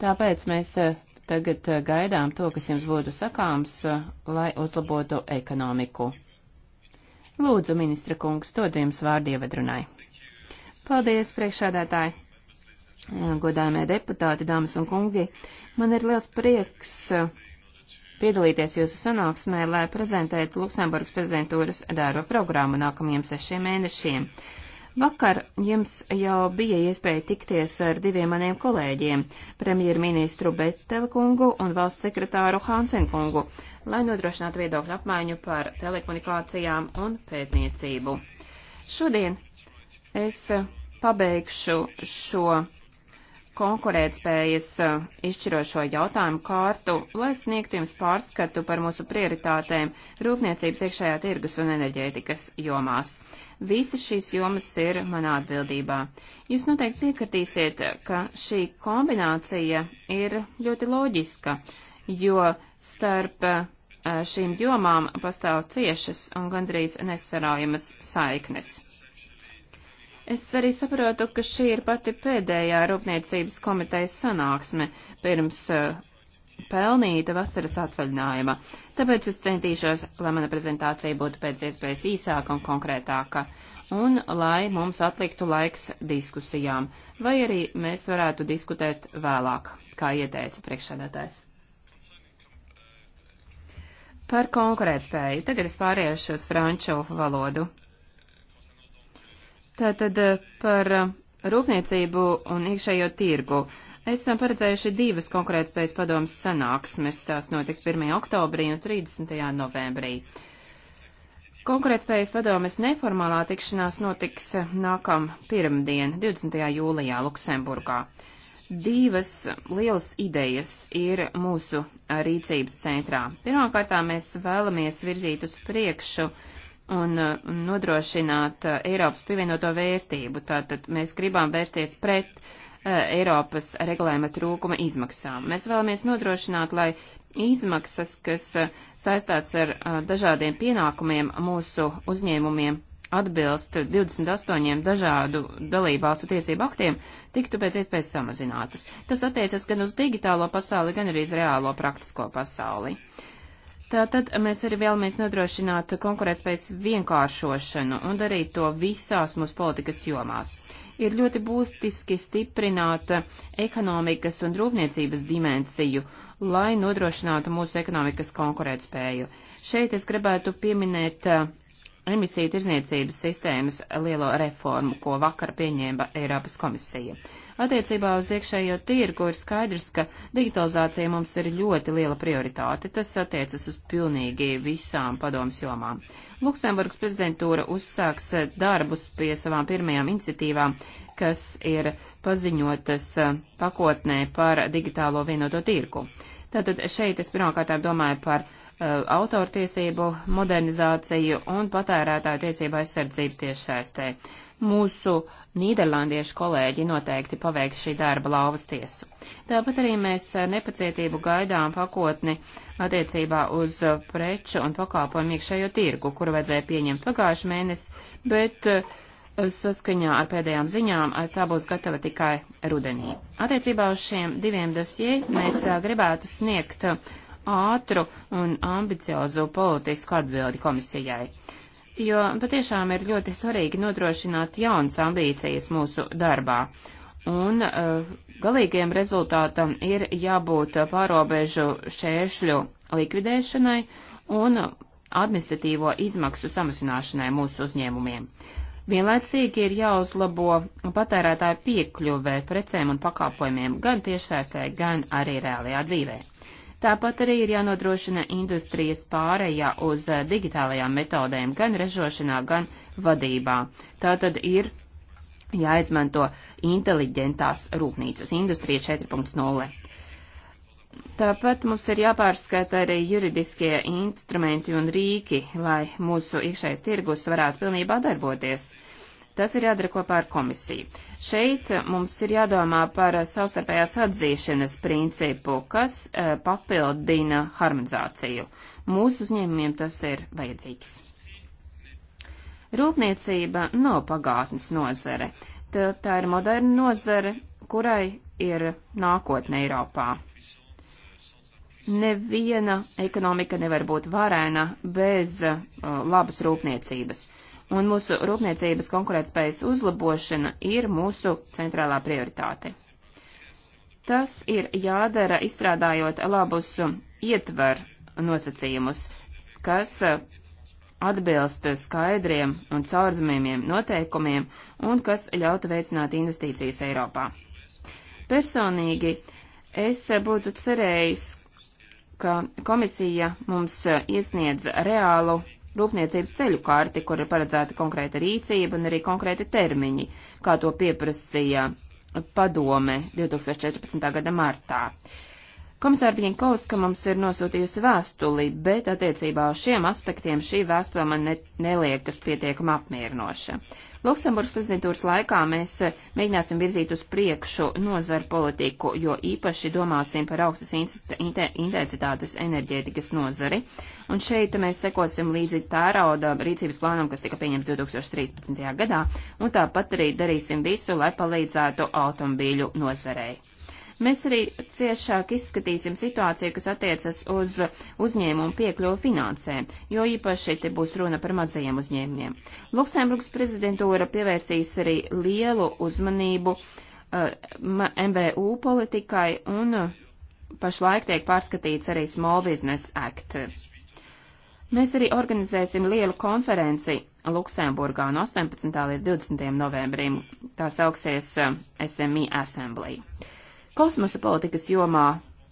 tāpēc mēs eh, tagad eh, gaidām to, kas jums būtu sakāms, eh, lai uzlabotu ekonomiku. Lūdzu, ministra kungs, dodu jums vārdu ievadrunai. Paldies, priekšādātāji! Godājumie deputāti, dāmas un kungi, man ir liels prieks piedalīties jūsu sanāksmē, lai prezentētu Luksemburgas prezidentūras darba programmu nākamajiem sešiem mēnešiem. Vakar jums jau bija iespēja tikties ar diviem maniem kolēģiem, premjerministru Bettelkungu un valsts sekretāru Hansenkungu, lai nodrošinātu viedokļu apmaiņu par telekomunikācijām un pētniecību. Šodien es pabeigšu šo konkurētspējas eh, izšķirošo jautājumu kārtu, lai sniegtu jums pārskatu par mūsu prioritātēm rūpniecības iekšējā tirgus un enerģētikas jomās. Visas šīs jomas ir manā atbildībā. Jūs noteikti piekritīsiet, ka šī kombinācija ir ļoti loģiska, jo starp eh, šīm jomām pastāv ciešas un gandrīz nesaraujamas saiknes. Es arī saprotu, ka šī ir pati pēdējā Rūpniecības komitejas sanāksme pirms uh, pelnīta vasaras atvaļinājuma, tāpēc es centīšos, lai mana prezentācija būtu pēc iespējas īsāka un konkrētāka, un lai mums atliktu laiks diskusijām, vai arī mēs varētu diskutēt vēlāk, kā ieteica priekšsēdētājs. Par konkurētspēju tagad es pāriešu uz franču valodu. Tātad eh, par eh, rūpniecību un iekšējo tirgu. Esam eh, paredzējuši divas konkurētspējas padomas sanāksmes. Tās notiks 1. oktobrī un 30. novembrī. Konkurētspējas padomes neformālā tikšanās notiks nākam pirmdien, 20. jūlijā, Luksemburgā. Divas lielas idejas ir mūsu rīcības centrā. Pirmkārtā mēs vēlamies virzīt uz priekšu uh, un uh, nodrošināt uh, Eiropas pievienoto vērtību. Tātad mēs gribam vērsties pret uh, Eiropas regulējuma trūkuma izmaksām. Mēs vēlamies nodrošināt, lai izmaksas, kas saistās ar dažādiem pienākumiem mūsu uzņēmumiem, atbilst 28 dažādu dalībvalstu tiesību aktiem, tiktu pēc iespējas samazinātas. Tas attiecas gan uz digitālo pasauli, gan arī uz reālo praktisko pasauli. Uh, Tātad mēs arī vēlamies nodrošināt konkurētspējas vienkāršošanu un darīt to visās mūsu politikas jomās. Ir ļoti būtiski stiprināt ekonomikas un rūpniecības dimensiju, lai nodrošinātu mūsu ekonomikas konkurētspēju. Šeit es gribētu pieminēt uh, emisiju tirzniecības sistēmas lielo reformu, ko vakar pieņēma Eiropas komisija. Attiecībā uz iekšējo tirgu ir skaidrs, ka digitalizācija mums ir ļoti liela prioritāte. Tas attiecas uz pilnīgi visām padomas jomām. Luksemburgas prezidentūra uzsāks darbus pie savām pirmajām iniciatīvām, kas ir paziņotas pakotnē par digitālo vienoto tirgu. Tātad šeit es pirmkārt domāju par uh, autortiesību modernizāciju un patērētāju tiesību aizsardzību tiešsaistē. Mūsu nīderlandiešu kolēģi noteikti paveiks šī darba lauvas tiesu. Tāpat arī mēs eh, nepacietību gaidām pakotni attiecībā uz eh, preču un pakalpojumu iekšējo tirgu, kuru vajadzēja pieņemt pagājuši mēnesi, bet eh, saskaņā ar pēdējām ziņām tā būs gatava tikai rudenī. Attiecībā uz šiem diviem dosjē mēs gribētu sniegt ātru un ambiciozu politisku atbildi komisijai jo patiešām ir ļoti svarīgi nodrošināt jaunas ambīcijas mūsu darbā. Un uh, galīgiem rezultātam ir jābūt eh, pārobežu šēršļu likvidēšanai un administratīvo izmaksu samazināšanai mūsu uzņēmumiem. Vienlaicīgi ir jāuzlabo patērētāju piekļuvē precēm un pakalpojumiem gan tiešsaistē, gan arī reālajā dzīvē. Tāpat arī ir jānodrošina industrijas pārējā uz eh, digitālajām metodēm gan ražošanā, gan vadībā. Tātad ir jāizmanto inteliģentās rūpnīcas industrija 4.0. Tāpat mums ir jāpārskata arī juridiskie instrumenti un rīki, lai mūsu iekšējais tirgus varētu pilnībā darboties. Tas ir jādara kopā ar komisiju. Šeit mums ir jādomā par savstarpējās atzīšanas principu, kas e, papildina harmonizāciju. Mūsu uzņēmumiem tas ir vajadzīgs. Rūpniecība nav pagātnes nozare. Tā, tā ir moderna nozare, kurai ir nākotne Eiropā. Neviena ekonomika nevar būt varēna bez uh, labas rūpniecības un mūsu rūpniecības konkurētspējas uzlabošana ir mūsu centrālā prioritāte. Tas ir jādara izstrādājot labus ietveru nosacījumus, kas atbilst skaidriem un caurzmīmiem noteikumiem un kas ļautu veicināt investīcijas Eiropā. Personīgi es būtu cerējis, ka komisija mums iesniedz reālu rūpniecības ceļu karti, kur ir paredzēta konkrēta rīcība un arī konkrēti termiņi, kā to pieprasīja padome 2014. gada martā. Uh, Komisāra Piņenkovska mums ir nosūtījusi vēstuli, bet attiecībā uz šiem aspektiem šī vēstule man ne, neliekas pietiekama apmierinoša. Luksemburgas prezidentūras laikā mēs eh, mēģināsim virzīt uz priekšu nozaru politiku, jo īpaši domāsim par augstas intensitātes enerģētikas nozari, un šeit mēs sekosim līdzi tērauda rīcības plānam, kas tika pieņemts 2013. gadā, un tāpat arī darīsim visu, lai palīdzētu automobīļu nozarei. Mēs arī ciešāk izskatīsim situāciju, kas attiecas uz uzņēmumu piekļuvu finansēm, jo īpaši te būs runa par mazajiem uzņēmumiem. Luksemburgas prezidentūra pievērsīs arī lielu uzmanību uh, MBU politikai un uh, pašlaik tiek pārskatīts arī Small Business Act. Mēs arī organizēsim lielu konferenci Luksemburgā no 18. līdz 20. novembrim. Tā sauksies uh, SMI e Assembly. Uh, Kosmosa politikas jomā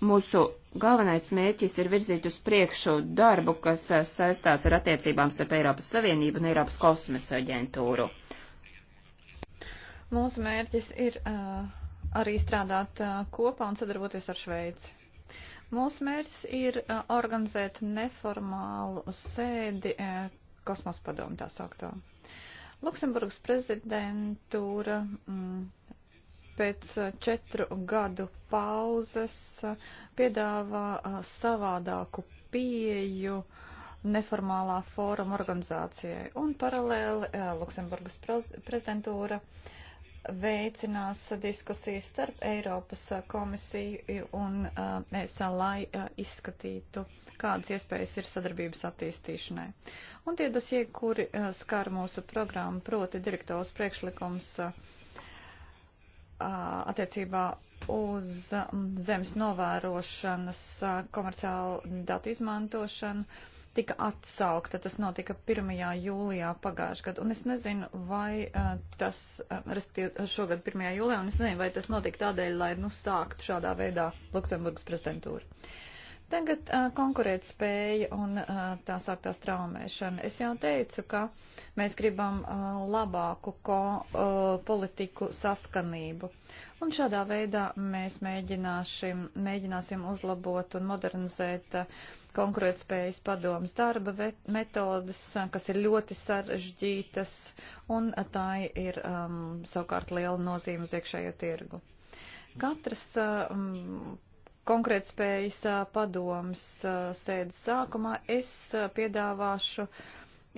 mūsu galvenais mērķis ir virzīt uz priekšu darbu, kas eh, saistās ar attiecībām starp Eiropas Savienību un Eiropas kosmosa aģentūru. Mūsu mērķis ir uh, arī strādāt uh, kopā un sadarboties ar Šveici. Mūsu mērķis ir uh, organizēt neformālu sēdi uh, kosmosa padomu tā saukto. Luksemburgas prezidentūra. Mm, pēc eh, četru gadu pauzes eh, piedāvā eh, savādāku pieju neformālā fóruma organizācijai. Un paralēli Luksemburgas prezidentūra veicinās diskusijas starp Eiropas komisiju un ESA, lai izskatītu, kādas iespējas ir sadarbības attīstīšanai. Un tie dosie, kuri skar mūsu programmu, proti direktors priekšlikums attiecībā uz zemes novērošanas komerciālu datu izmantošanu tika atsaukta. Tas notika 1. jūlijā pagājušajā gadā. Un es nezinu, vai tas, respektīvi šogad 1. jūlijā, un es nezinu, vai tas notika tādēļ, lai, nu, sākt šādā veidā Luksemburgas prezidentūru. Uh, Tagad uh, konkurēt spēja un uh, tā sāktās traumēšana. Es jau teicu, ka mēs gribam uh, labāku ko, uh, politiku saskanību. Un šādā veidā mēs mēģināsim, mēģināsim uzlabot un modernizēt uh, konkurētspējas padomas darba metodas, kas ir ļoti sarežģītas, un tā ir um, savukārt liela nozīme uz iekšējo tirgu. Katras um, konkrētspējas padomas sēdes sākumā es piedāvāšu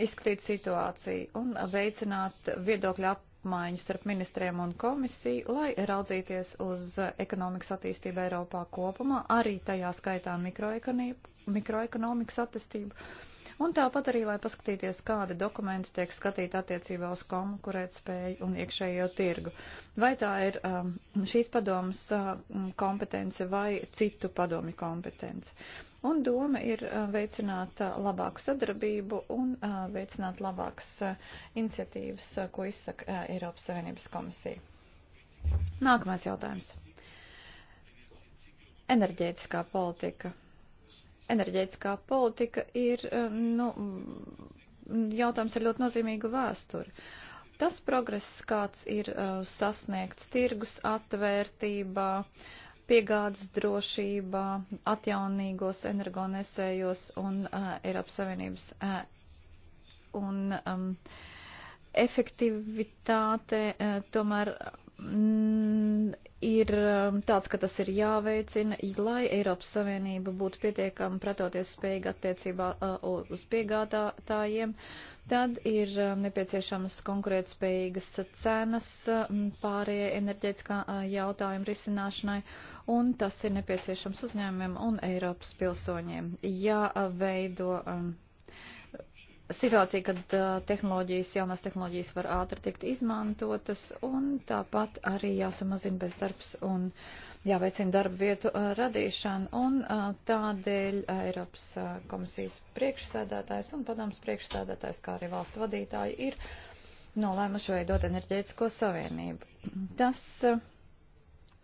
izskatīt situāciju un veicināt viedokļu apmaiņu starp ministriem un komisiju, lai raudzīties uz ekonomikas attīstību Eiropā kopumā, arī tajā skaitā mikroekonomikas attīstību Un tāpat arī, lai paskatīties, kādi dokumenti tiek skatīti attiecībā uz konkurētspēju un iekšējo tirgu. Vai tā ir um, šīs padomas um, kompetence vai citu padomi kompetence. Un doma ir uh, veicināt uh, labāku sadarbību un uh, veicināt labākas iniciatīvas, ko izsaka Eiropas Savienības komisija. Nākamais jautājums. Enerģētiskā politika enerģētiskā politika ir, eh, nu, jautājums ar ļoti nozīmīgu vēsturi. Tas progress, kāds ir eh, sasniegts tirgus atvērtībā, piegādes drošībā, atjaunīgos energonesējos un uh, Eiropas Savienības uh, un um, efektivitāte uh, tomēr ir um, tāds, ka tas ir jāveicina, lai Eiropas Savienība būtu pietiekami pretoties spējīga attiecībā uh, uz piegādātājiem. Tad ir um, nepieciešamas konkurētspējīgas cenas um, pārējai enerģētiskā uh, jautājuma risināšanai, un tas ir nepieciešams uzņēmumiem un Eiropas pilsoņiem. Jāveido ja situācija, kad tehnoloģijas, jaunās tehnoloģijas var ātri tikt izmantotas, un tāpat arī jāsamazina bezdarbs un jāveicina darba vietu radīšana, un tādēļ Eiropas komisijas priekšsēdētājs un padoms priekšsēdētājs, kā arī valstu vadītāji, ir nolēmuši veidot enerģētisko savienību. Tas uh,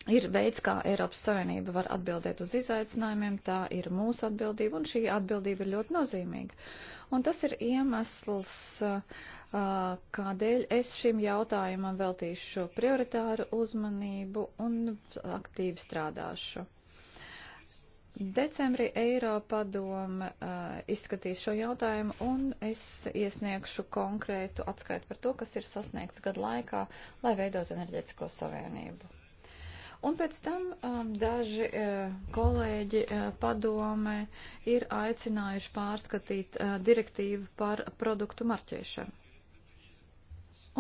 ir veids, kā Eiropas Savienība var atbildēt uz izaicinājumiem, tā ir mūsu atbildība, un šī atbildība ir ļoti nozīmīga. Un tas ir iemesls, kādēļ es šim jautājumam veltīšu prioritāru uzmanību un aktīvi strādāšu. Decembrī Eiropadome izskatīs šo jautājumu un es iesniegšu konkrētu atskaitu par to, kas ir sasniegts gadu laikā, lai veidot enerģetisko savienību. Un pēc tam um, daži uh, kolēģi uh, padomē ir aicinājuši pārskatīt uh, direktīvu par produktu marķēšanu.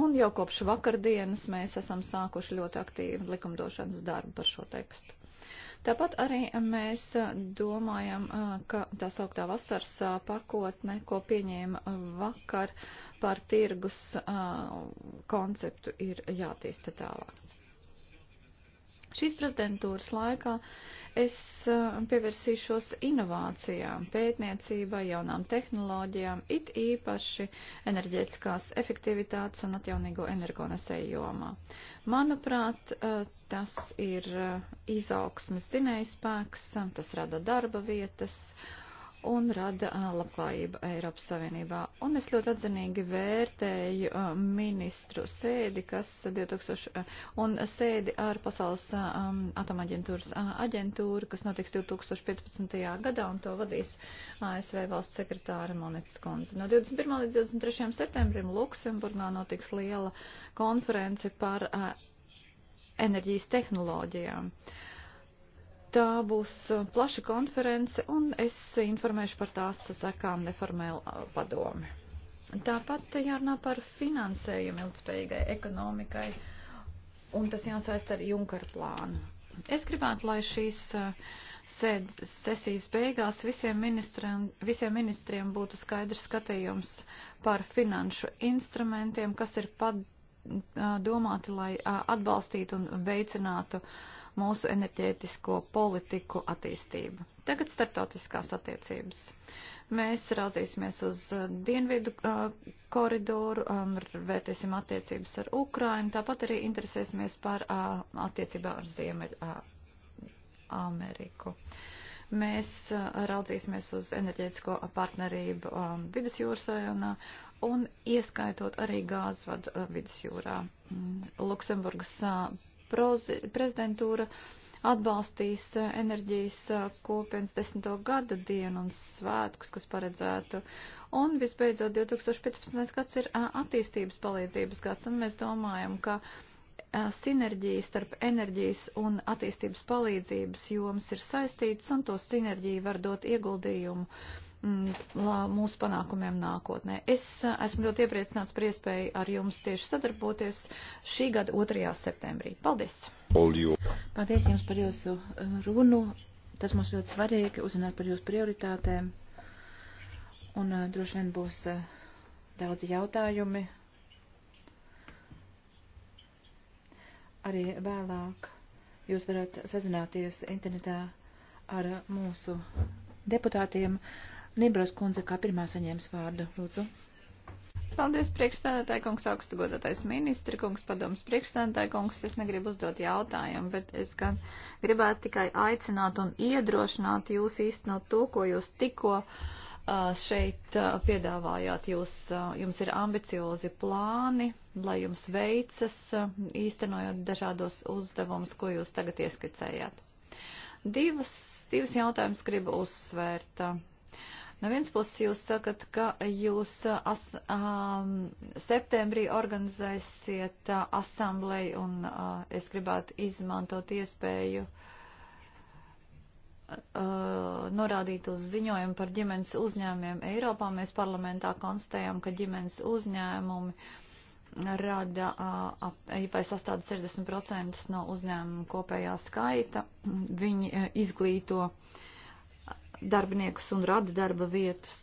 Un jau kopš vakardienas mēs esam sākuši ļoti aktīvu likumdošanas darbu par šo tekstu. Tāpat arī mēs uh, domājam, uh, ka tā sauktā vasaras uh, pakotne, ko pieņēma vakar par tirgus konceptu, ir jātīsta tālāk. Šīs prezidentūras laikā es eh, pievērsīšos inovācijām, pētniecībai, jaunām tehnoloģijām, it īpaši enerģētiskās efektivitātes un atjaunīgo energonesēju jomā. Manuprāt, eh, tas ir eh, izaugsmes zinējspēks, tas rada darba vietas un rada labklājību Eiropas Savienībā. Un es ļoti atzinīgi vērtēju ministru sēdi, kas 2000, un sēdi ar Pasaules atomaģentūras aģentūru, kas notiks 2015. gadā, un to vadīs ASV valsts sekretāra Monets Konze. No 21. līdz 23. septembrim Luksemburgā notiks liela konference par enerģijas tehnoloģijām. Uh, Tā būs uh, plaša konference, un es informēšu par tās sakām neformēlu uh, padomi. Tāpat jārunā par finansējumu ilgspējīgai ekonomikai, un tas jāsaist ar Junkara plānu. Es gribētu, lai šīs uh, sēd, sesijas beigās visiem ministriem, visiem ministriem būtu skaidrs skatījums par finanšu instrumentiem, kas ir pad, domāti, lai atbalstītu un veicinātu uh, mūsu enerģētisko politiku attīstību. Tagad startautiskās attiecības. Mēs raudzīsimies uz uh, dienvidu uh, koridoru, um, vērtēsim attiecības ar Ukrainu, tāpat arī interesēsimies par uh, attiecībā ar Ziemeļu Ameriku. Mēs raudzīsimies uz enerģētisko partnerību um, vidusjūras rajonā un ieskaitot arī gāzvadu vidusjūrā. Mm, Luksemburgas prezidentūra atbalstīs eh, enerģijas eh, kopienas desmito gada dienu un svētkus, kas paredzētu. Un visbeidzot, 2015. gads ir eh, attīstības palīdzības gads, un mēs domājam, ka sinerģija starp enerģijas un attīstības palīdzības jomas ir saistītas, un to sinerģiju var dot ieguldījumu Mm, mūsu panākumiem nākotnē. Es uh, esmu ļoti iepriecināts par iespēju ar jums tieši sadarboties šī gada 2. septembrī. Paldies! Paldies jums par jūsu uh, runu. Tas mums ļoti svarīgi uzzināt par jūsu prioritātēm. Un uh, droši vien būs daudzi jautājumi. Arī vēlāk jūs varat sazināties internetā ar mūsu deputātiem. Nibros kundze kā pirmā saņēmis vārdu, lūdzu. Paldies, priekšstādātāji kungs, augstu godātais ministri kungs, padoms priekšstādātāji kungs. Es negribu uzdot jautājumu, bet es gan gribētu tikai aicināt un iedrošināt jūs īstenot to, ko jūs tikko šeit piedāvājāt. Jūs, jums ir ambiciozi plāni, lai jums veicas īstenojot dažādos uzdevumus, ko jūs tagad ieskicējāt. Divas, divas jautājumas gribu uzsvērt No vienas puses jūs sakat, ka jūs uh, as, um, septembrī organizēsiet uh, asambleju un uh, es gribētu izmantot iespēju uh, norādīt uz ziņojumu par ģimenes uzņēmumiem Eiropā. Mēs parlamentā konstatējam, ka ģimenes uzņēmumi rada uh, vai sastāda 60% no uzņēmumu kopējā skaita. Viņi uh, izglīto uh, darbiniekus un rada darba vietas.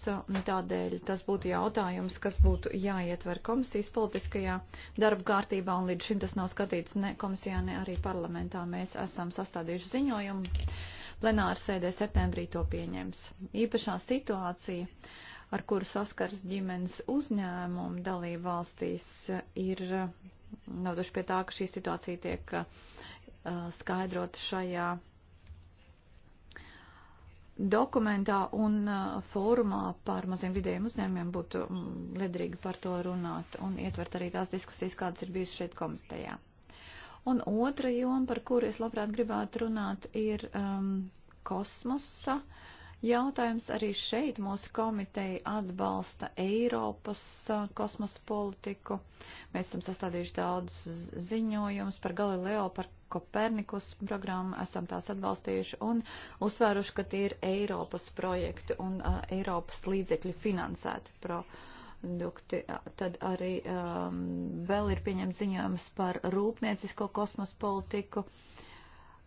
Tādēļ tas būtu jautājums, kas būtu jāietver komisijas politiskajā darba kārtībā, un līdz šim tas nav skatīts ne komisijā, ne arī parlamentā. Mēs esam sastādījuši ziņojumu. Plenāra sēdē septembrī to pieņems. Īpašā situācija, ar kuru saskars ģimenes uzņēmumu dalību valstīs, ir uh, noduši pie tā, ka šī situācija tiek uh, skaidrota šajā dokumentā un uh, fórumā par maziem vidējiem uzņēmumiem būtu mm, liederīgi par to runāt un ietvert arī tās diskusijas, kādas ir bijušas šeit komitejā. Un otra joma, par kuru es labprāt gribētu runāt, ir um, kosmosa. Uh, Jautājums arī šeit mūsu komiteja atbalsta Eiropas kosmosa politiku. Mēs esam sastādījuši daudz ziņojumus par Galileo, par Kopernikus programmu, esam tās atbalstījuši un uzsvēruši, ka tie ir Eiropas projekti un uh, Eiropas līdzekļu finansēti produkti. Tad arī um, vēl ir pieņemts ziņojums par rūpniecisko kosmosa politiku. Uh,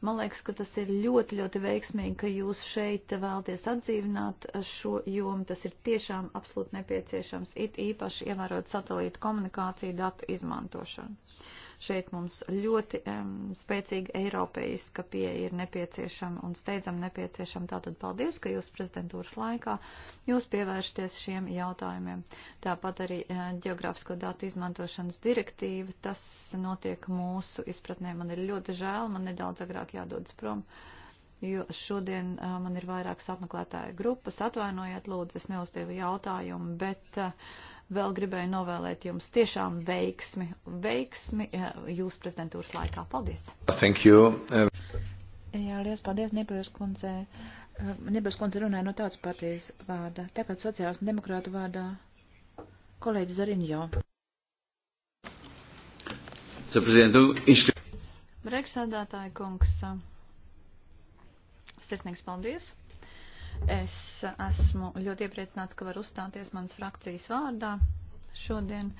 Man liekas, ka tas ir ļoti, ļoti veiksmīgi, ka jūs šeit vēlties atdzīvināt šo jomu. Tas ir tiešām absolūti nepieciešams, it īpaši ievērot satelīta komunikāciju datu izmantošanu. Šeit mums ļoti um, spēcīga eiropeiska pieeja ir nepieciešama un steidzam nepieciešama. Tātad paldies, ka jūs prezidentūras laikā jūs pievēršties šiem jautājumiem. Tāpat arī uh, geogrāfisko datu izmantošanas direktīva, tas notiek mūsu izpratnē. Man ir ļoti žēl, man nedaudz agrāk jādodas prom. Uh, jo šodien uh, man ir vairākas apmeklētāju grupas. Atvainojiet, lūdzu, es neuzdevu jautājumu, bet uh, vēl gribēju novēlēt jums tiešām veiksmi, veiksmi uh, jūsu prezidentūras laikā. Paldies! Thank you! Uh, Jā, liels paldies, Nebijas kundze. Nebijas kundze runāja no tāds patīs vārda. Tagad sociālas un demokrātu vārdā kolēģis Zariņo. Priekšsādātāja kungs. Uh, Sesnieks, paldies! Es esmu ļoti iepriecināts, ka var uzstāties manas frakcijas vārdā. Šodien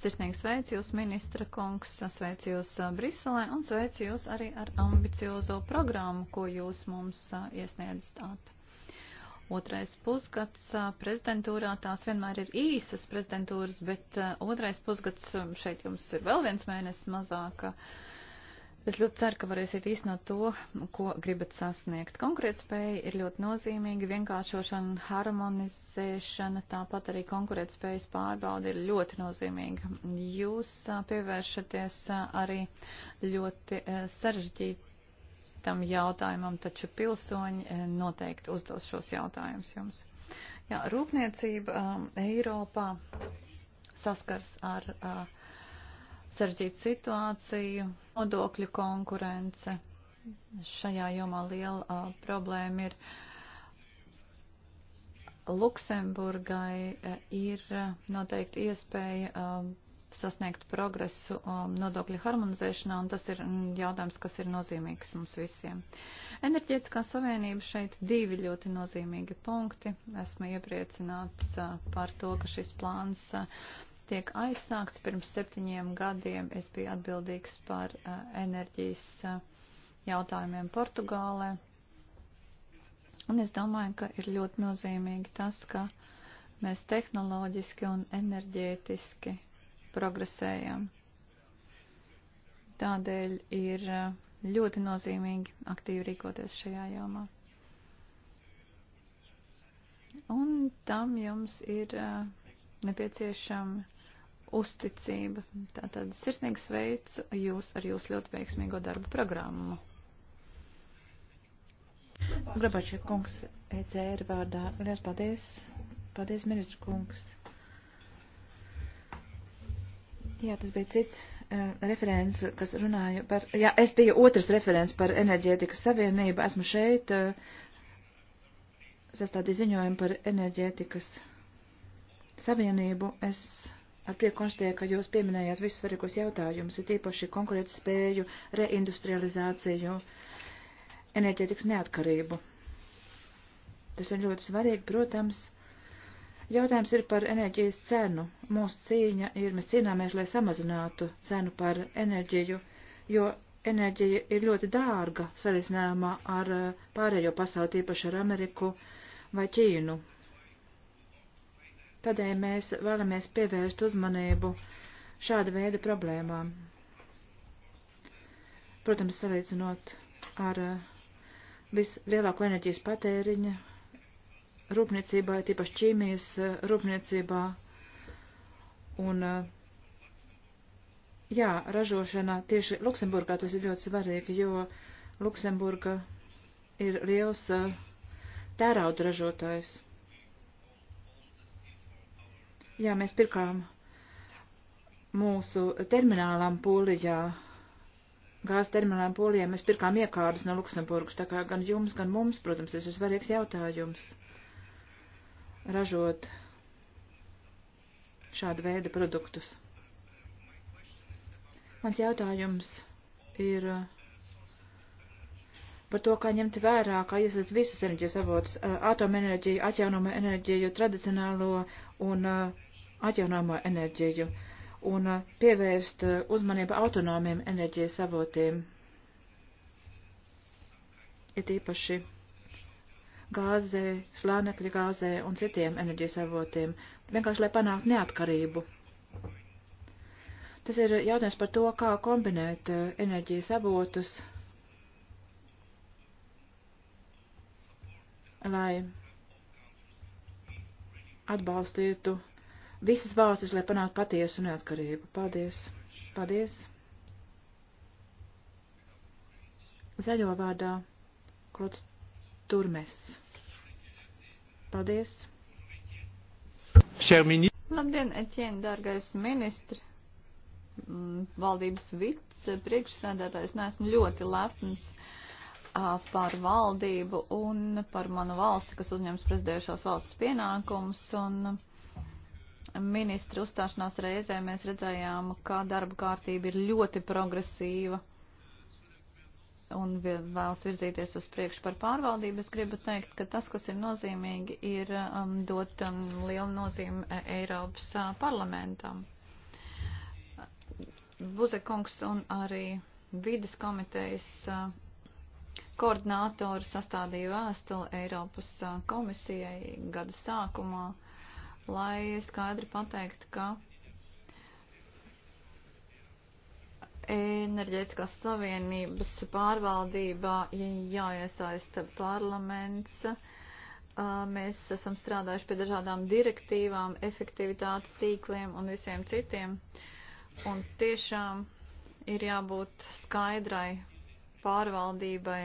sirsnīgi sveicu jūs, ministra kungs, sveicu jūs Briselē un sveicu jūs arī ar ambiciozo programmu, ko jūs mums iesniedzat. Otrais pusgads prezidentūrā tās vienmēr ir īsas prezidentūras, bet otrais pusgads šeit jums ir vēl viens mēnesis mazāka. Uh, Es ļoti ceru, ka varēsiet īstenot to, ko gribat sasniegt. Konkurētspēja ir ļoti nozīmīga, vienkāršošana, harmonizēšana, tāpat arī konkurētspējas pārbauda ir ļoti nozīmīga. Jūs pievēršaties arī ļoti sarežģītam jautājumam, taču pilsoņi noteikti uzdos šos jautājumus jums. Jā, rūpniecība Eiropā saskars ar. Uh, sarežģītu situāciju, nodokļu konkurence. Šajā jomā liela uh, problēma ir. Luksemburgai uh, ir uh, noteikti iespēja uh, sasniegt progresu nodokļu harmonizēšanā, un tas ir mm, jautājums, kas ir nozīmīgs mums visiem. Enerģētiskā savienība šeit divi ļoti nozīmīgi punkti. Esmu iepriecināts par to, ka šis plāns tiek aizsākts. Pirms septiņiem gadiem es biju atbildīgs par enerģijas jautājumiem Portugālē. Un es domāju, ka ir ļoti nozīmīgi tas, ka mēs tehnoloģiski un enerģētiski progresējam. Tādēļ ir ļoti nozīmīgi aktīvi rīkoties šajā jomā. Un tam jums ir nepieciešami uzticība. Tātad sirsnīgi sveicu jūs ar jūsu ļoti veiksmīgo darbu programmu. Grabačie kungs, ECR vārdā. Liels paldies. Paldies, ministru kungs. Jā, tas bija cits uh, referents, kas runāja par. Jā, es biju otrs referents par enerģētikas savienību. Esmu šeit. Uh, sastādīju ziņojumu par enerģētikas savienību. Es Ar prieku konstatēju, ka jūs pieminējāt visus svarīgos jautājumus, ir tīpaši konkurēt spēju, reindustrializāciju, enerģētikas neatkarību. Tas ir ļoti svarīgi, protams. Jautājums ir par enerģijas cenu. Mūsu cīņa ir, mēs cīnāmies, lai samazinātu cenu par enerģiju, jo enerģija ir ļoti dārga salīdzinājumā ar uh, pārējo pasauli, tīpaši ar Ameriku vai Ķīnu. Tādēļ mēs vēlamies pievērst uzmanību šāda veida problēmām. Protams, salīdzinot ar eh, vislielāko enerģijas patēriņu rūpniecībā, tīpaši ķīmijas eh, rūpniecībā un eh, jā, ražošana tieši Luksemburgā tas ir ļoti svarīgi, jo Luksemburga ir liels tērauda ražotājs. Jā, mēs pirkām mūsu terminālām pūlijā, gāzes terminālām pūlijā, mēs pirkām iekārtas no Luksemburgas, tā kā gan jums, gan mums, protams, tas ir svarīgs jautājums. Ražot šāda veida produktus. Mans jautājums ir uh, par to, kā ņemt vērā, kā iesaistīt visus enerģijas avotus uh, - atomenerģiju, atjaunumu enerģiju, tradicionālo un uh, atjaunāmo enerģiju un uh, pievērst uh, uzmanību autonomiem enerģijas avotiem. Ir īpaši gāzē, slānekļa gāzē un citiem enerģijas avotiem, vienkārši lai panāktu neatkarību. Tas ir jautājums par to, kā kombinēt uh, enerģijas avotus, lai atbalstītu visas valstis, lai panāktu patiesu neatkarību. Paldies! Paldies! Zaļo vārdā Klots Turmes. Paldies! Labdien, Etienne, dārgais ministri! Mm, valdības vicepriekšsēdētājs, neesmu nu, ļoti lepns par valdību un par manu valsti, kas uzņems prezidējušās valsts pienākumus. Un, ministra uzstāšanās reizē mēs redzējām, kā darba kārtība ir ļoti progresīva un vēlas virzīties uz priekšu par pārvaldību. Es gribu teikt, ka tas, kas ir nozīmīgi, ir um, dot um, lielu nozīmi e, Eiropas uh, parlamentam. Buzekungs un arī vides komitejas uh, koordinātori sastādīja vēstuli Eiropas uh, komisijai gada sākumā. Uh, lai skaidri pateiktu, ka enerģētiskās savienības pārvaldībā jāiesaista parlaments. Mēs esam strādājuši pie dažādām direktīvām, efektivitāti tīkliem un visiem citiem. Un tiešām ir jābūt skaidrai pārvaldībai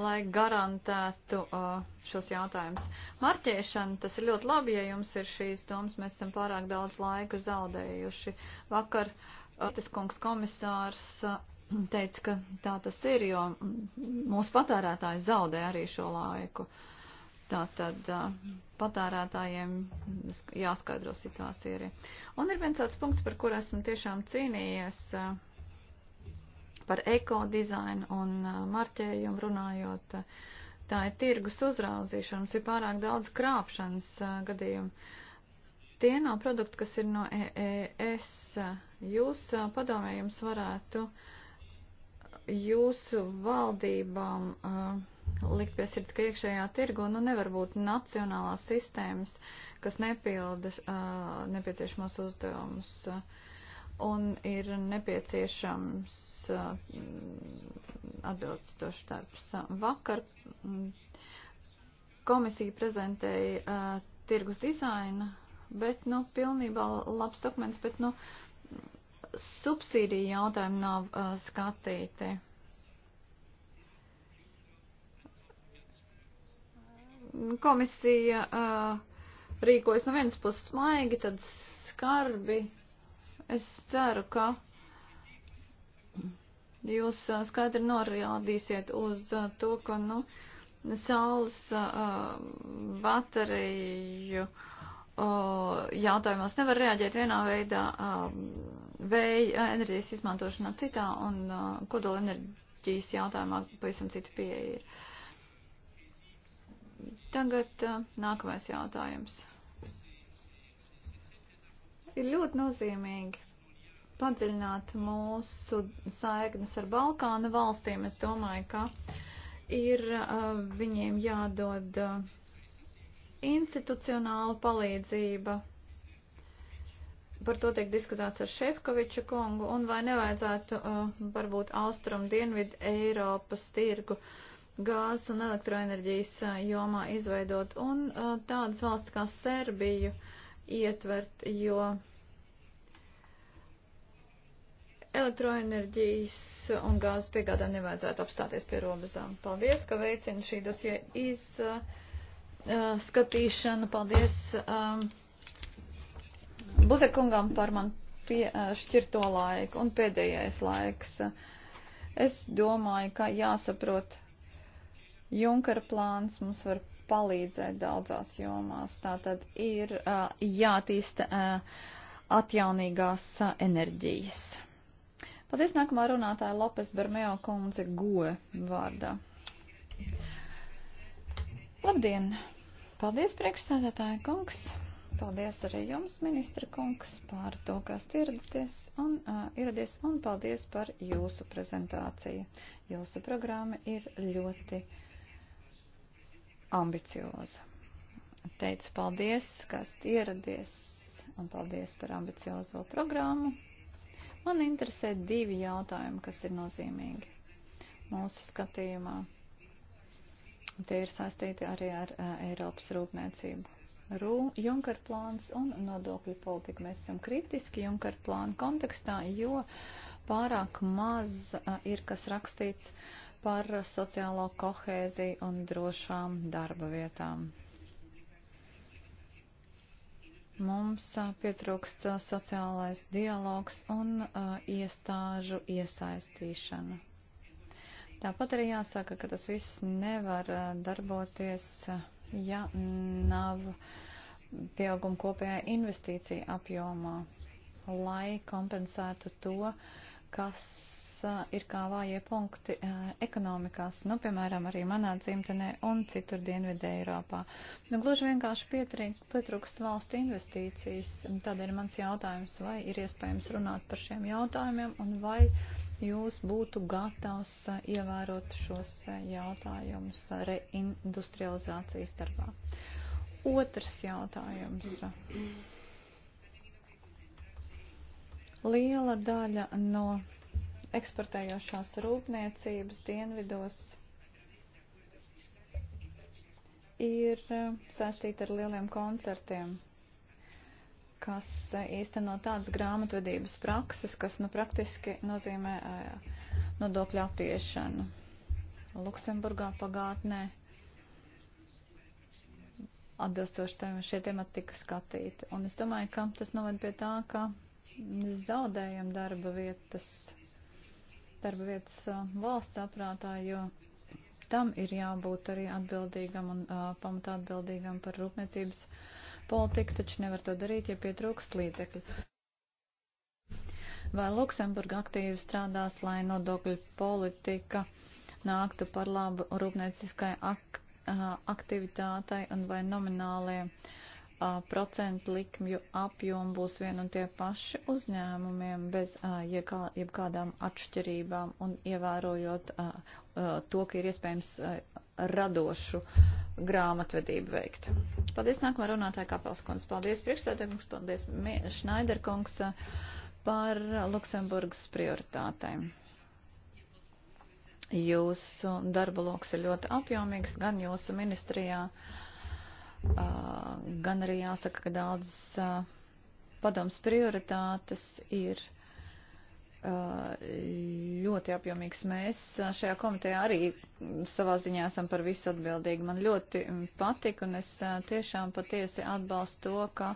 lai garantētu uh, šos jautājumus. Marķēšana, tas ir ļoti labi, ja jums ir šīs domas, mēs esam pārāk daudz laika zaudējuši. Vakar uh, tas kungs komisārs uh, teica, ka tā tas ir, jo mm, mūsu patērētājs zaudē arī šo laiku. Tātad uh, patērētājiem jāskaidro situācija arī. Un ir viens tāds punkts, par kur esmu tiešām cīnījies. Uh, Par ekodizainu un marķējumu runājot, tā ir tirgus uzraudzīšana, mums ir pārāk daudz krāpšanas gadījumu. Tie nav produkti, kas ir no EES. Jūs padomējums varētu jūsu valdībām uh, likt pie sirds, ka iekšējā tirgu nu, nevar būt nacionālās sistēmas, kas nepilda uh, nepieciešamos uzdevumus. Uh, un ir nepieciešams uh, atbilstošs darbs. Vakar mm, komisija prezentēja uh, tirgus dizainu, bet, nu, pilnībā labs dokuments, bet, nu, subsīdija jautājumi nav uh, skatīti. Komisija uh, rīkojas no vienas puses maigi, tad skarbi, Es ceru, ka jūs skaidri norādīsiet uz to, ka, nu, saules uh, bateriju uh, jautājumos nevar reaģēt vienā veidā uh, vēja enerģijas izmantošanā citā un uh, kodola enerģijas jautājumā pavisam cita pieeja ir. Tagad uh, nākamais jautājums. Ir ļoti nozīmīgi padziļināt mūsu saiknes ar Balkānu valstīm. Es domāju, ka ir uh, viņiem jādod uh, institucionāla palīdzība. Par to tiek diskutēts ar Šefkoviča kungu, un vai nevajadzētu uh, varbūt Austrum Dienvidu Eiropas tirgu gāzes un elektroenerģijas uh, jomā izveidot, un uh, tādas valsts kā Serbiju, uh, ietvert, jo elektroenerģijas un gāzes piegādām nevajadzētu apstāties pie robežām. Paldies, ka veicina šī dosie izskatīšanu. Paldies um, Buzekungam par man piešķirto laiku un pēdējais laiks. Es domāju, ka jāsaprot Junkara plāns mums var palīdzēt daudzās jomās. Tātad ir uh, jātīsta uh, atjaunīgās uh, enerģijas. Paldies nākamā runātāja Lopes Bermeo kundze Goe vārdā. Labdien! Paldies, priekšstādātāja kungs! Paldies arī jums, ministra kungs, par to, ka ieradies un, uh, ieradies un paldies par jūsu prezentāciju. Jūsu programma ir ļoti ambicioza. Teicu paldies, kas ieradies, un paldies par ambiciozo programmu. Man interesē divi jautājumi, kas ir nozīmīgi mūsu skatījumā. Tie ir saistīti arī ar uh, Eiropas rūpniecību. Rū, Junker plāns un nodokļu politika. Mēs esam kritiski Junker plāna kontekstā, jo pārāk maz uh, ir kas rakstīts uh, par sociālo kohēziju un drošām darba vietām. Mums pietrūkst sociālais dialogs un uh, iestāžu iesaistīšana. Tāpat arī jāsaka, ka tas viss nevar uh, darboties, ja nav pieauguma kopējā investīcija apjomā, lai kompensētu to, kas ir kā vājie punkti ekonomikās, nu, piemēram, arī manā dzimtenē un citur Dienvidē Eiropā. Nu, gluži vienkārši pietrīk, pietrūkst valstu investīcijas. Tad ir mans jautājums, vai ir iespējams runāt par šiem jautājumiem un vai jūs būtu gatavs ievērot šos jautājumus reindustrializācijas darbā. Otrs jautājums. Liela daļa no eksportējošās rūpniecības dienvidos ir eh, saistīta ar lieliem koncertiem, kas eh, īsteno tādas grāmatvedības prakses, kas nu praktiski nozīmē eh, nodokļu apiešanu. Luksemburgā pagātnē atbilstoši tam šie temati tika skatīti. Un es domāju, ka tas noved pie tā, ka zaudējam darba vietas darba vietas valsts aprātā, jo tam ir jābūt arī atbildīgam un uh, pamatā atbildīgam par rūpniecības politiku, taču nevar to darīt, ja pietrūkst līdzekļu. Vai Luksemburga aktīvi strādās, lai nodokļu politika nāktu par labu rūpnieciskai ak aktivitātei un vai nominālie uh, procentu likmju apjomu būs vien un tie paši uzņēmumiem bez jebkādām atšķirībām un ievērojot to, ka ir iespējams radošu grāmatvedību veikt. Paldies nākamā runātāja Kapelskunds. Paldies priekšstādākums, paldies Šnaiderkungs par Luksemburgas prioritātēm. Jūsu darba loks ir ļoti apjomīgs gan jūsu ministrijā. Uh, gan arī jāsaka, ka daudzas padoms prioritātes ir ļoti apjomīgs. Mēs šajā komitejā arī savā ziņā esam par visu atbildīgi. Man ļoti patika un es tiešām patiesi atbalstu to, ka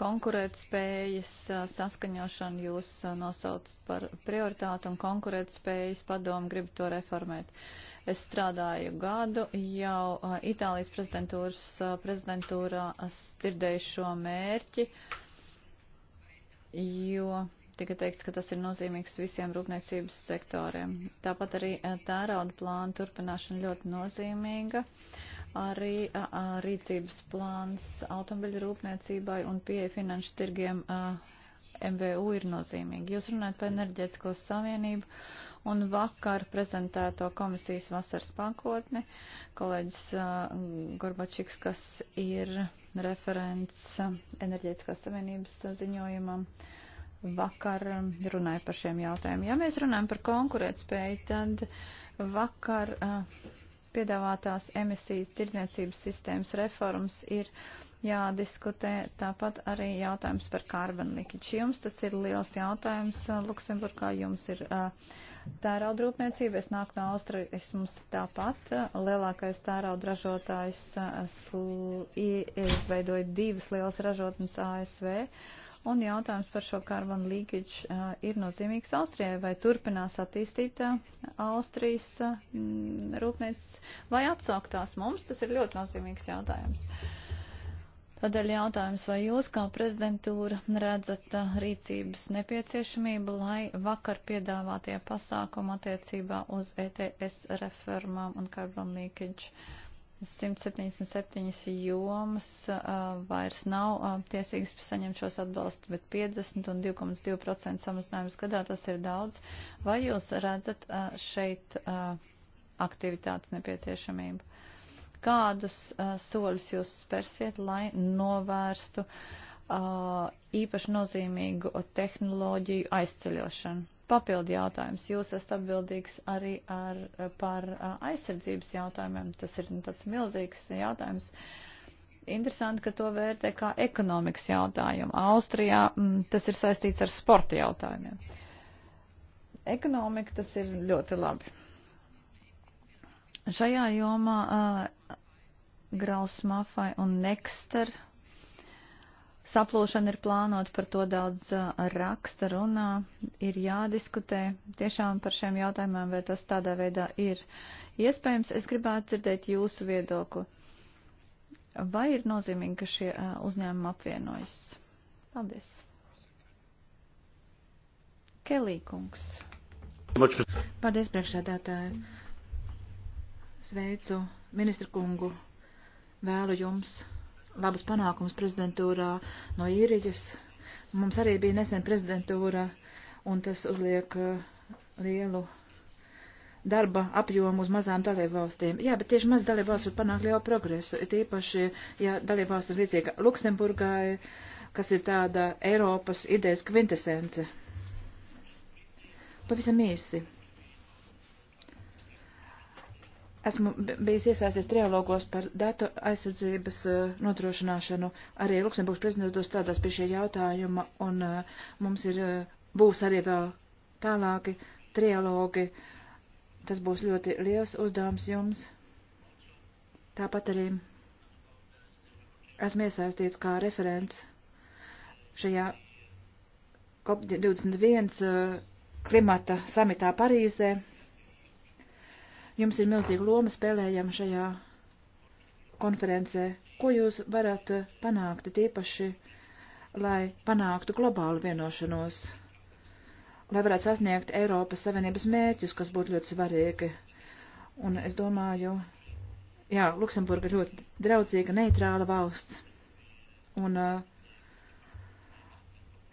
konkurētspējas saskaņošanu jūs nosaucat par prioritātu un konkurētspējas padomu grib to reformēt. Uh, Es strādāju gadu, jau uh, Itālijas prezidentūras uh, prezidentūrā dzirdēju šo mērķi, jo tika teikts, ka tas ir nozīmīgs visiem rūpniecības sektoriem. Tāpat arī tērauda plāna turpināšana ļoti nozīmīga. Arī a, a, rīcības plāns automobiļu rūpniecībai un pieeja finanšu tirgiem a, MVU ir nozīmīgi. Jūs runājat par enerģētisko savienību un vakar prezentēto komisijas vasaras pakotni. Kolēģis Gorbačiks, kas ir referents enerģētiskās savienības ziņojumam, vakar runāja par šiem jautājumiem. Ja mēs runājam par konkurētspēju, tad vakar piedāvātās emisijas tirdzniecības sistēmas reformas ir jādiskutē. Tāpat arī jautājums par carbon leakage. Jums tas ir liels jautājums Luksemburgā, jums ir uh, tērauda rūpniecība. Es nāku no Austrijas, mums tāpat lielākais tērauda ražotājs izveidoja divas lielas ražotnes ASV. Un jautājums par šo carbon leakage uh, ir nozīmīgs Austrijai, vai turpinās attīstīt uh, Austrijas uh, rūpnīcas, vai atsauktās mums, tas ir ļoti nozīmīgs jautājums. Uh, Tādēļ jautājums, vai jūs kā prezidentūra redzat rīcības nepieciešamību, lai vakar piedāvātie pasākumi attiecībā uz ETS reformām un carbon leakage 177 jomas uh, vairs nav uh, tiesīgas saņemt šos atbalstus, bet 50 un 2,2% samazinājums gadā tas ir daudz. Vai jūs redzat uh, šeit uh, aktivitātes nepieciešamību? Kādus uh, soļus jūs spērsiet, lai novērstu uh, īpaši nozīmīgu tehnoloģiju aizceļošanu? Papildi jautājums. Jūs esat atbildīgs arī ar, par uh, aizsardzības jautājumiem. Tas ir nu, tāds milzīgs jautājums. Interesanti, ka to vērtē kā ekonomikas jautājumu. Austrijā mm, tas ir saistīts ar sporta jautājumiem. Ekonomika tas ir ļoti labi. Šajā jomā uh, Graus Mafai un Nekster saplūšana ir plānota, par to daudz uh, raksta runā, ir jādiskutē tiešām par šiem jautājumiem, vai tas tādā veidā ir iespējams. Es gribētu dzirdēt jūsu viedokli. Vai ir nozīmīgi, ka šie uh, uzņēmumi apvienojas? Paldies. Kelīkungs. Paldies, priekšsēdētāji. Sveicu ministru kungu Vēlu jums labus panākumus prezidentūrā no īriģes. Mums arī bija nesen prezidentūra, un tas uzliek uh, lielu darba apjomu uz mazām dalībvalstīm. Jā, bet tieši maz dalībvalsts var panākt lielu progresu, it īpaši, ja dalībvalsts ir līdzīga Luksemburgai, kas ir tāda Eiropas idejas kvintesence. Pavisam īsi. Esmu bijis iesaistīts trialogos par datu aizsardzības eh, nodrošināšanu. Arī Luksemburgas prezidentūra strādās pie šī jautājuma, un eh, mums ir, eh, būs arī vēl tālāki trialogi. Tas būs ļoti liels uzdevums jums. Tāpat arī esmu iesaistīts kā referents šajā COP21 klimata samitā Parīzē Jums ir milzīga loma spēlējama šajā konferencē. Ko jūs varat panākt tiepaši, lai panāktu globālu vienošanos, lai varētu sasniegt Eiropas Savienības mērķus, kas būtu ļoti svarīgi? Un es domāju, jā, Luksemburga ļoti draudzīga, neitrāla valsts. Un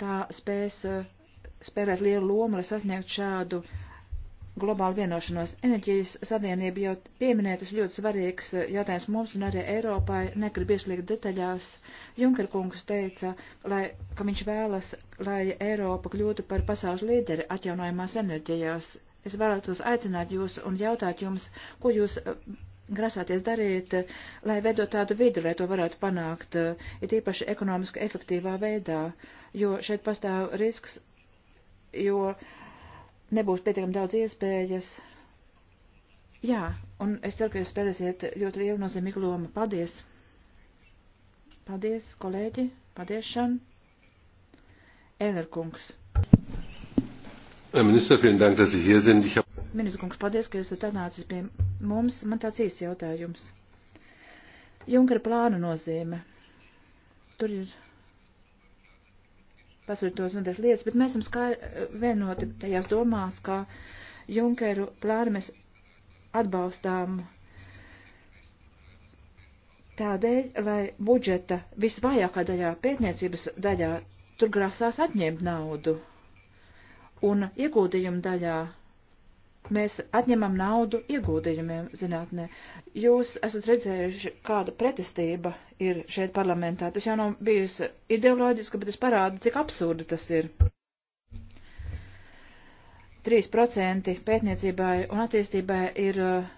tā spēs spēlēt lielu lomu, lai sasniegtu šādu uh, globālu vienošanos. Enerģijas savienība jau pieminētas ļoti svarīgs eh, jautājums mums un arī Eiropai, negrib ieslīgt detaļās. Junker kungs teica, lai, ka viņš vēlas, lai Eiropa kļūtu par pasaules līderi atjaunojumās enerģijās. Es vēlētos aicināt jūs un jautāt jums, ko jūs eh, grasāties darīt, eh, lai veidot tādu vidi, lai to varētu panākt, ir īpaši ekonomiski efektīvā veidā, jo šeit pastāv risks, jo uh, nebūs pietiekami daudz iespējas. Jā, un es ceru, ka jūs spēlēsiet ļoti lielu nozīmīgu lomu. Paldies! Paldies, kolēģi! Paldies, Šan! Eller kungs! Ministra, vielen Dank, dass Sie hier sind. Ich hab... Ministra kungs, paldies, ka esat atnācis pie mums. Man tāds īsts jautājums. Junkara plāna nozīme. Tur ir pasūtos un tas lietas, bet mēs esam skai vienoti tajās domās, ka Junkeru plānu mēs atbalstām tādēļ, lai budžeta visvājākā daļā, pētniecības daļā, tur grasās atņemt naudu un ieguldījumu daļā mēs atņemam naudu ieguldījumiem zinātnē. Jūs esat redzējuši, kāda pretestība ir šeit parlamentā. Tas jau nav bijis ideoloģiski, bet es parādu, cik absurdi tas ir. 3% pētniecībai un attīstībai ir uh,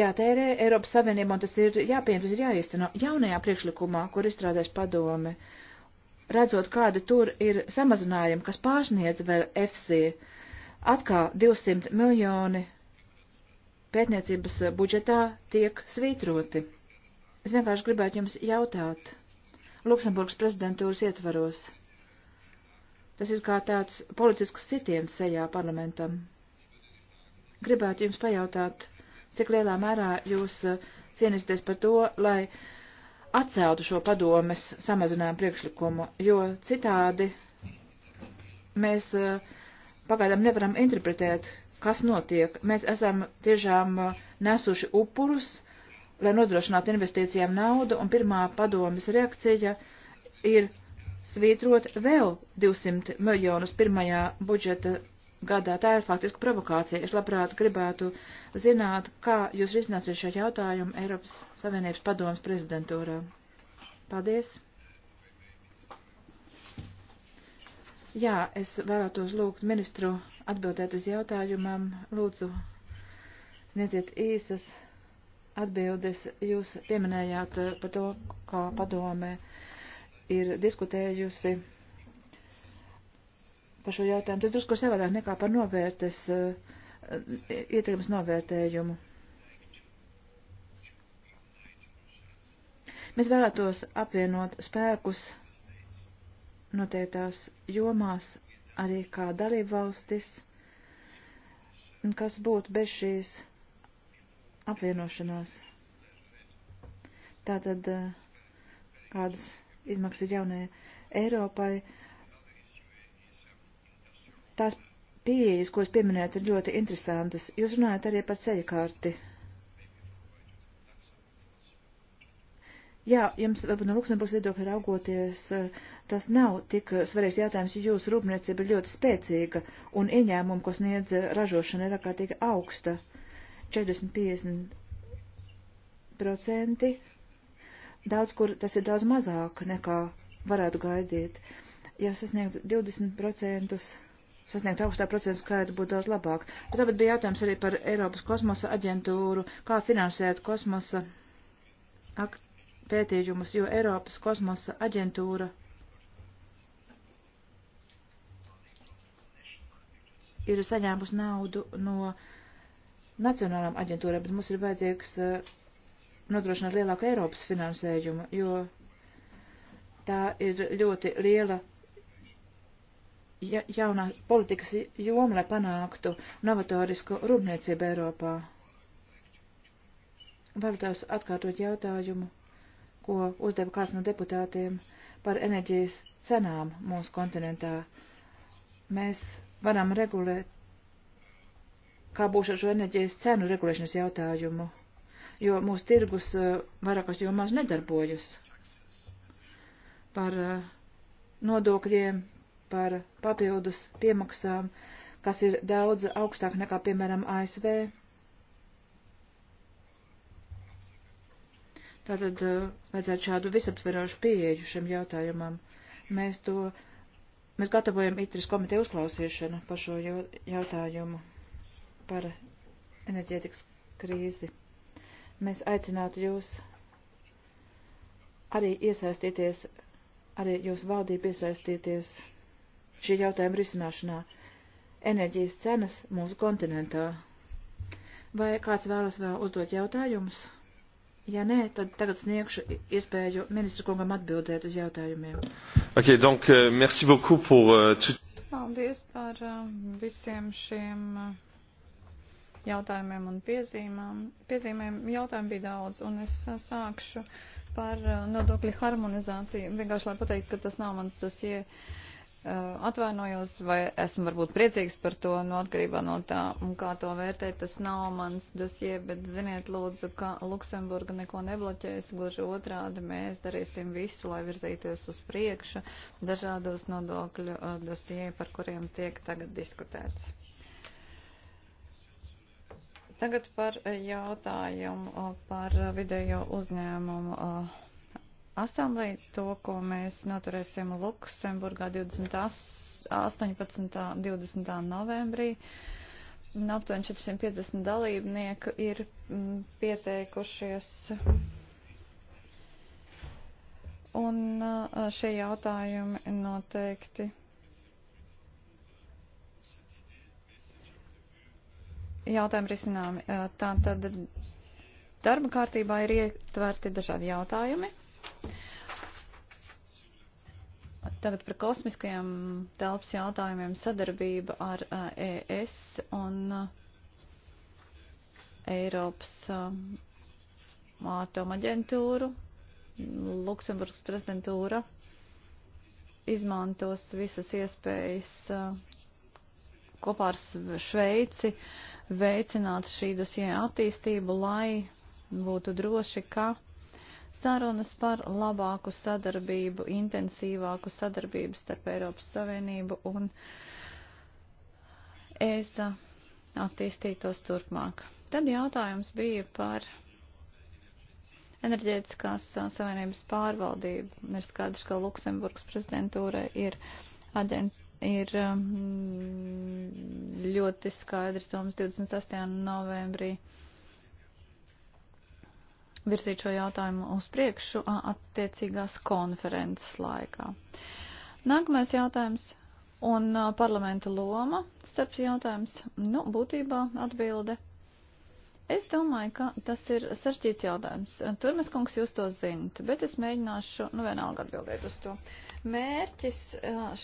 jātērē Eiropas Savienībā, un tas ir jāpieņem, tas ir jāīsteno jaunajā priekšlikumā, kur izstrādājas padome. Redzot, kādi tur ir samazinājumi, kas pārsniedz vēl FSI, atkal 200 miljoni pētniecības budžetā tiek svītroti. Es vienkārši gribētu jums jautāt, Luksemburgas prezidentūras ietvaros. Tas ir kā tāds politisks sitiens sejā parlamentam. Gribētu jums pajautāt, cik lielā mērā jūs uh, cienisties par to, lai atceltu šo padomes samazinājumu priekšlikumu, jo citādi mēs uh, pagaidām nevaram interpretēt, kas notiek. Mēs esam tiešām uh, nesuši upurus, lai nodrošinātu investīcijām naudu, un pirmā padomas reakcija ir svītrot vēl 200 miljonus pirmajā budžeta gadā. Tā ir faktiski provokācija. Es labprāt gribētu zināt, kā jūs risināsiet šo jautājumu Eiropas Savienības padomas prezidentūrā. Paldies! Jā, es vēlētos lūgt ministru atbildēt uz jautājumam. Lūdzu, sniedziet īsas atbildes. Jūs pieminējāt eh, par to, kā padome ir diskutējusi par šo jautājumu. Tas drusku savādāk nekā par novērtes, eh, ietekmes novērtējumu. Mēs vēlētos apvienot spēkus noteiktās jomās arī kā dalībvalstis, kas būtu bez šīs apvienošanās. Tātad eh, kādas izmaksas ir jaunajai Eiropai. Tās pieejas, ko es pieminētu, ir ļoti interesantas. Jūs runājat arī par ceļkārti. karti Jā, jums varbūt no Luksemburgas viedokļa raugoties, eh, tas nav tik svarīgs jautājums, jo jūsu rūpniecība ir ļoti spēcīga un ieņēmumi, ko sniedz eh, ražošana, ir ārkārtīgi augsta - 40-50%. Daudz, kur tas ir daudz mazāk nekā varētu gaidīt. Ja sasniegtu 20%, sasniegtu augstā procentu skaitu, būtu daudz labāk. Bet tāpat bija jautājums arī par Eiropas kosmosa aģentūru, kā finansēt kosmosa akt pētījumus, jo Eiropas kosmosa aģentūra ir saņēmusi naudu no nacionālām aģentūrām, bet mums ir vajadzīgs eh, nodrošināt lielāku Eiropas finansējumu, jo tā ir ļoti liela ja, jaunā politikas joma, lai panāktu novatorisku rūpniecību Eiropā. Varu tās atkārtot jautājumu ko uzdeva kāds no deputātiem par enerģijas cenām mūsu kontinentā. Mēs varam regulēt, kā būs ar šo enerģijas cenu regulēšanas jautājumu, jo mūsu tirgus eh, vairākās jomās nedarbojas par eh, nodokļiem, par papildus piemaksām, kas ir daudz augstāk nekā, piemēram, ASV Tātad eh, vajadzētu šādu visaptverošu pieeju šim jautājumam. Mēs to, mēs gatavojam ITRIS komiteju uzklausīšanu par šo jautājumu par enerģētikas krīzi. Mēs aicinātu jūs arī iesaistīties, arī jūs valdību iesaistīties šī jautājuma risināšanā. Enerģijas cenas mūsu kontinentā. Vai kāds vēlas vēl uzdot jautājumus? Ja nē, tad tagad sniegšu iespēju ministra kungam atbildēt uz jautājumiem. Ok, donc, euh, merci beaucoup pour... Euh, Paldies par um, visiem šiem uh, jautājumiem un piezīmām. Piezīmēm jautājumu bija daudz, un es uh, sākšu par uh, nodokļu harmonizāciju. Vienkārši, lai pateiktu, ka tas nav mans dosie. Uh, Eh, atvainojos, vai esmu varbūt priecīgs par to, no nu, atkarībā no tā, un kā to vērtēt, tas nav mans dosie, bet ziniet, lūdzu, ka Luksemburga neko nebloķēs, gluži otrādi mēs darīsim visu, lai virzītos uz priekšu dažādos nodokļu eh, dosie, par kuriem tiek tagad diskutēts. Tagad par jautājumu eh, par vidējo uzņēmumu asambleja, to, ko mēs noturēsim Luksemburgā 28. 20. novembrī. Aptuveni 450 dalībnieku ir mm, pieteikušies. Un šie jautājumi noteikti jautājumi risināmi. Tā tad darba kārtībā ir ietverti dažādi jautājumi. Tagad par kosmiskajiem telpas jautājumiem sadarbība ar ES un Eiropas atomaģentūru. Luksemburgas prezidentūra izmantos visas iespējas kopā ar Šveici veicināt šī dosie attīstību, lai būtu droši, ka Sarunas par labāku sadarbību, intensīvāku sadarbību starp Eiropas Savienību un ESA attīstītos turpmāk. Tad jautājums bija par enerģētiskās savienības pārvaldību. Ir skaidrs, ka Luksemburgas prezidentūra ir aģent ir mm, ļoti skaidrs domas 28. novembrī virzīt šo jautājumu uz priekšu attiecīgās konferences laikā. Nākamais jautājums un parlamenta loma starp jautājums. Nu, būtībā atbilde. Es domāju, ka tas ir sarežģīts jautājums. Turmes kungs, jūs to zinat, bet es mēģināšu, nu, vienalga atbildēt uz to. Mērķis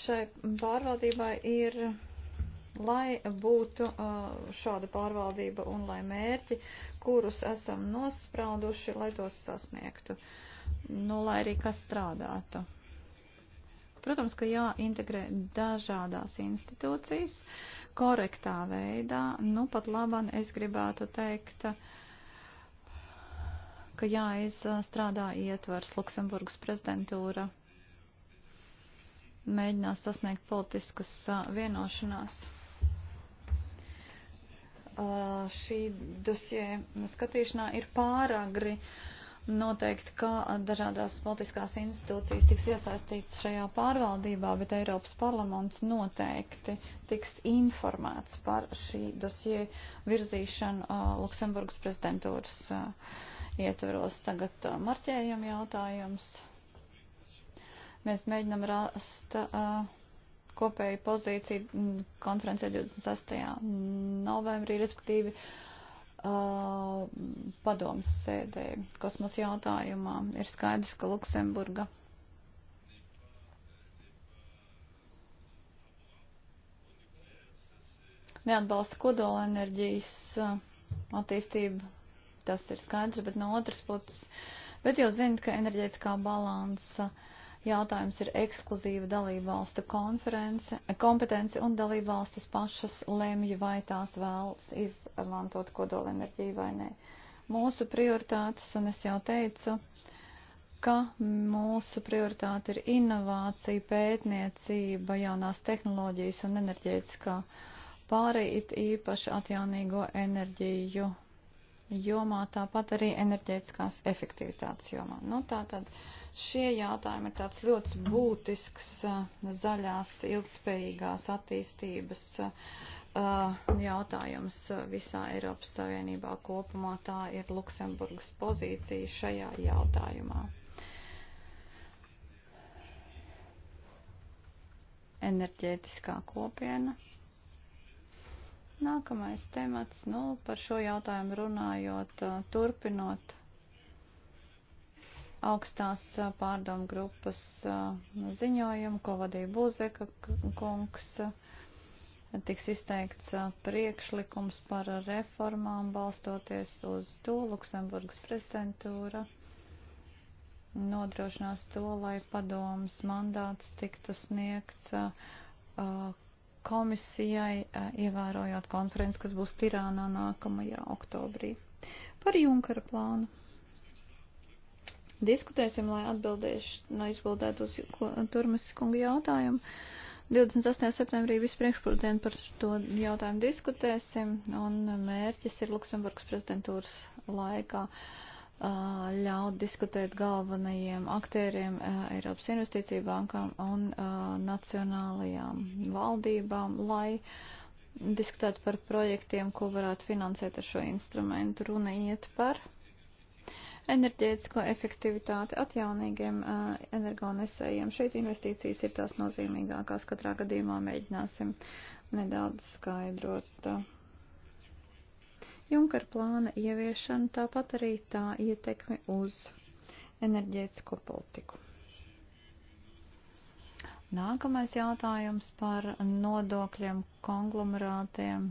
šai pārvaldībai ir lai būtu šāda pārvaldība un lai mērķi, kurus esam nosprauduši, lai tos sasniegtu, nu, lai arī kas strādātu. Protams, ka jāintegrē dažādās institūcijas korektā veidā, nu, pat labam es gribētu teikt, ka jāizstrādā ietvers Luksemburgas prezidentūra mēģinās sasniegt politiskas vienošanās šī dosie skatīšanā ir pāragri noteikti, ka dažādās politiskās institūcijas tiks iesaistīts šajā pārvaldībā, bet Eiropas parlaments noteikti tiks informēts par šī dosie virzīšanu uh, Luksemburgas prezidentūras uh, ietveros. Tagad uh, marķējam jautājums. Mēs mēģinam rast. Uh, kopēju pozīciju mm, konferencē 28. novembrī, respektīvi uh, padomas sēdē kosmos jautājumā. Ir skaidrs, ka Luksemburga neatbalsta kodolenerģijas attīstību. Tas ir skaidrs, bet no otras puses, bet jūs zinat, ka enerģētiskā balansa uh, Jautājums ir ekskluzīva dalība valstu kompetence un dalība valstis pašas lemj, vai tās vēlas izmantot kodolenerģiju vai nē. Mūsu prioritātes, un es jau teicu, ka mūsu prioritāte ir inovācija, pētniecība, jaunās tehnoloģijas un enerģētiskā pārī, it īpaši atjaunīgo enerģiju jomā, tāpat arī enerģētiskās efektivitātes jomā. Nu, tātad šie jautājumi ir tāds ļoti būtisks eh, zaļās, ilgspējīgās attīstības eh, jautājums eh, visā Eiropas Savienībā kopumā. Tā ir Luksemburgas pozīcija šajā jautājumā. Enerģētiskā kopiena Nākamais temats, nu, par šo jautājumu runājot, uh, turpinot augstās uh, pārdomu grupas uh, ziņojumu, ko vadīja Buzeka kungs, tiks izteikts priekšlikums par reformām balstoties uz to Luksemburgas prezidentūra nodrošinās to, lai padomas mandāts tiktu sniegts komisijai, eh, ievērojot konferenci, kas būs Tirānā nākamajā oktobrī. Par Junkara plānu. Diskutēsim, lai atbildēšu, lai izbildētu uz Turmas kunga jautājumu. 28. septembrī vispriekšpūrdien par to jautājumu diskutēsim, un mērķis ir Luksemburgas prezidentūras laikā. Uh, ļaut diskutēt galvenajiem aktēriem Eiropas investīciju bankām un nacionālajām valdībām, lai diskutētu par projektiem, ko varētu finansēt ar šo instrumentu. Runa iet par enerģētisko efektivitāti atjaunīgiem energonesējiem. Šeit investīcijas ir tās nozīmīgākās. Katrā gadījumā mēģināsim nedaudz skaidrot. Uh, Junkara plāna ieviešana, tāpat arī tā ietekmi uz enerģētisko politiku. Nākamais jautājums par nodokļiem konglomerātiem.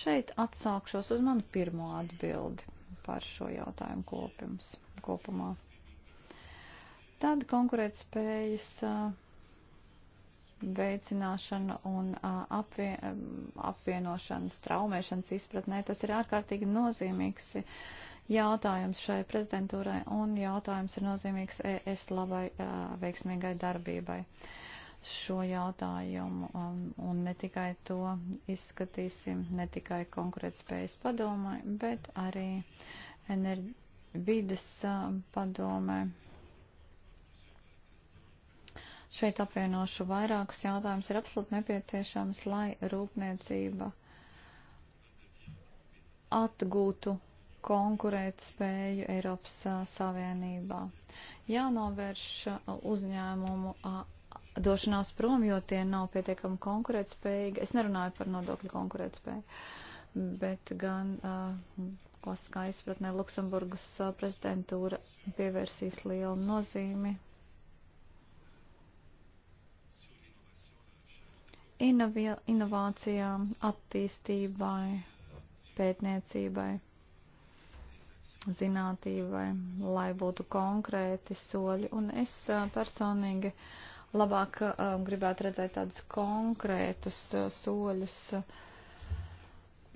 Šeit atsaukšos uz manu pirmo atbildi par šo jautājumu kopums, kopumā. Tad konkurētspējas veicināšana un apvien, apvienošana, straumēšanas izpratnē. Tas ir ārkārtīgi nozīmīgs jautājums šai prezidentūrai un jautājums ir nozīmīgs ES labai veiksmīgai darbībai šo jautājumu un ne tikai to izskatīsim, ne tikai konkurētspējas padomai, bet arī enerģijas vides padomai Šeit apvienošu vairākus jautājumus. Ir absolūti nepieciešams, lai rūpniecība atgūtu konkurēt spēju Eiropas Savienībā. Jānovērš uzņēmumu došanās prom, jo tie nav pietiekami konkurētspējīgi. Es nerunāju par nodokļu konkurētspēju, bet gan uh, klasiskā izpratnē Luksemburgas prezidentūra pievērsīs lielu nozīmi inovācijām, attīstībai, pētniecībai, zinātībai, lai būtu konkrēti soļi. Un es personīgi labāk gribētu redzēt tādus konkrētus soļus.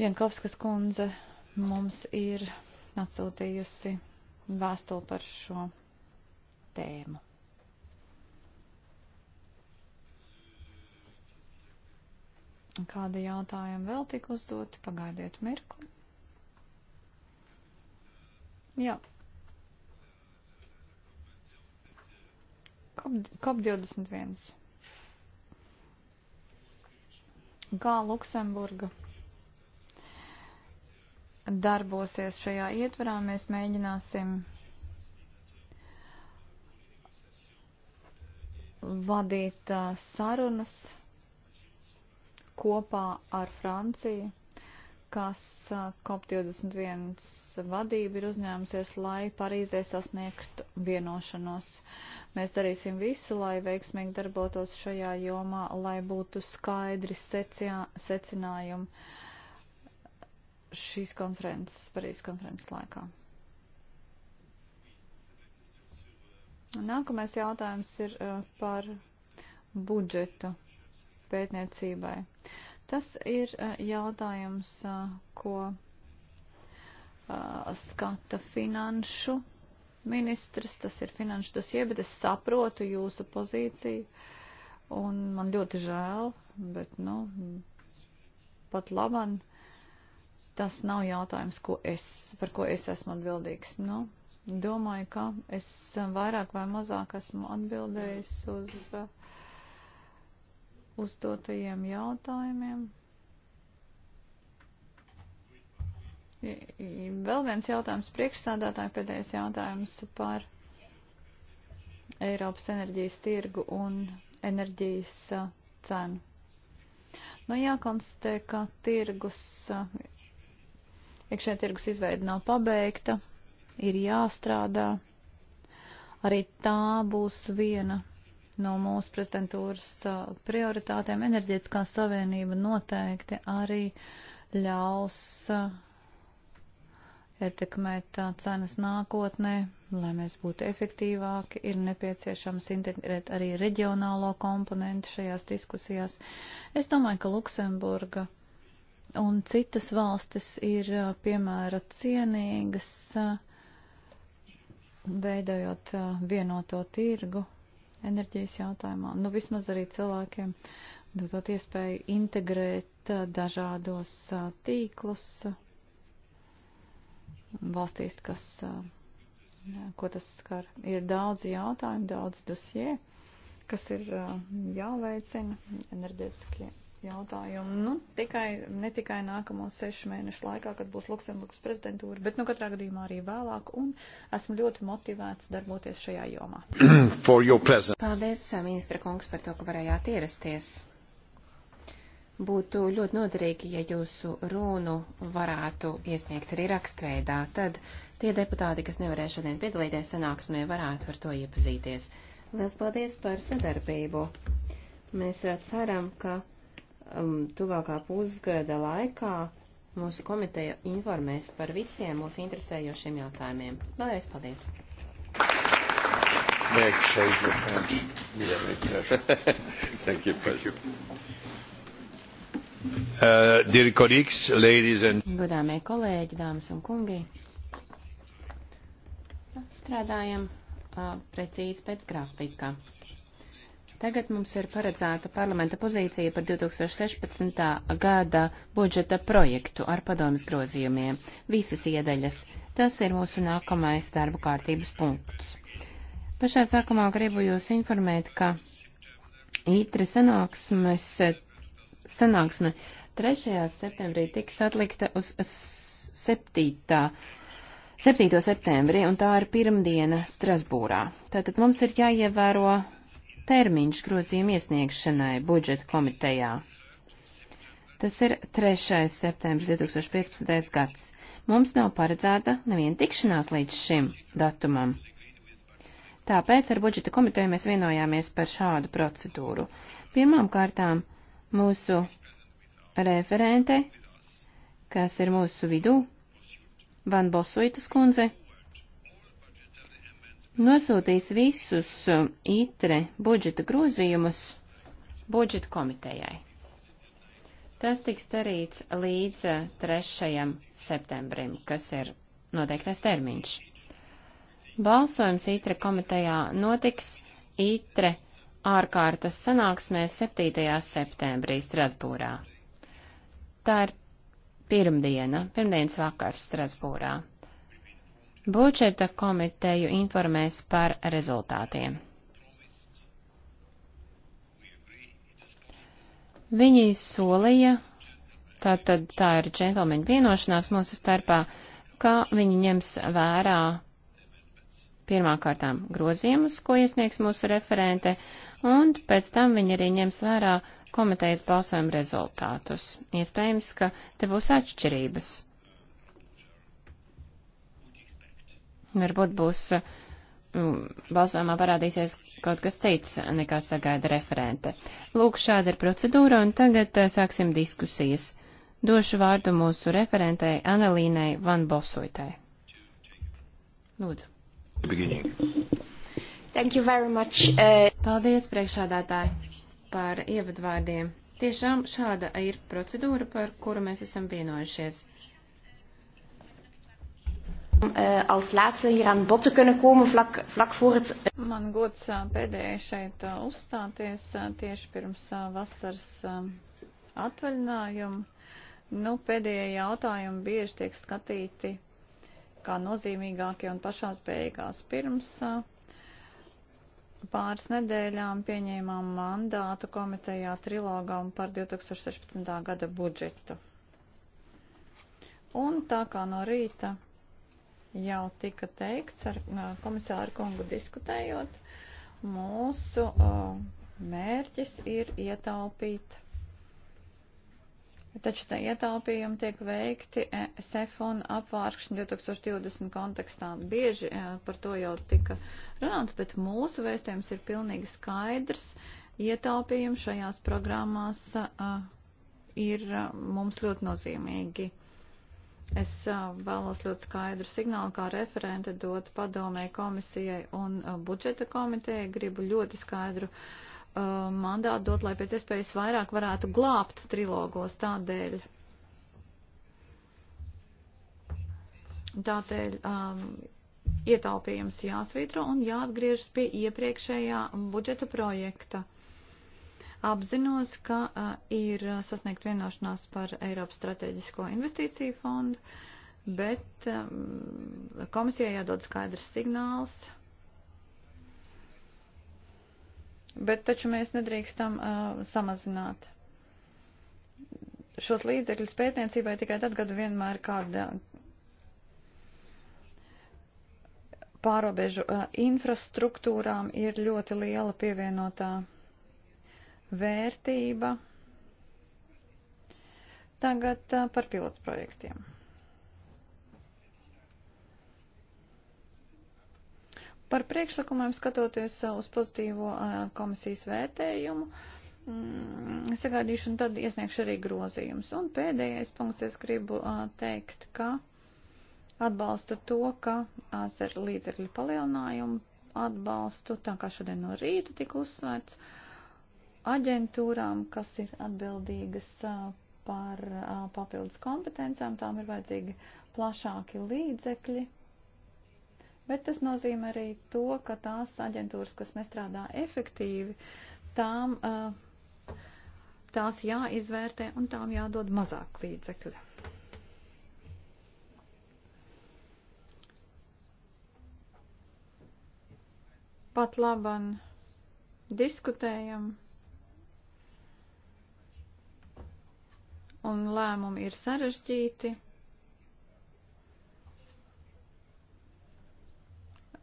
Jankovskas kundze mums ir atsūtījusi vēstuli par šo tēmu. Kādi jautājumi vēl tika uzdoti? Pagaidiet mirkli. Jā. COP21. Kā Luksemburga darbosies šajā ietvarā, mēs mēģināsim vadīt uh, sarunas kopā ar Franciju, kas COP21 vadība ir uzņēmusies, lai Parīzē sasniegtu vienošanos. Mēs darīsim visu, lai veiksmīgi darbotos šajā jomā, lai būtu skaidri secijā, secinājumi šīs konferences, Parīzes konferences laikā. Nākamais jautājums ir par budžetu pētniecībai. Tas ir eh, jautājums, eh, ko eh, skata finanšu ministrs, tas ir finanšu dosie, bet es saprotu jūsu pozīciju un man ļoti žēl, bet, nu, pat laban, tas nav jautājums, ko es, par ko es esmu atbildīgs. Nu, domāju, ka es vairāk vai mazāk esmu atbildējis uz. Uh, uzdotajiem jautājumiem. Vēl viens jautājums priekšstādātāji, pēdējais jautājums par Eiropas enerģijas tirgu un enerģijas cenu. Nu, jākonstatē, ka tirgus, iekšē tirgus izveida nav pabeigta, ir jāstrādā. Arī tā būs viena no mūsu prezidentūras uh, prioritātēm. Enerģētiskā savienība noteikti arī ļaus uh, ietekmēt uh, cenas nākotnē, lai mēs būtu efektīvāki, ir nepieciešams integrēt arī reģionālo komponentu šajās diskusijās. Es domāju, ka Luksemburga un citas valstis ir piemēra cienīgas, veidojot vienoto tirgu enerģijas jautājumā. Nu, vismaz arī cilvēkiem dodot iespēju integrēt eh, dažādos eh, tīklus eh, valstīs, kas, ko tas skar. Ir daudz jautājumu, daudz dosie, kas ir jāveicina enerģētiskie jautājumu. Nu, tikai, ne tikai nākamo sešu mēnešu laikā, kad būs Luksemburgas prezidentūra, bet nu katrā gadījumā arī vēlāk, un esmu ļoti motivēts darboties šajā jomā. *clears throat* Paldies, eh, ministra kungs, par to, ka varējāt ierasties. Būtu ļoti noderīgi, ja jūsu runu varētu iesniegt arī rakstveidā, tad tie deputāti, kas nevarēja šodien piedalīties sanāksmē, varētu ar to iepazīties. Liels paldies par sadarbību! Mēs eh, ceram, ka um, tuvākā pusgada laikā mūsu komiteja informēs par visiem mūsu interesējošiem jautājumiem. Vēlreiz paldies! *laughs* Thank you. Thank you. Uh, dear colleagues, ladies and Godāmie kolēģi, dāmas un kungi, strādājam uh, precīzi pēc grafika. Tagad mums ir paredzēta parlamenta pozīcija par 2016. gada budžeta projektu ar padomas grozījumiem. Visas iedaļas. Tas ir mūsu nākamais darba kārtības punkts. Pašā sākumā gribu jūs informēt, ka ītri e sanāksmes, sanāksme 3. septembrī tiks atlikta uz 7. 7. septembrī, un tā ir pirmdiena Strasbūrā. Tātad mums ir jāievēro termiņš grozījuma iesniegšanai budžeta komitejā. Tas ir 3. septembris 2015. gads. Mums nav paredzēta neviena tikšanās līdz šim datumam. Tāpēc ar budžeta komiteju mēs vienojāmies par šādu procedūru. Pirmām kārtām mūsu referente, kas ir mūsu vidū, Van Bosuitas kundze, nosūtīs visus um, ITRE budžeta grozījumus budžeta komitejai. Tas tiks darīts līdz 3. Uh, septembrim, kas ir noteiktais termiņš. Balsojums ITRE komitejā notiks ITRE ārkārtas sanāksmē 7. septembrī Strasbūrā. Tā ir pirmdiena, pirmdienas vakars Strasbūrā. Budžeta komiteju informēs par rezultātiem. Viņi solīja, tātad tā ir džentlmeņa vienošanās mūsu starpā, ka viņi ņems vērā pirmkārtām grozījumus, ko iesniegs mūsu referente, un pēc tam viņi arī ņems vērā komitejas balsojuma rezultātus. Iespējams, ka te būs atšķirības. varbūt būs mm, balsojumā parādīsies kaut kas cits, nekā sagaida referente. Lūk, šāda ir procedūra, un tagad eh, sāksim diskusijas. Došu vārdu mūsu referentei Annelīnai Van Bosuitai. Lūdzu. Thank you very much. Uh... Paldies, priekšādātāji, par ievadvārdiem. Tiešām šāda ir procedūra, par kuru mēs esam vienojušies. Eh, als laatste hier aan bod te kunnen komen vlak, vlak voor het. Man gods eh, pēdējais šeit eh, uzstāties tieši pirms vasaras atvaļinājuma. Nu, pēdējie jautājumi bieži tiek skatīti kā nozīmīgākie un pašās beigās. Pirms pāris nedēļām pieņēmām mandātu komitejā trilogam par 2016. gada budžetu. Un tā kā no rīta jau tika teikts ar komisāru kungu diskutējot, mūsu mērķis ir ietaupīt. Taču tā ietaupījumi tiek veikti e SF un apvārkšņa 2020 kontekstā. Bieži par to jau tika runāts, bet mūsu vēstījums ir pilnīgi skaidrs. Ietaupījumi šajās programmās ir mums ļoti nozīmīgi. Es vēlos ļoti skaidru signālu kā referente dot padomē komisijai un budžeta komitejai. Gribu ļoti skaidru uh, mandātu dot, lai pēc iespējas vairāk varētu glābt trilogos tādēļ. Tādēļ um, ietaupījums jāsvītro un jāatgriežas pie iepriekšējā budžeta projekta apzinos, ka uh, ir sasniegt vienošanās par Eiropas strateģisko investīciju fondu, bet um, komisijai jādod skaidrs signāls. Bet taču mēs nedrīkstam uh, samazināt šos līdzekļus pētniecībai tikai tad, kad vienmēr kāda pārobežu infrastruktūrām ir ļoti liela pievienotā vērtība. Tagad par pilotu projektiem. Par priekšlikumiem skatoties uz pozitīvo komisijas vērtējumu, mm, sagādīšu un tad iesniegšu arī grozījumus. Un pēdējais punkts, es gribu teikt, ka atbalsta to, ka ASER līdzekļu palielinājumu atbalstu, tā kā šodien no rīta tika uzsvērts, aģentūrām, kas ir atbildīgas par papildus kompetencijām, tām ir vajadzīgi plašāki līdzekļi. Bet tas nozīmē arī to, ka tās aģentūras, kas nestrādā efektīvi, tām, tās jāizvērtē un tām jādod mazāk līdzekļu. Pat laban diskutējam un lēmumi ir sarežģīti.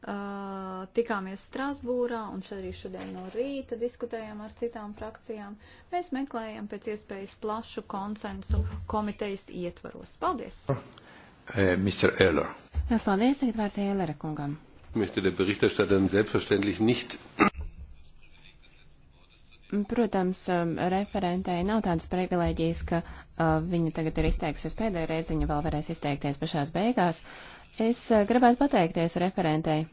Uh, tikāmies Strasbūrā un arī šodien no rīta diskutējām ar citām frakcijām. Mēs meklējam pēc iespējas plašu konsensu komitejas ietvaros. Paldies! Uh, eh, Mr. Eller. Es paldies, tagad vārds Ellera kungam. Ich möchte der Berichterstatterin selbstverständlich nicht Protams, um, referentei nav tādas privilēģijas, ka uh, viņa tagad ir izteikusies pēdējo reizi, viņa vēl varēs izteikties pašās beigās. Es uh, gribētu pateikties referentei.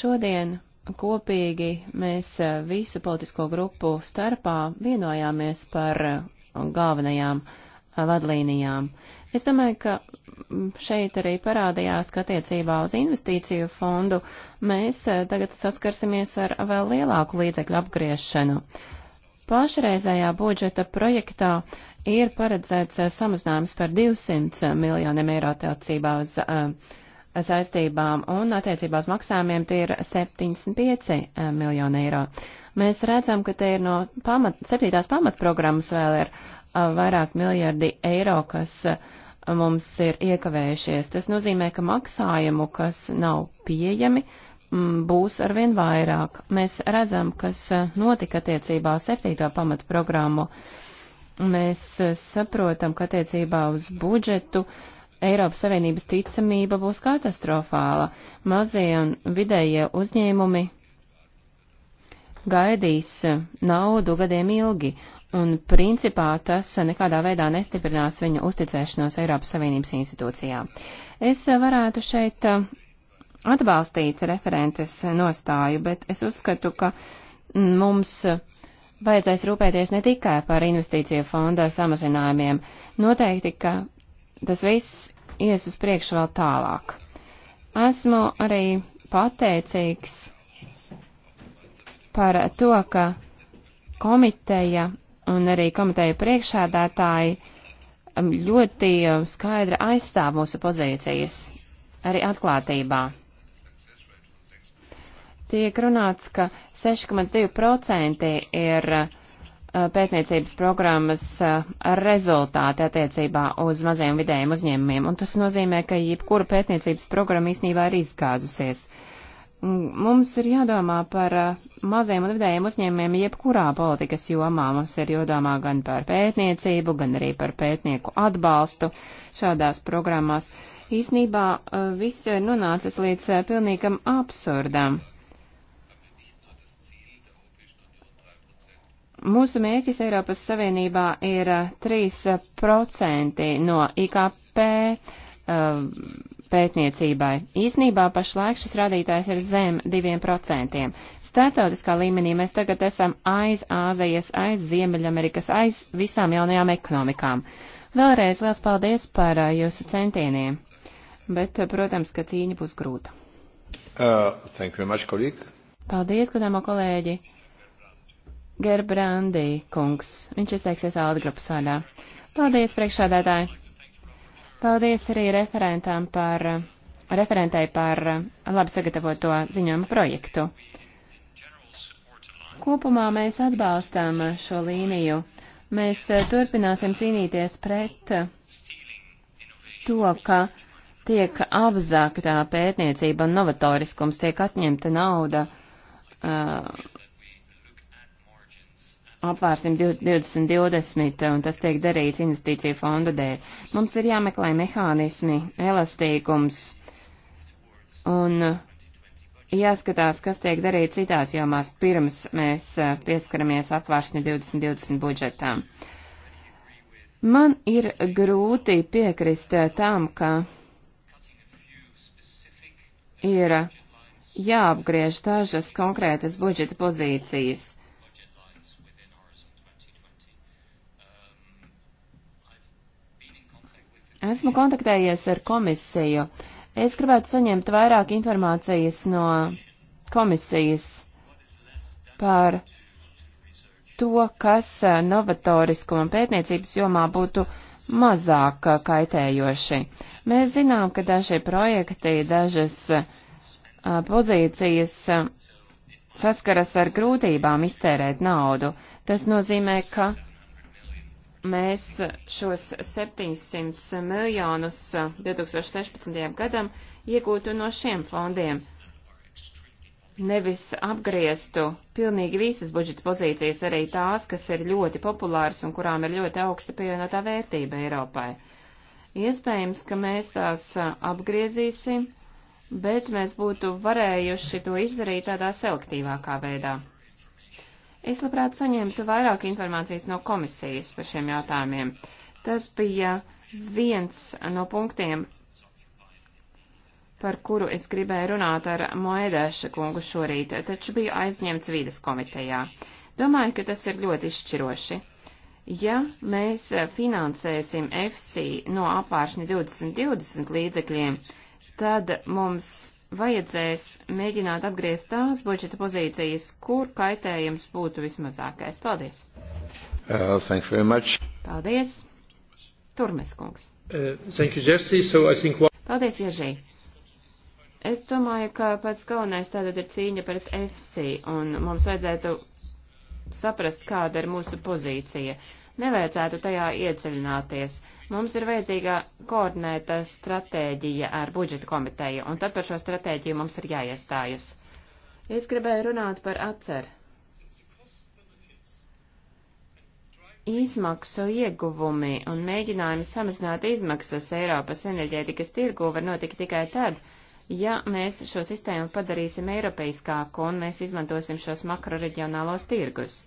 Šodien kopīgi mēs uh, visu politisko grupu starpā vienojāmies par uh, galvenajām uh, vadlīnijām. Es domāju, ka šeit arī parādījās, ka attiecībā uz investīciju fondu mēs eh, tagad saskarsimies ar vēl lielāku līdzekļu apgriešanu. Pašreizējā budžeta projektā ir paredzēts eh, samazinājums par 200 miljoniem eiro attiecībā uz uh, saistībām un attiecībā uz maksājumiem tie ir 75 miljoni eiro. Mēs redzam, ka te ir no pamat, septītās pamatprogrammas vēl ir vairāk miljardi eiro, kas mums ir iekavējušies. Tas nozīmē, ka maksājumu, kas nav pieejami, būs arvien vairāk. Mēs redzam, kas notika attiecībā uz septīto pamatu programmu. Mēs saprotam, ka attiecībā uz budžetu Eiropas Savienības ticamība būs katastrofāla. Mazie un vidējie uzņēmumi gaidīs naudu gadiem ilgi, un principā tas nekādā veidā nestiprinās viņu uzticēšanos Eiropas Savienības institūcijām. Es varētu šeit uh, atbalstīt referentes nostāju, bet es uzskatu, ka mums vajadzēs rūpēties ne tikai par investīciju fonda samazinājumiem, noteikti, ka tas viss ies uz priekšu vēl tālāk. Esmu arī pateicīgs par to, ka komiteja un arī komiteju priekšādātāji um, ļoti um, skaidri aizstāv mūsu pozīcijas, arī atklātībā. Tiek runāts, ka 6,2% ir uh, pētniecības programmas uh, rezultāti attiecībā uz maziem vidējiem uzņēmumiem, un tas nozīmē, ka jebkura pētniecības programma īsnībā ir izgāzusies. Uh, Mums ir jādomā par uh, maziem un vidējiem uzņēmumiem jebkurā politikas jomā. Mums ir jādomā gan par pētniecību, gan arī par pētnieku atbalstu šādās programmās. Īsnībā uh, viss jau ir nonācis līdz uh, pilnīgam absurdam. Mūsu mērķis Eiropas Savienībā ir 3% no IKP. Uh, pētniecībai. Īsnībā pašlaik šis rādītājs ir zem 2%. Startautiskā līmenī mēs tagad esam aiz Āzijas, aiz Ziemeļamerikas, aiz visām jaunajām ekonomikām. Vēlreiz liels paldies par jūsu centieniem, bet, protams, ka cīņa būs grūta. Uh, much, colleague. paldies, godāmo kolēģi! Gerbrandī kungs, viņš izteiksies Alda grupas vārdā. Paldies, priekšsādētāji! Paldies arī referentām par, referentai par labi sagatavoto ziņojumu projektu. Kopumā mēs atbalstām šo līniju. Mēs eh, turpināsim cīnīties pret to, ka tiek apzāktā pētniecība un novatoriskums, tiek atņemta nauda uh, apvārsim 2020, un tas tiek darīts investīciju fonda dēļ. Mums ir jāmeklē mehānismi, elastīgums, un uh, jāskatās, kas tiek darīts citās jomās, pirms mēs uh, pieskaramies apvāršņa 2020 budžetām. Man ir grūti piekrist uh, tam, ka ir jāapgriež dažas konkrētas budžeta pozīcijas Esmu kontaktējies ar komisiju. Es gribētu saņemt vairāk informācijas no komisijas par to, kas eh, novatoriskuma pētniecības jomā būtu mazāk eh, kaitējoši. Mēs zinām, ka daži projekti, dažas eh, pozīcijas saskaras ar grūtībām iztērēt naudu. Tas nozīmē, ka mēs šos 700 miljonus 2016. gadam iegūtu no šiem fondiem. Nevis apgrieztu pilnīgi visas budžeta pozīcijas, arī tās, kas ir ļoti populāras un kurām ir ļoti augsta pievienotā vērtība Eiropai. Iespējams, ka mēs tās apgriezīsim, bet mēs būtu varējuši to izdarīt tādā selektīvākā veidā. Es labprāt saņemtu vairāk informācijas no komisijas par šiem jautājumiem. Tas bija viens no punktiem, par kuru es gribēju runāt ar Moedēša kungu šorīt, taču biju aizņemts vīdes komitejā. Domāju, ka tas ir ļoti izšķiroši. Ja mēs finansēsim FC no apāršņa 2020 līdzekļiem, tad mums vajadzēs mēģināt apgriezt tās budžeta pozīcijas, kur kaitējums būtu vismazākais. Paldies! Uh, thank you very much. Paldies! Turmes kungs. Uh, thank you, Jersey. So I think... Paldies, Ježī. Es domāju, ka pats galvenais tātad ir cīņa pret FC, un mums vajadzētu saprast, kāda ir mūsu pozīcija. Nevajadzētu tajā ieceļināties. Uh, Mums ir vajadzīga koordinēta stratēģija ar budžeta komiteju, un tad par šo stratēģiju mums ir jāiestājas. Es gribēju runāt par atceru. Izmaksu ieguvumi un mēģinājumi samazināt izmaksas Eiropas enerģētikas tirgu var notikt tikai tad, ja mēs šo sistēmu padarīsim eiropeiskāku un mēs izmantosim šos makroreģionālos tirgus.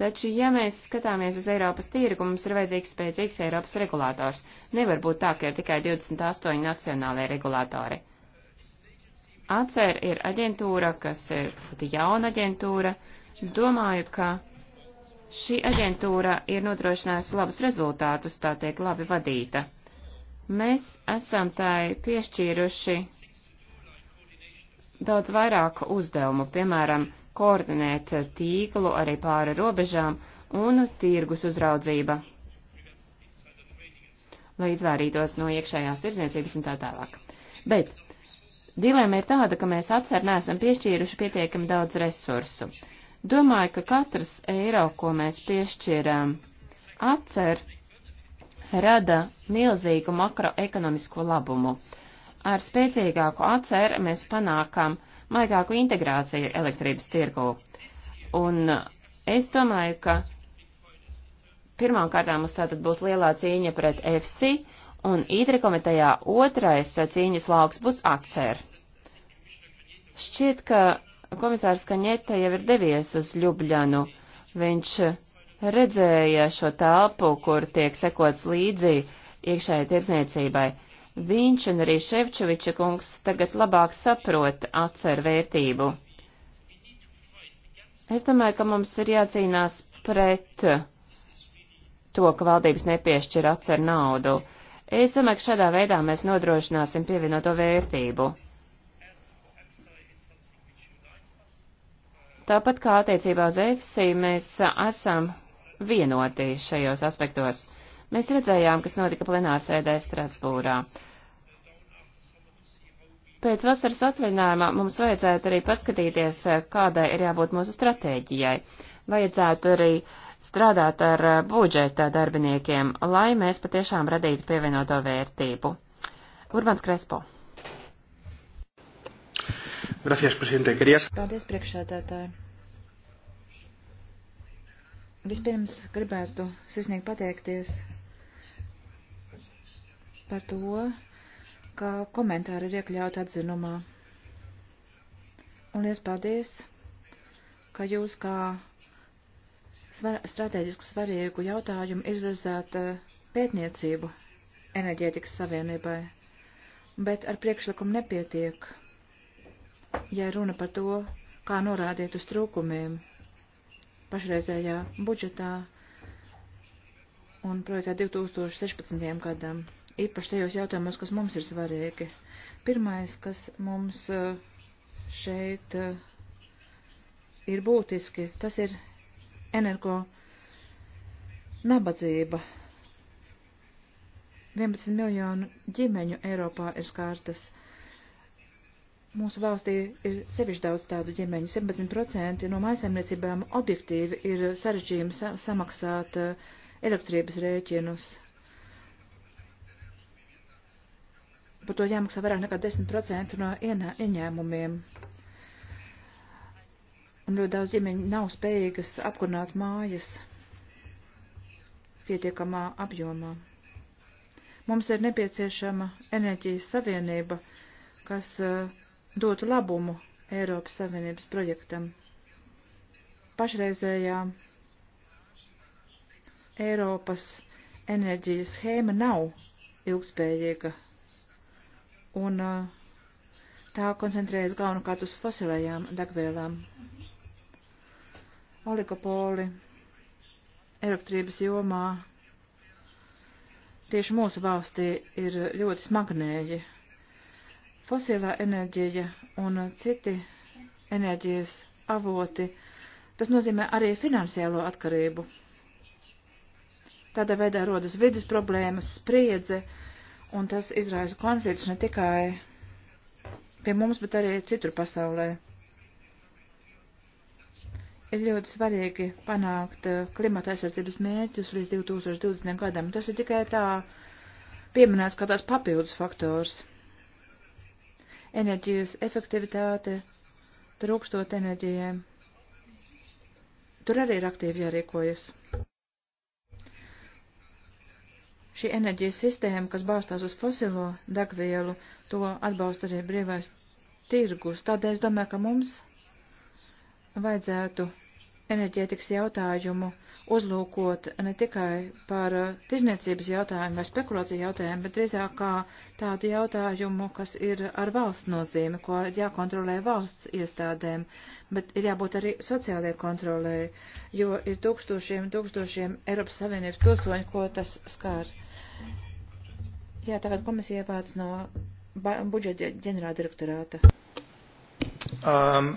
Taču, ja mēs skatāmies uz Eiropas tirgu, mums ir vajadzīgs spēcīgs Eiropas regulators. Nevar būt tā, ka ir tikai 28 nacionālajie regulātori. ACER ir aģentūra, kas ir jauna aģentūra. Domāju, ka šī aģentūra ir nodrošinājusi labus rezultātus, tā tiek labi vadīta. Mēs esam tai piešķīruši daudz vairāk uzdevumu, piemēram, koordinēt tīklu arī pāri robežām un tirgus uzraudzība, lai izvairītos no iekšējās tirzniecības un tā tālāk. Bet dilēma ir tāda, ka mēs atcer neesam piešķīruši pietiekami daudz resursu. Domāju, ka katrs eiro, ko mēs piešķiram atcer, rada milzīgu makroekonomisko labumu. Uh, Ar spēcīgāku atceru mēs panākam maigāku integrāciju elektrības tirgū. Un uh, es domāju, ka pirmām kārtām mums tātad būs lielā cīņa pret EFSI, un Ītri komitejā otrais uh, cīņas lauks būs atcer. Šķiet, ka komisārs Kaņeta jau ir devies uz Ljubļanu. Viņš uh, redzēja šo telpu, kur tiek sekots līdzi iekšējai tirzniecībai viņš un arī Ševčoviča kungs tagad labāk saprot atceru vērtību. Es domāju, ka mums ir jācīnās pret to, ka valdības nepiešķir atceru naudu. Es domāju, ka šādā veidā mēs nodrošināsim pievienoto vērtību. Tāpat kā attiecībā uz EFSI, mēs esam vienoti šajos aspektos. Mēs redzējām, kas notika plenārsēdē Strasbūrā. Pēc vasaras atvaļinājumā mums vajadzētu arī paskatīties, kādai ir jābūt mūsu stratēģijai. Vajadzētu arī strādāt ar eh, budžeta darbiniekiem, lai mēs patiešām radītu pievienoto vērtību. Urbans Krespo. Gracias, presidente. Querías... Paldies, priekšsēdētāji. Vispirms gribētu sasniegt pateikties par to, ka komentāri ir iekļauti atzinumā. Un liels paldies, ka jūs kā svar, strateģiski svarīgu jautājumu izvirzāt eh, pētniecību enerģētikas savienībai. Bet ar priekšlikumu nepietiek, ja runa par to, kā norādīt uz trūkumiem pašreizējā budžetā un projektā 2016. gadam īpaši tajos jautājumos, kas mums ir svarīgi. Pirmais, kas mums eh, šeit eh, ir būtiski, tas ir energo nabadzība. 11 miljonu ģimeņu Eiropā ir skārtas. Mūsu valstī ir sevišķi daudz tādu ģimeņu. 17% no mājasemniecībām objektīvi ir sarežģījumi samaksāt eh, elektrības rēķinus. par to jāmaksā vairāk nekā 10% no ieņēmumiem. Un ļoti daudz ģimeņu nav spējīgas apkurināt mājas pietiekamā apjomā. Mums ir nepieciešama enerģijas savienība, kas uh, dotu labumu Eiropas Savienības projektam. Pašreizējā Eiropas enerģijas schēma nav ilgspējīga un uh, tā koncentrējas galvenokārt uz fosilējām degvielām. Oligopoli elektrības jomā tieši mūsu valstī ir ļoti smagnēji. Fosilā enerģija un citi enerģijas avoti, tas nozīmē arī finansiālo atkarību. Tādā veidā rodas vidas problēmas, spriedze, uh, un tas izraisa konflikts ne tikai pie mums, bet arī citur pasaulē. Ir ļoti svarīgi panākt uh, klimata aizsardzības mērķus līdz 2020. gadam. Tas ir tikai tā pieminēts kā tāds papildus faktors. Enerģijas efektivitāte, trūkstot enerģijai. Tur arī ir aktīvi jārīkojas. Šī enerģijas sistēma, kas balstās uz fosilo degvielu, to atbalsta arī brīvais tirgus. Tādēļ es domāju, ka mums vajadzētu enerģētikas jautājumu uzlūkot ne tikai par uh, tirzniecības jautājumu vai spekulāciju jautājumu, bet drīzāk kā tādu jautājumu, kas ir ar valsts nozīmi, ko jākontrolē valsts iestādēm, bet ir jābūt arī sociālajai kontrolē, jo ir tūkstošiem, tūkstošiem Eiropas Savienības pilsoņu, ko tas skār. Jā, tagad komisija ievāc no budžeta ģenerāldirektorāta. Um,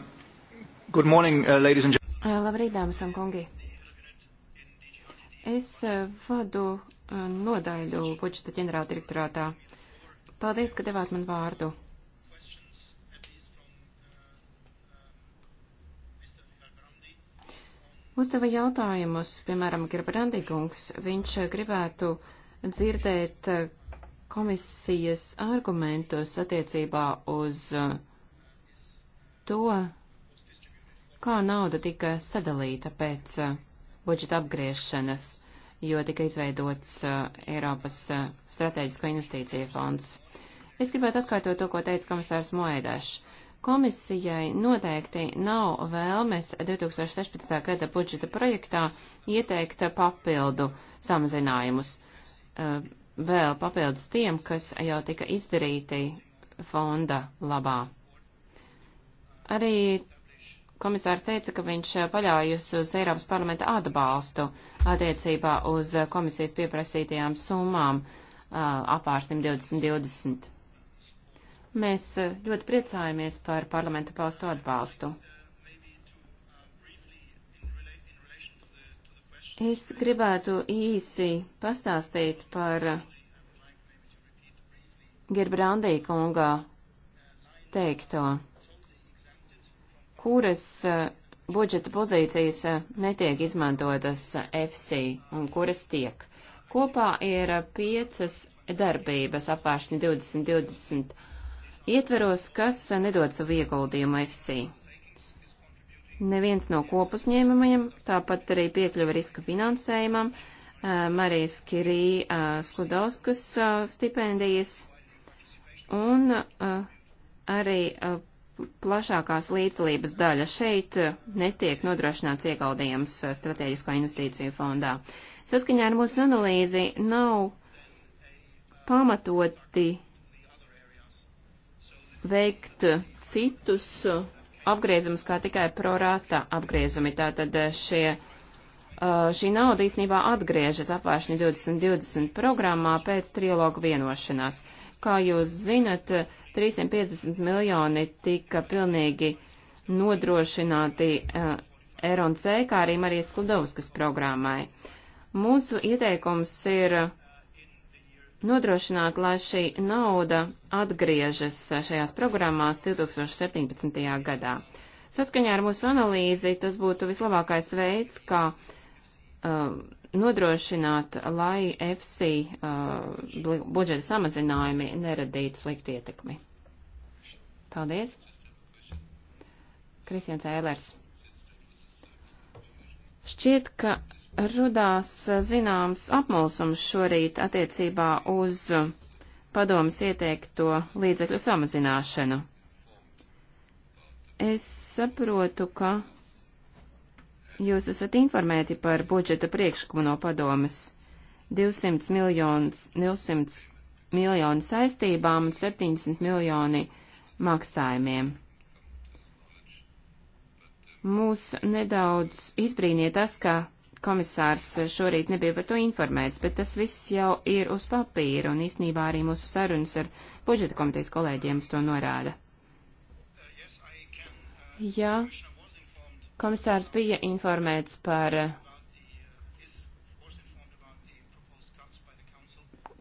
good morning, uh, ladies and gentlemen. Eh, labrīt, dāmas un kungi! Es eh, vadu eh, nodaļu budžeta ģenerāldirektorātā. Paldies, ka devāt man vārdu. Uzdeva jautājumus, piemēram, Gerbrandikungs. Viņš gribētu dzirdēt komisijas argumentus attiecībā uz to, kā nauda tika sadalīta pēc uh, budžeta apgriešanas, jo tika izveidots uh, Eiropas uh, strateģisko investīciju fonds. Es gribētu atkārtot to, ko teica komisārs Moedašs. Komisijai noteikti nav vēlmes 2016. gada budžeta projektā ieteikt papildu samazinājumus, vēl papildus tiem, kas jau tika izdarīti fonda labā. Arī komisārs teica, ka viņš eh, paļaujas uz Eiropas parlamenta atbalstu attiecībā uz eh, komisijas pieprasītajām summām eh, apārsim 2020. Mēs ļoti priecājamies par parlamenta paustu atbalstu. Es gribētu īsi pastāstīt par Gerbrandī kunga teikto kuras eh, budžeta pozīcijas eh, netiek izmantotas eh, FC un kuras tiek. Kopā ir piecas darbības apvāršņi 2020 ietveros, kas nedod savu ieguldījumu FC. Neviens no kopusņēmumiem, tāpat arī piekļuva riska finansējumam, Marijas Kirī Skudovskas stipendijas un arī plašākās līdzdalības daļa. Šeit eh, netiek nodrošināts ieguldījums eh, strateģisko investīciju fondā. Saskaņā ar mūsu analīzi nav pamatoti veikt eh, citus apgriezumus kā tikai prorāta apgriezumi. Tātad šie, šī nauda īsnībā atgriežas apvēršņa 2020 programmā pēc trilogu vienošanās. Uh, Kā jūs zinat, 350 miljoni tika pilnīgi nodrošināti uh, e, RNC, kā arī Marijas Kludovskas programmai. Mūsu ieteikums ir nodrošināt, lai šī nauda atgriežas šajās programmās 2017. gadā. Saskaņā ar mūsu analīzi tas būtu vislabākais veids, kā um, nodrošināt, lai FC uh, budžeta samazinājumi neradītu sliktu ietekmi. Paldies. Kristians Ēlers. Šķiet, ka rudās zināms apmulsums šorīt attiecībā uz padomas ieteikto līdzekļu samazināšanu. Es saprotu, ka Jūs esat informēti par budžeta priekšlikumu no padomas. 200 miljonus, 200 miljoni saistībām un 70 miljoni maksājumiem. Mūs nedaudz izbrīnīja tas, ka komisārs šorīt nebija par to informēts, bet tas viss jau ir uz papīra un īsnībā arī mūsu sarunas ar budžeta komitejas kolēģiem to norāda. Jā, ja Komisārs bija informēts par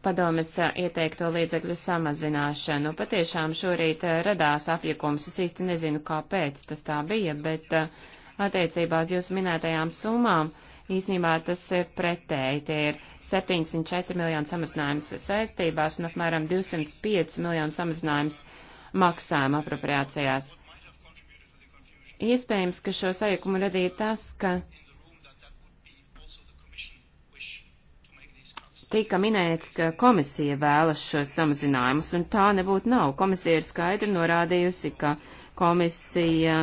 padomes ieteikto līdzekļu samazināšanu. Patiešām šorīt eh, radās apjukums, es īsti nezinu, kāpēc tas tā bija, bet eh, attiecībā uz jūsu minētajām summām īsnībā tas ir pretēji. Tie ir 704 miljonu samazinājums saistībās un apmēram 205 miljonu samazinājums maksājuma apropriācijās. Iespējams, ka šo sajukumu radīja tas, ka tika minēts, ka komisija vēlas šos samazinājumus, un tā nebūtu nav. Komisija ir skaidri norādījusi, ka komisija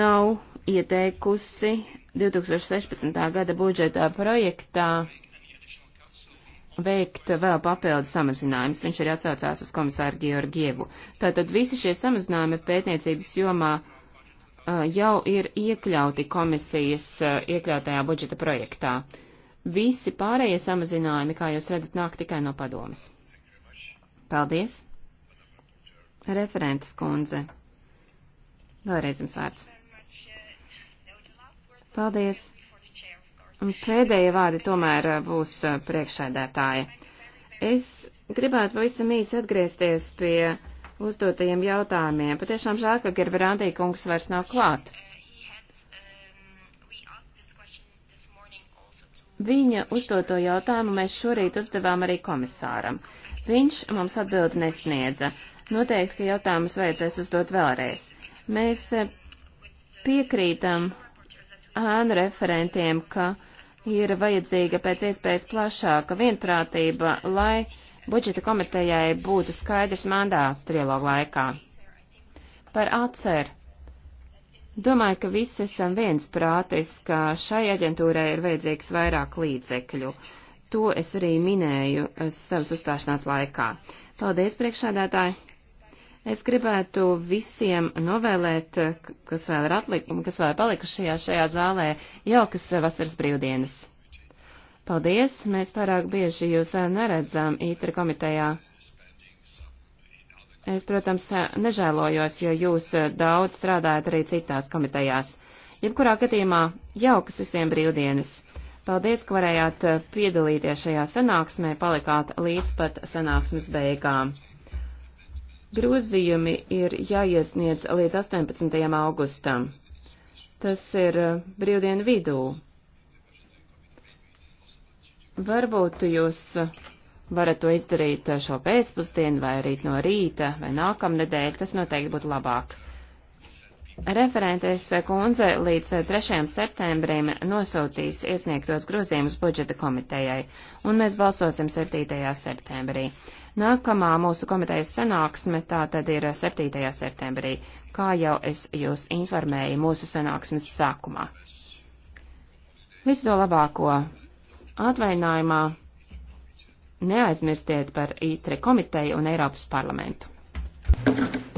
nav ieteikusi 2016. gada budžetā projektā veikt vēl papildu samazinājumus. Viņš arī atsaucās uz komisāru Georgievu. Tātad visi šie samazinājumi pētniecības jomā uh, jau ir iekļauti komisijas uh, iekļautajā budžeta projektā. Visi pārējie samazinājumi, kā jūs redzat, nāk tikai no padomas. Paldies! Referentes kundze. Vēlreiz jums vārds. Paldies! Pēdējie vārdi tomēr eh, būs eh, priekšēdētāji. Es gribētu pavisam īsi atgriezties pie uzdotajiem jautājumiem. Patiešām žēl, ka Gerberantī kungs vairs nav klāt. Viņa uzdoto jautājumu mēs šorīt uzdevām arī komisāram. Viņš mums atbildi nesniedza. Noteikti, ka jautājumus vajadzēs uzdot vēlreiz. Mēs eh, piekrītam ēnu referentiem, ka uh, ir vajadzīga pēc iespējas plašāka vienprātība, lai budžeta komitejai būtu skaidrs mandāts trilogu laikā. Par atceru. Domāju, ka visi esam viens prātis, ka šai aģentūrai ir vajadzīgs vairāk līdzekļu. To es arī minēju eh, savas uzstāšanās laikā. Paldies, priekšsādātāji! Es gribētu visiem novēlēt, kas vēl ir atlikumi, kas vēl ir palikušajā šajā zālē, jaukas vasaras brīvdienas. Paldies, mēs pārāk bieži jūs neredzam ītra komitejā. Es, protams, nežēlojos, jo jūs daudz strādājat arī citās komitejās. Jebkurā gadījumā jaukas visiem brīvdienas. Paldies, ka varējāt piedalīties šajā sanāksmē, palikāt līdz pat sanāksmes beigām. Grozījumi ir jāiesniedz līdz 18. augustam. Tas ir uh, brīvdienu vidū. Varbūt jūs uh, varat to izdarīt uh, šo pēcpusdienu vai rīt no rīta vai nākamnedēļ, tas noteikti būtu labāk. Referentēs kundze līdz 3. septembrim nosūtīs iesniegtos grozījumus budžeta komitejai, un mēs balsosim 7. septembrī. Nākamā mūsu komitejas sanāksme tā tad ir 7. septembrī, kā jau es jūs informēju mūsu sanāksmes sākumā. Visu to labāko atvainājumā neaizmirstiet par ITRE komiteju un Eiropas parlamentu.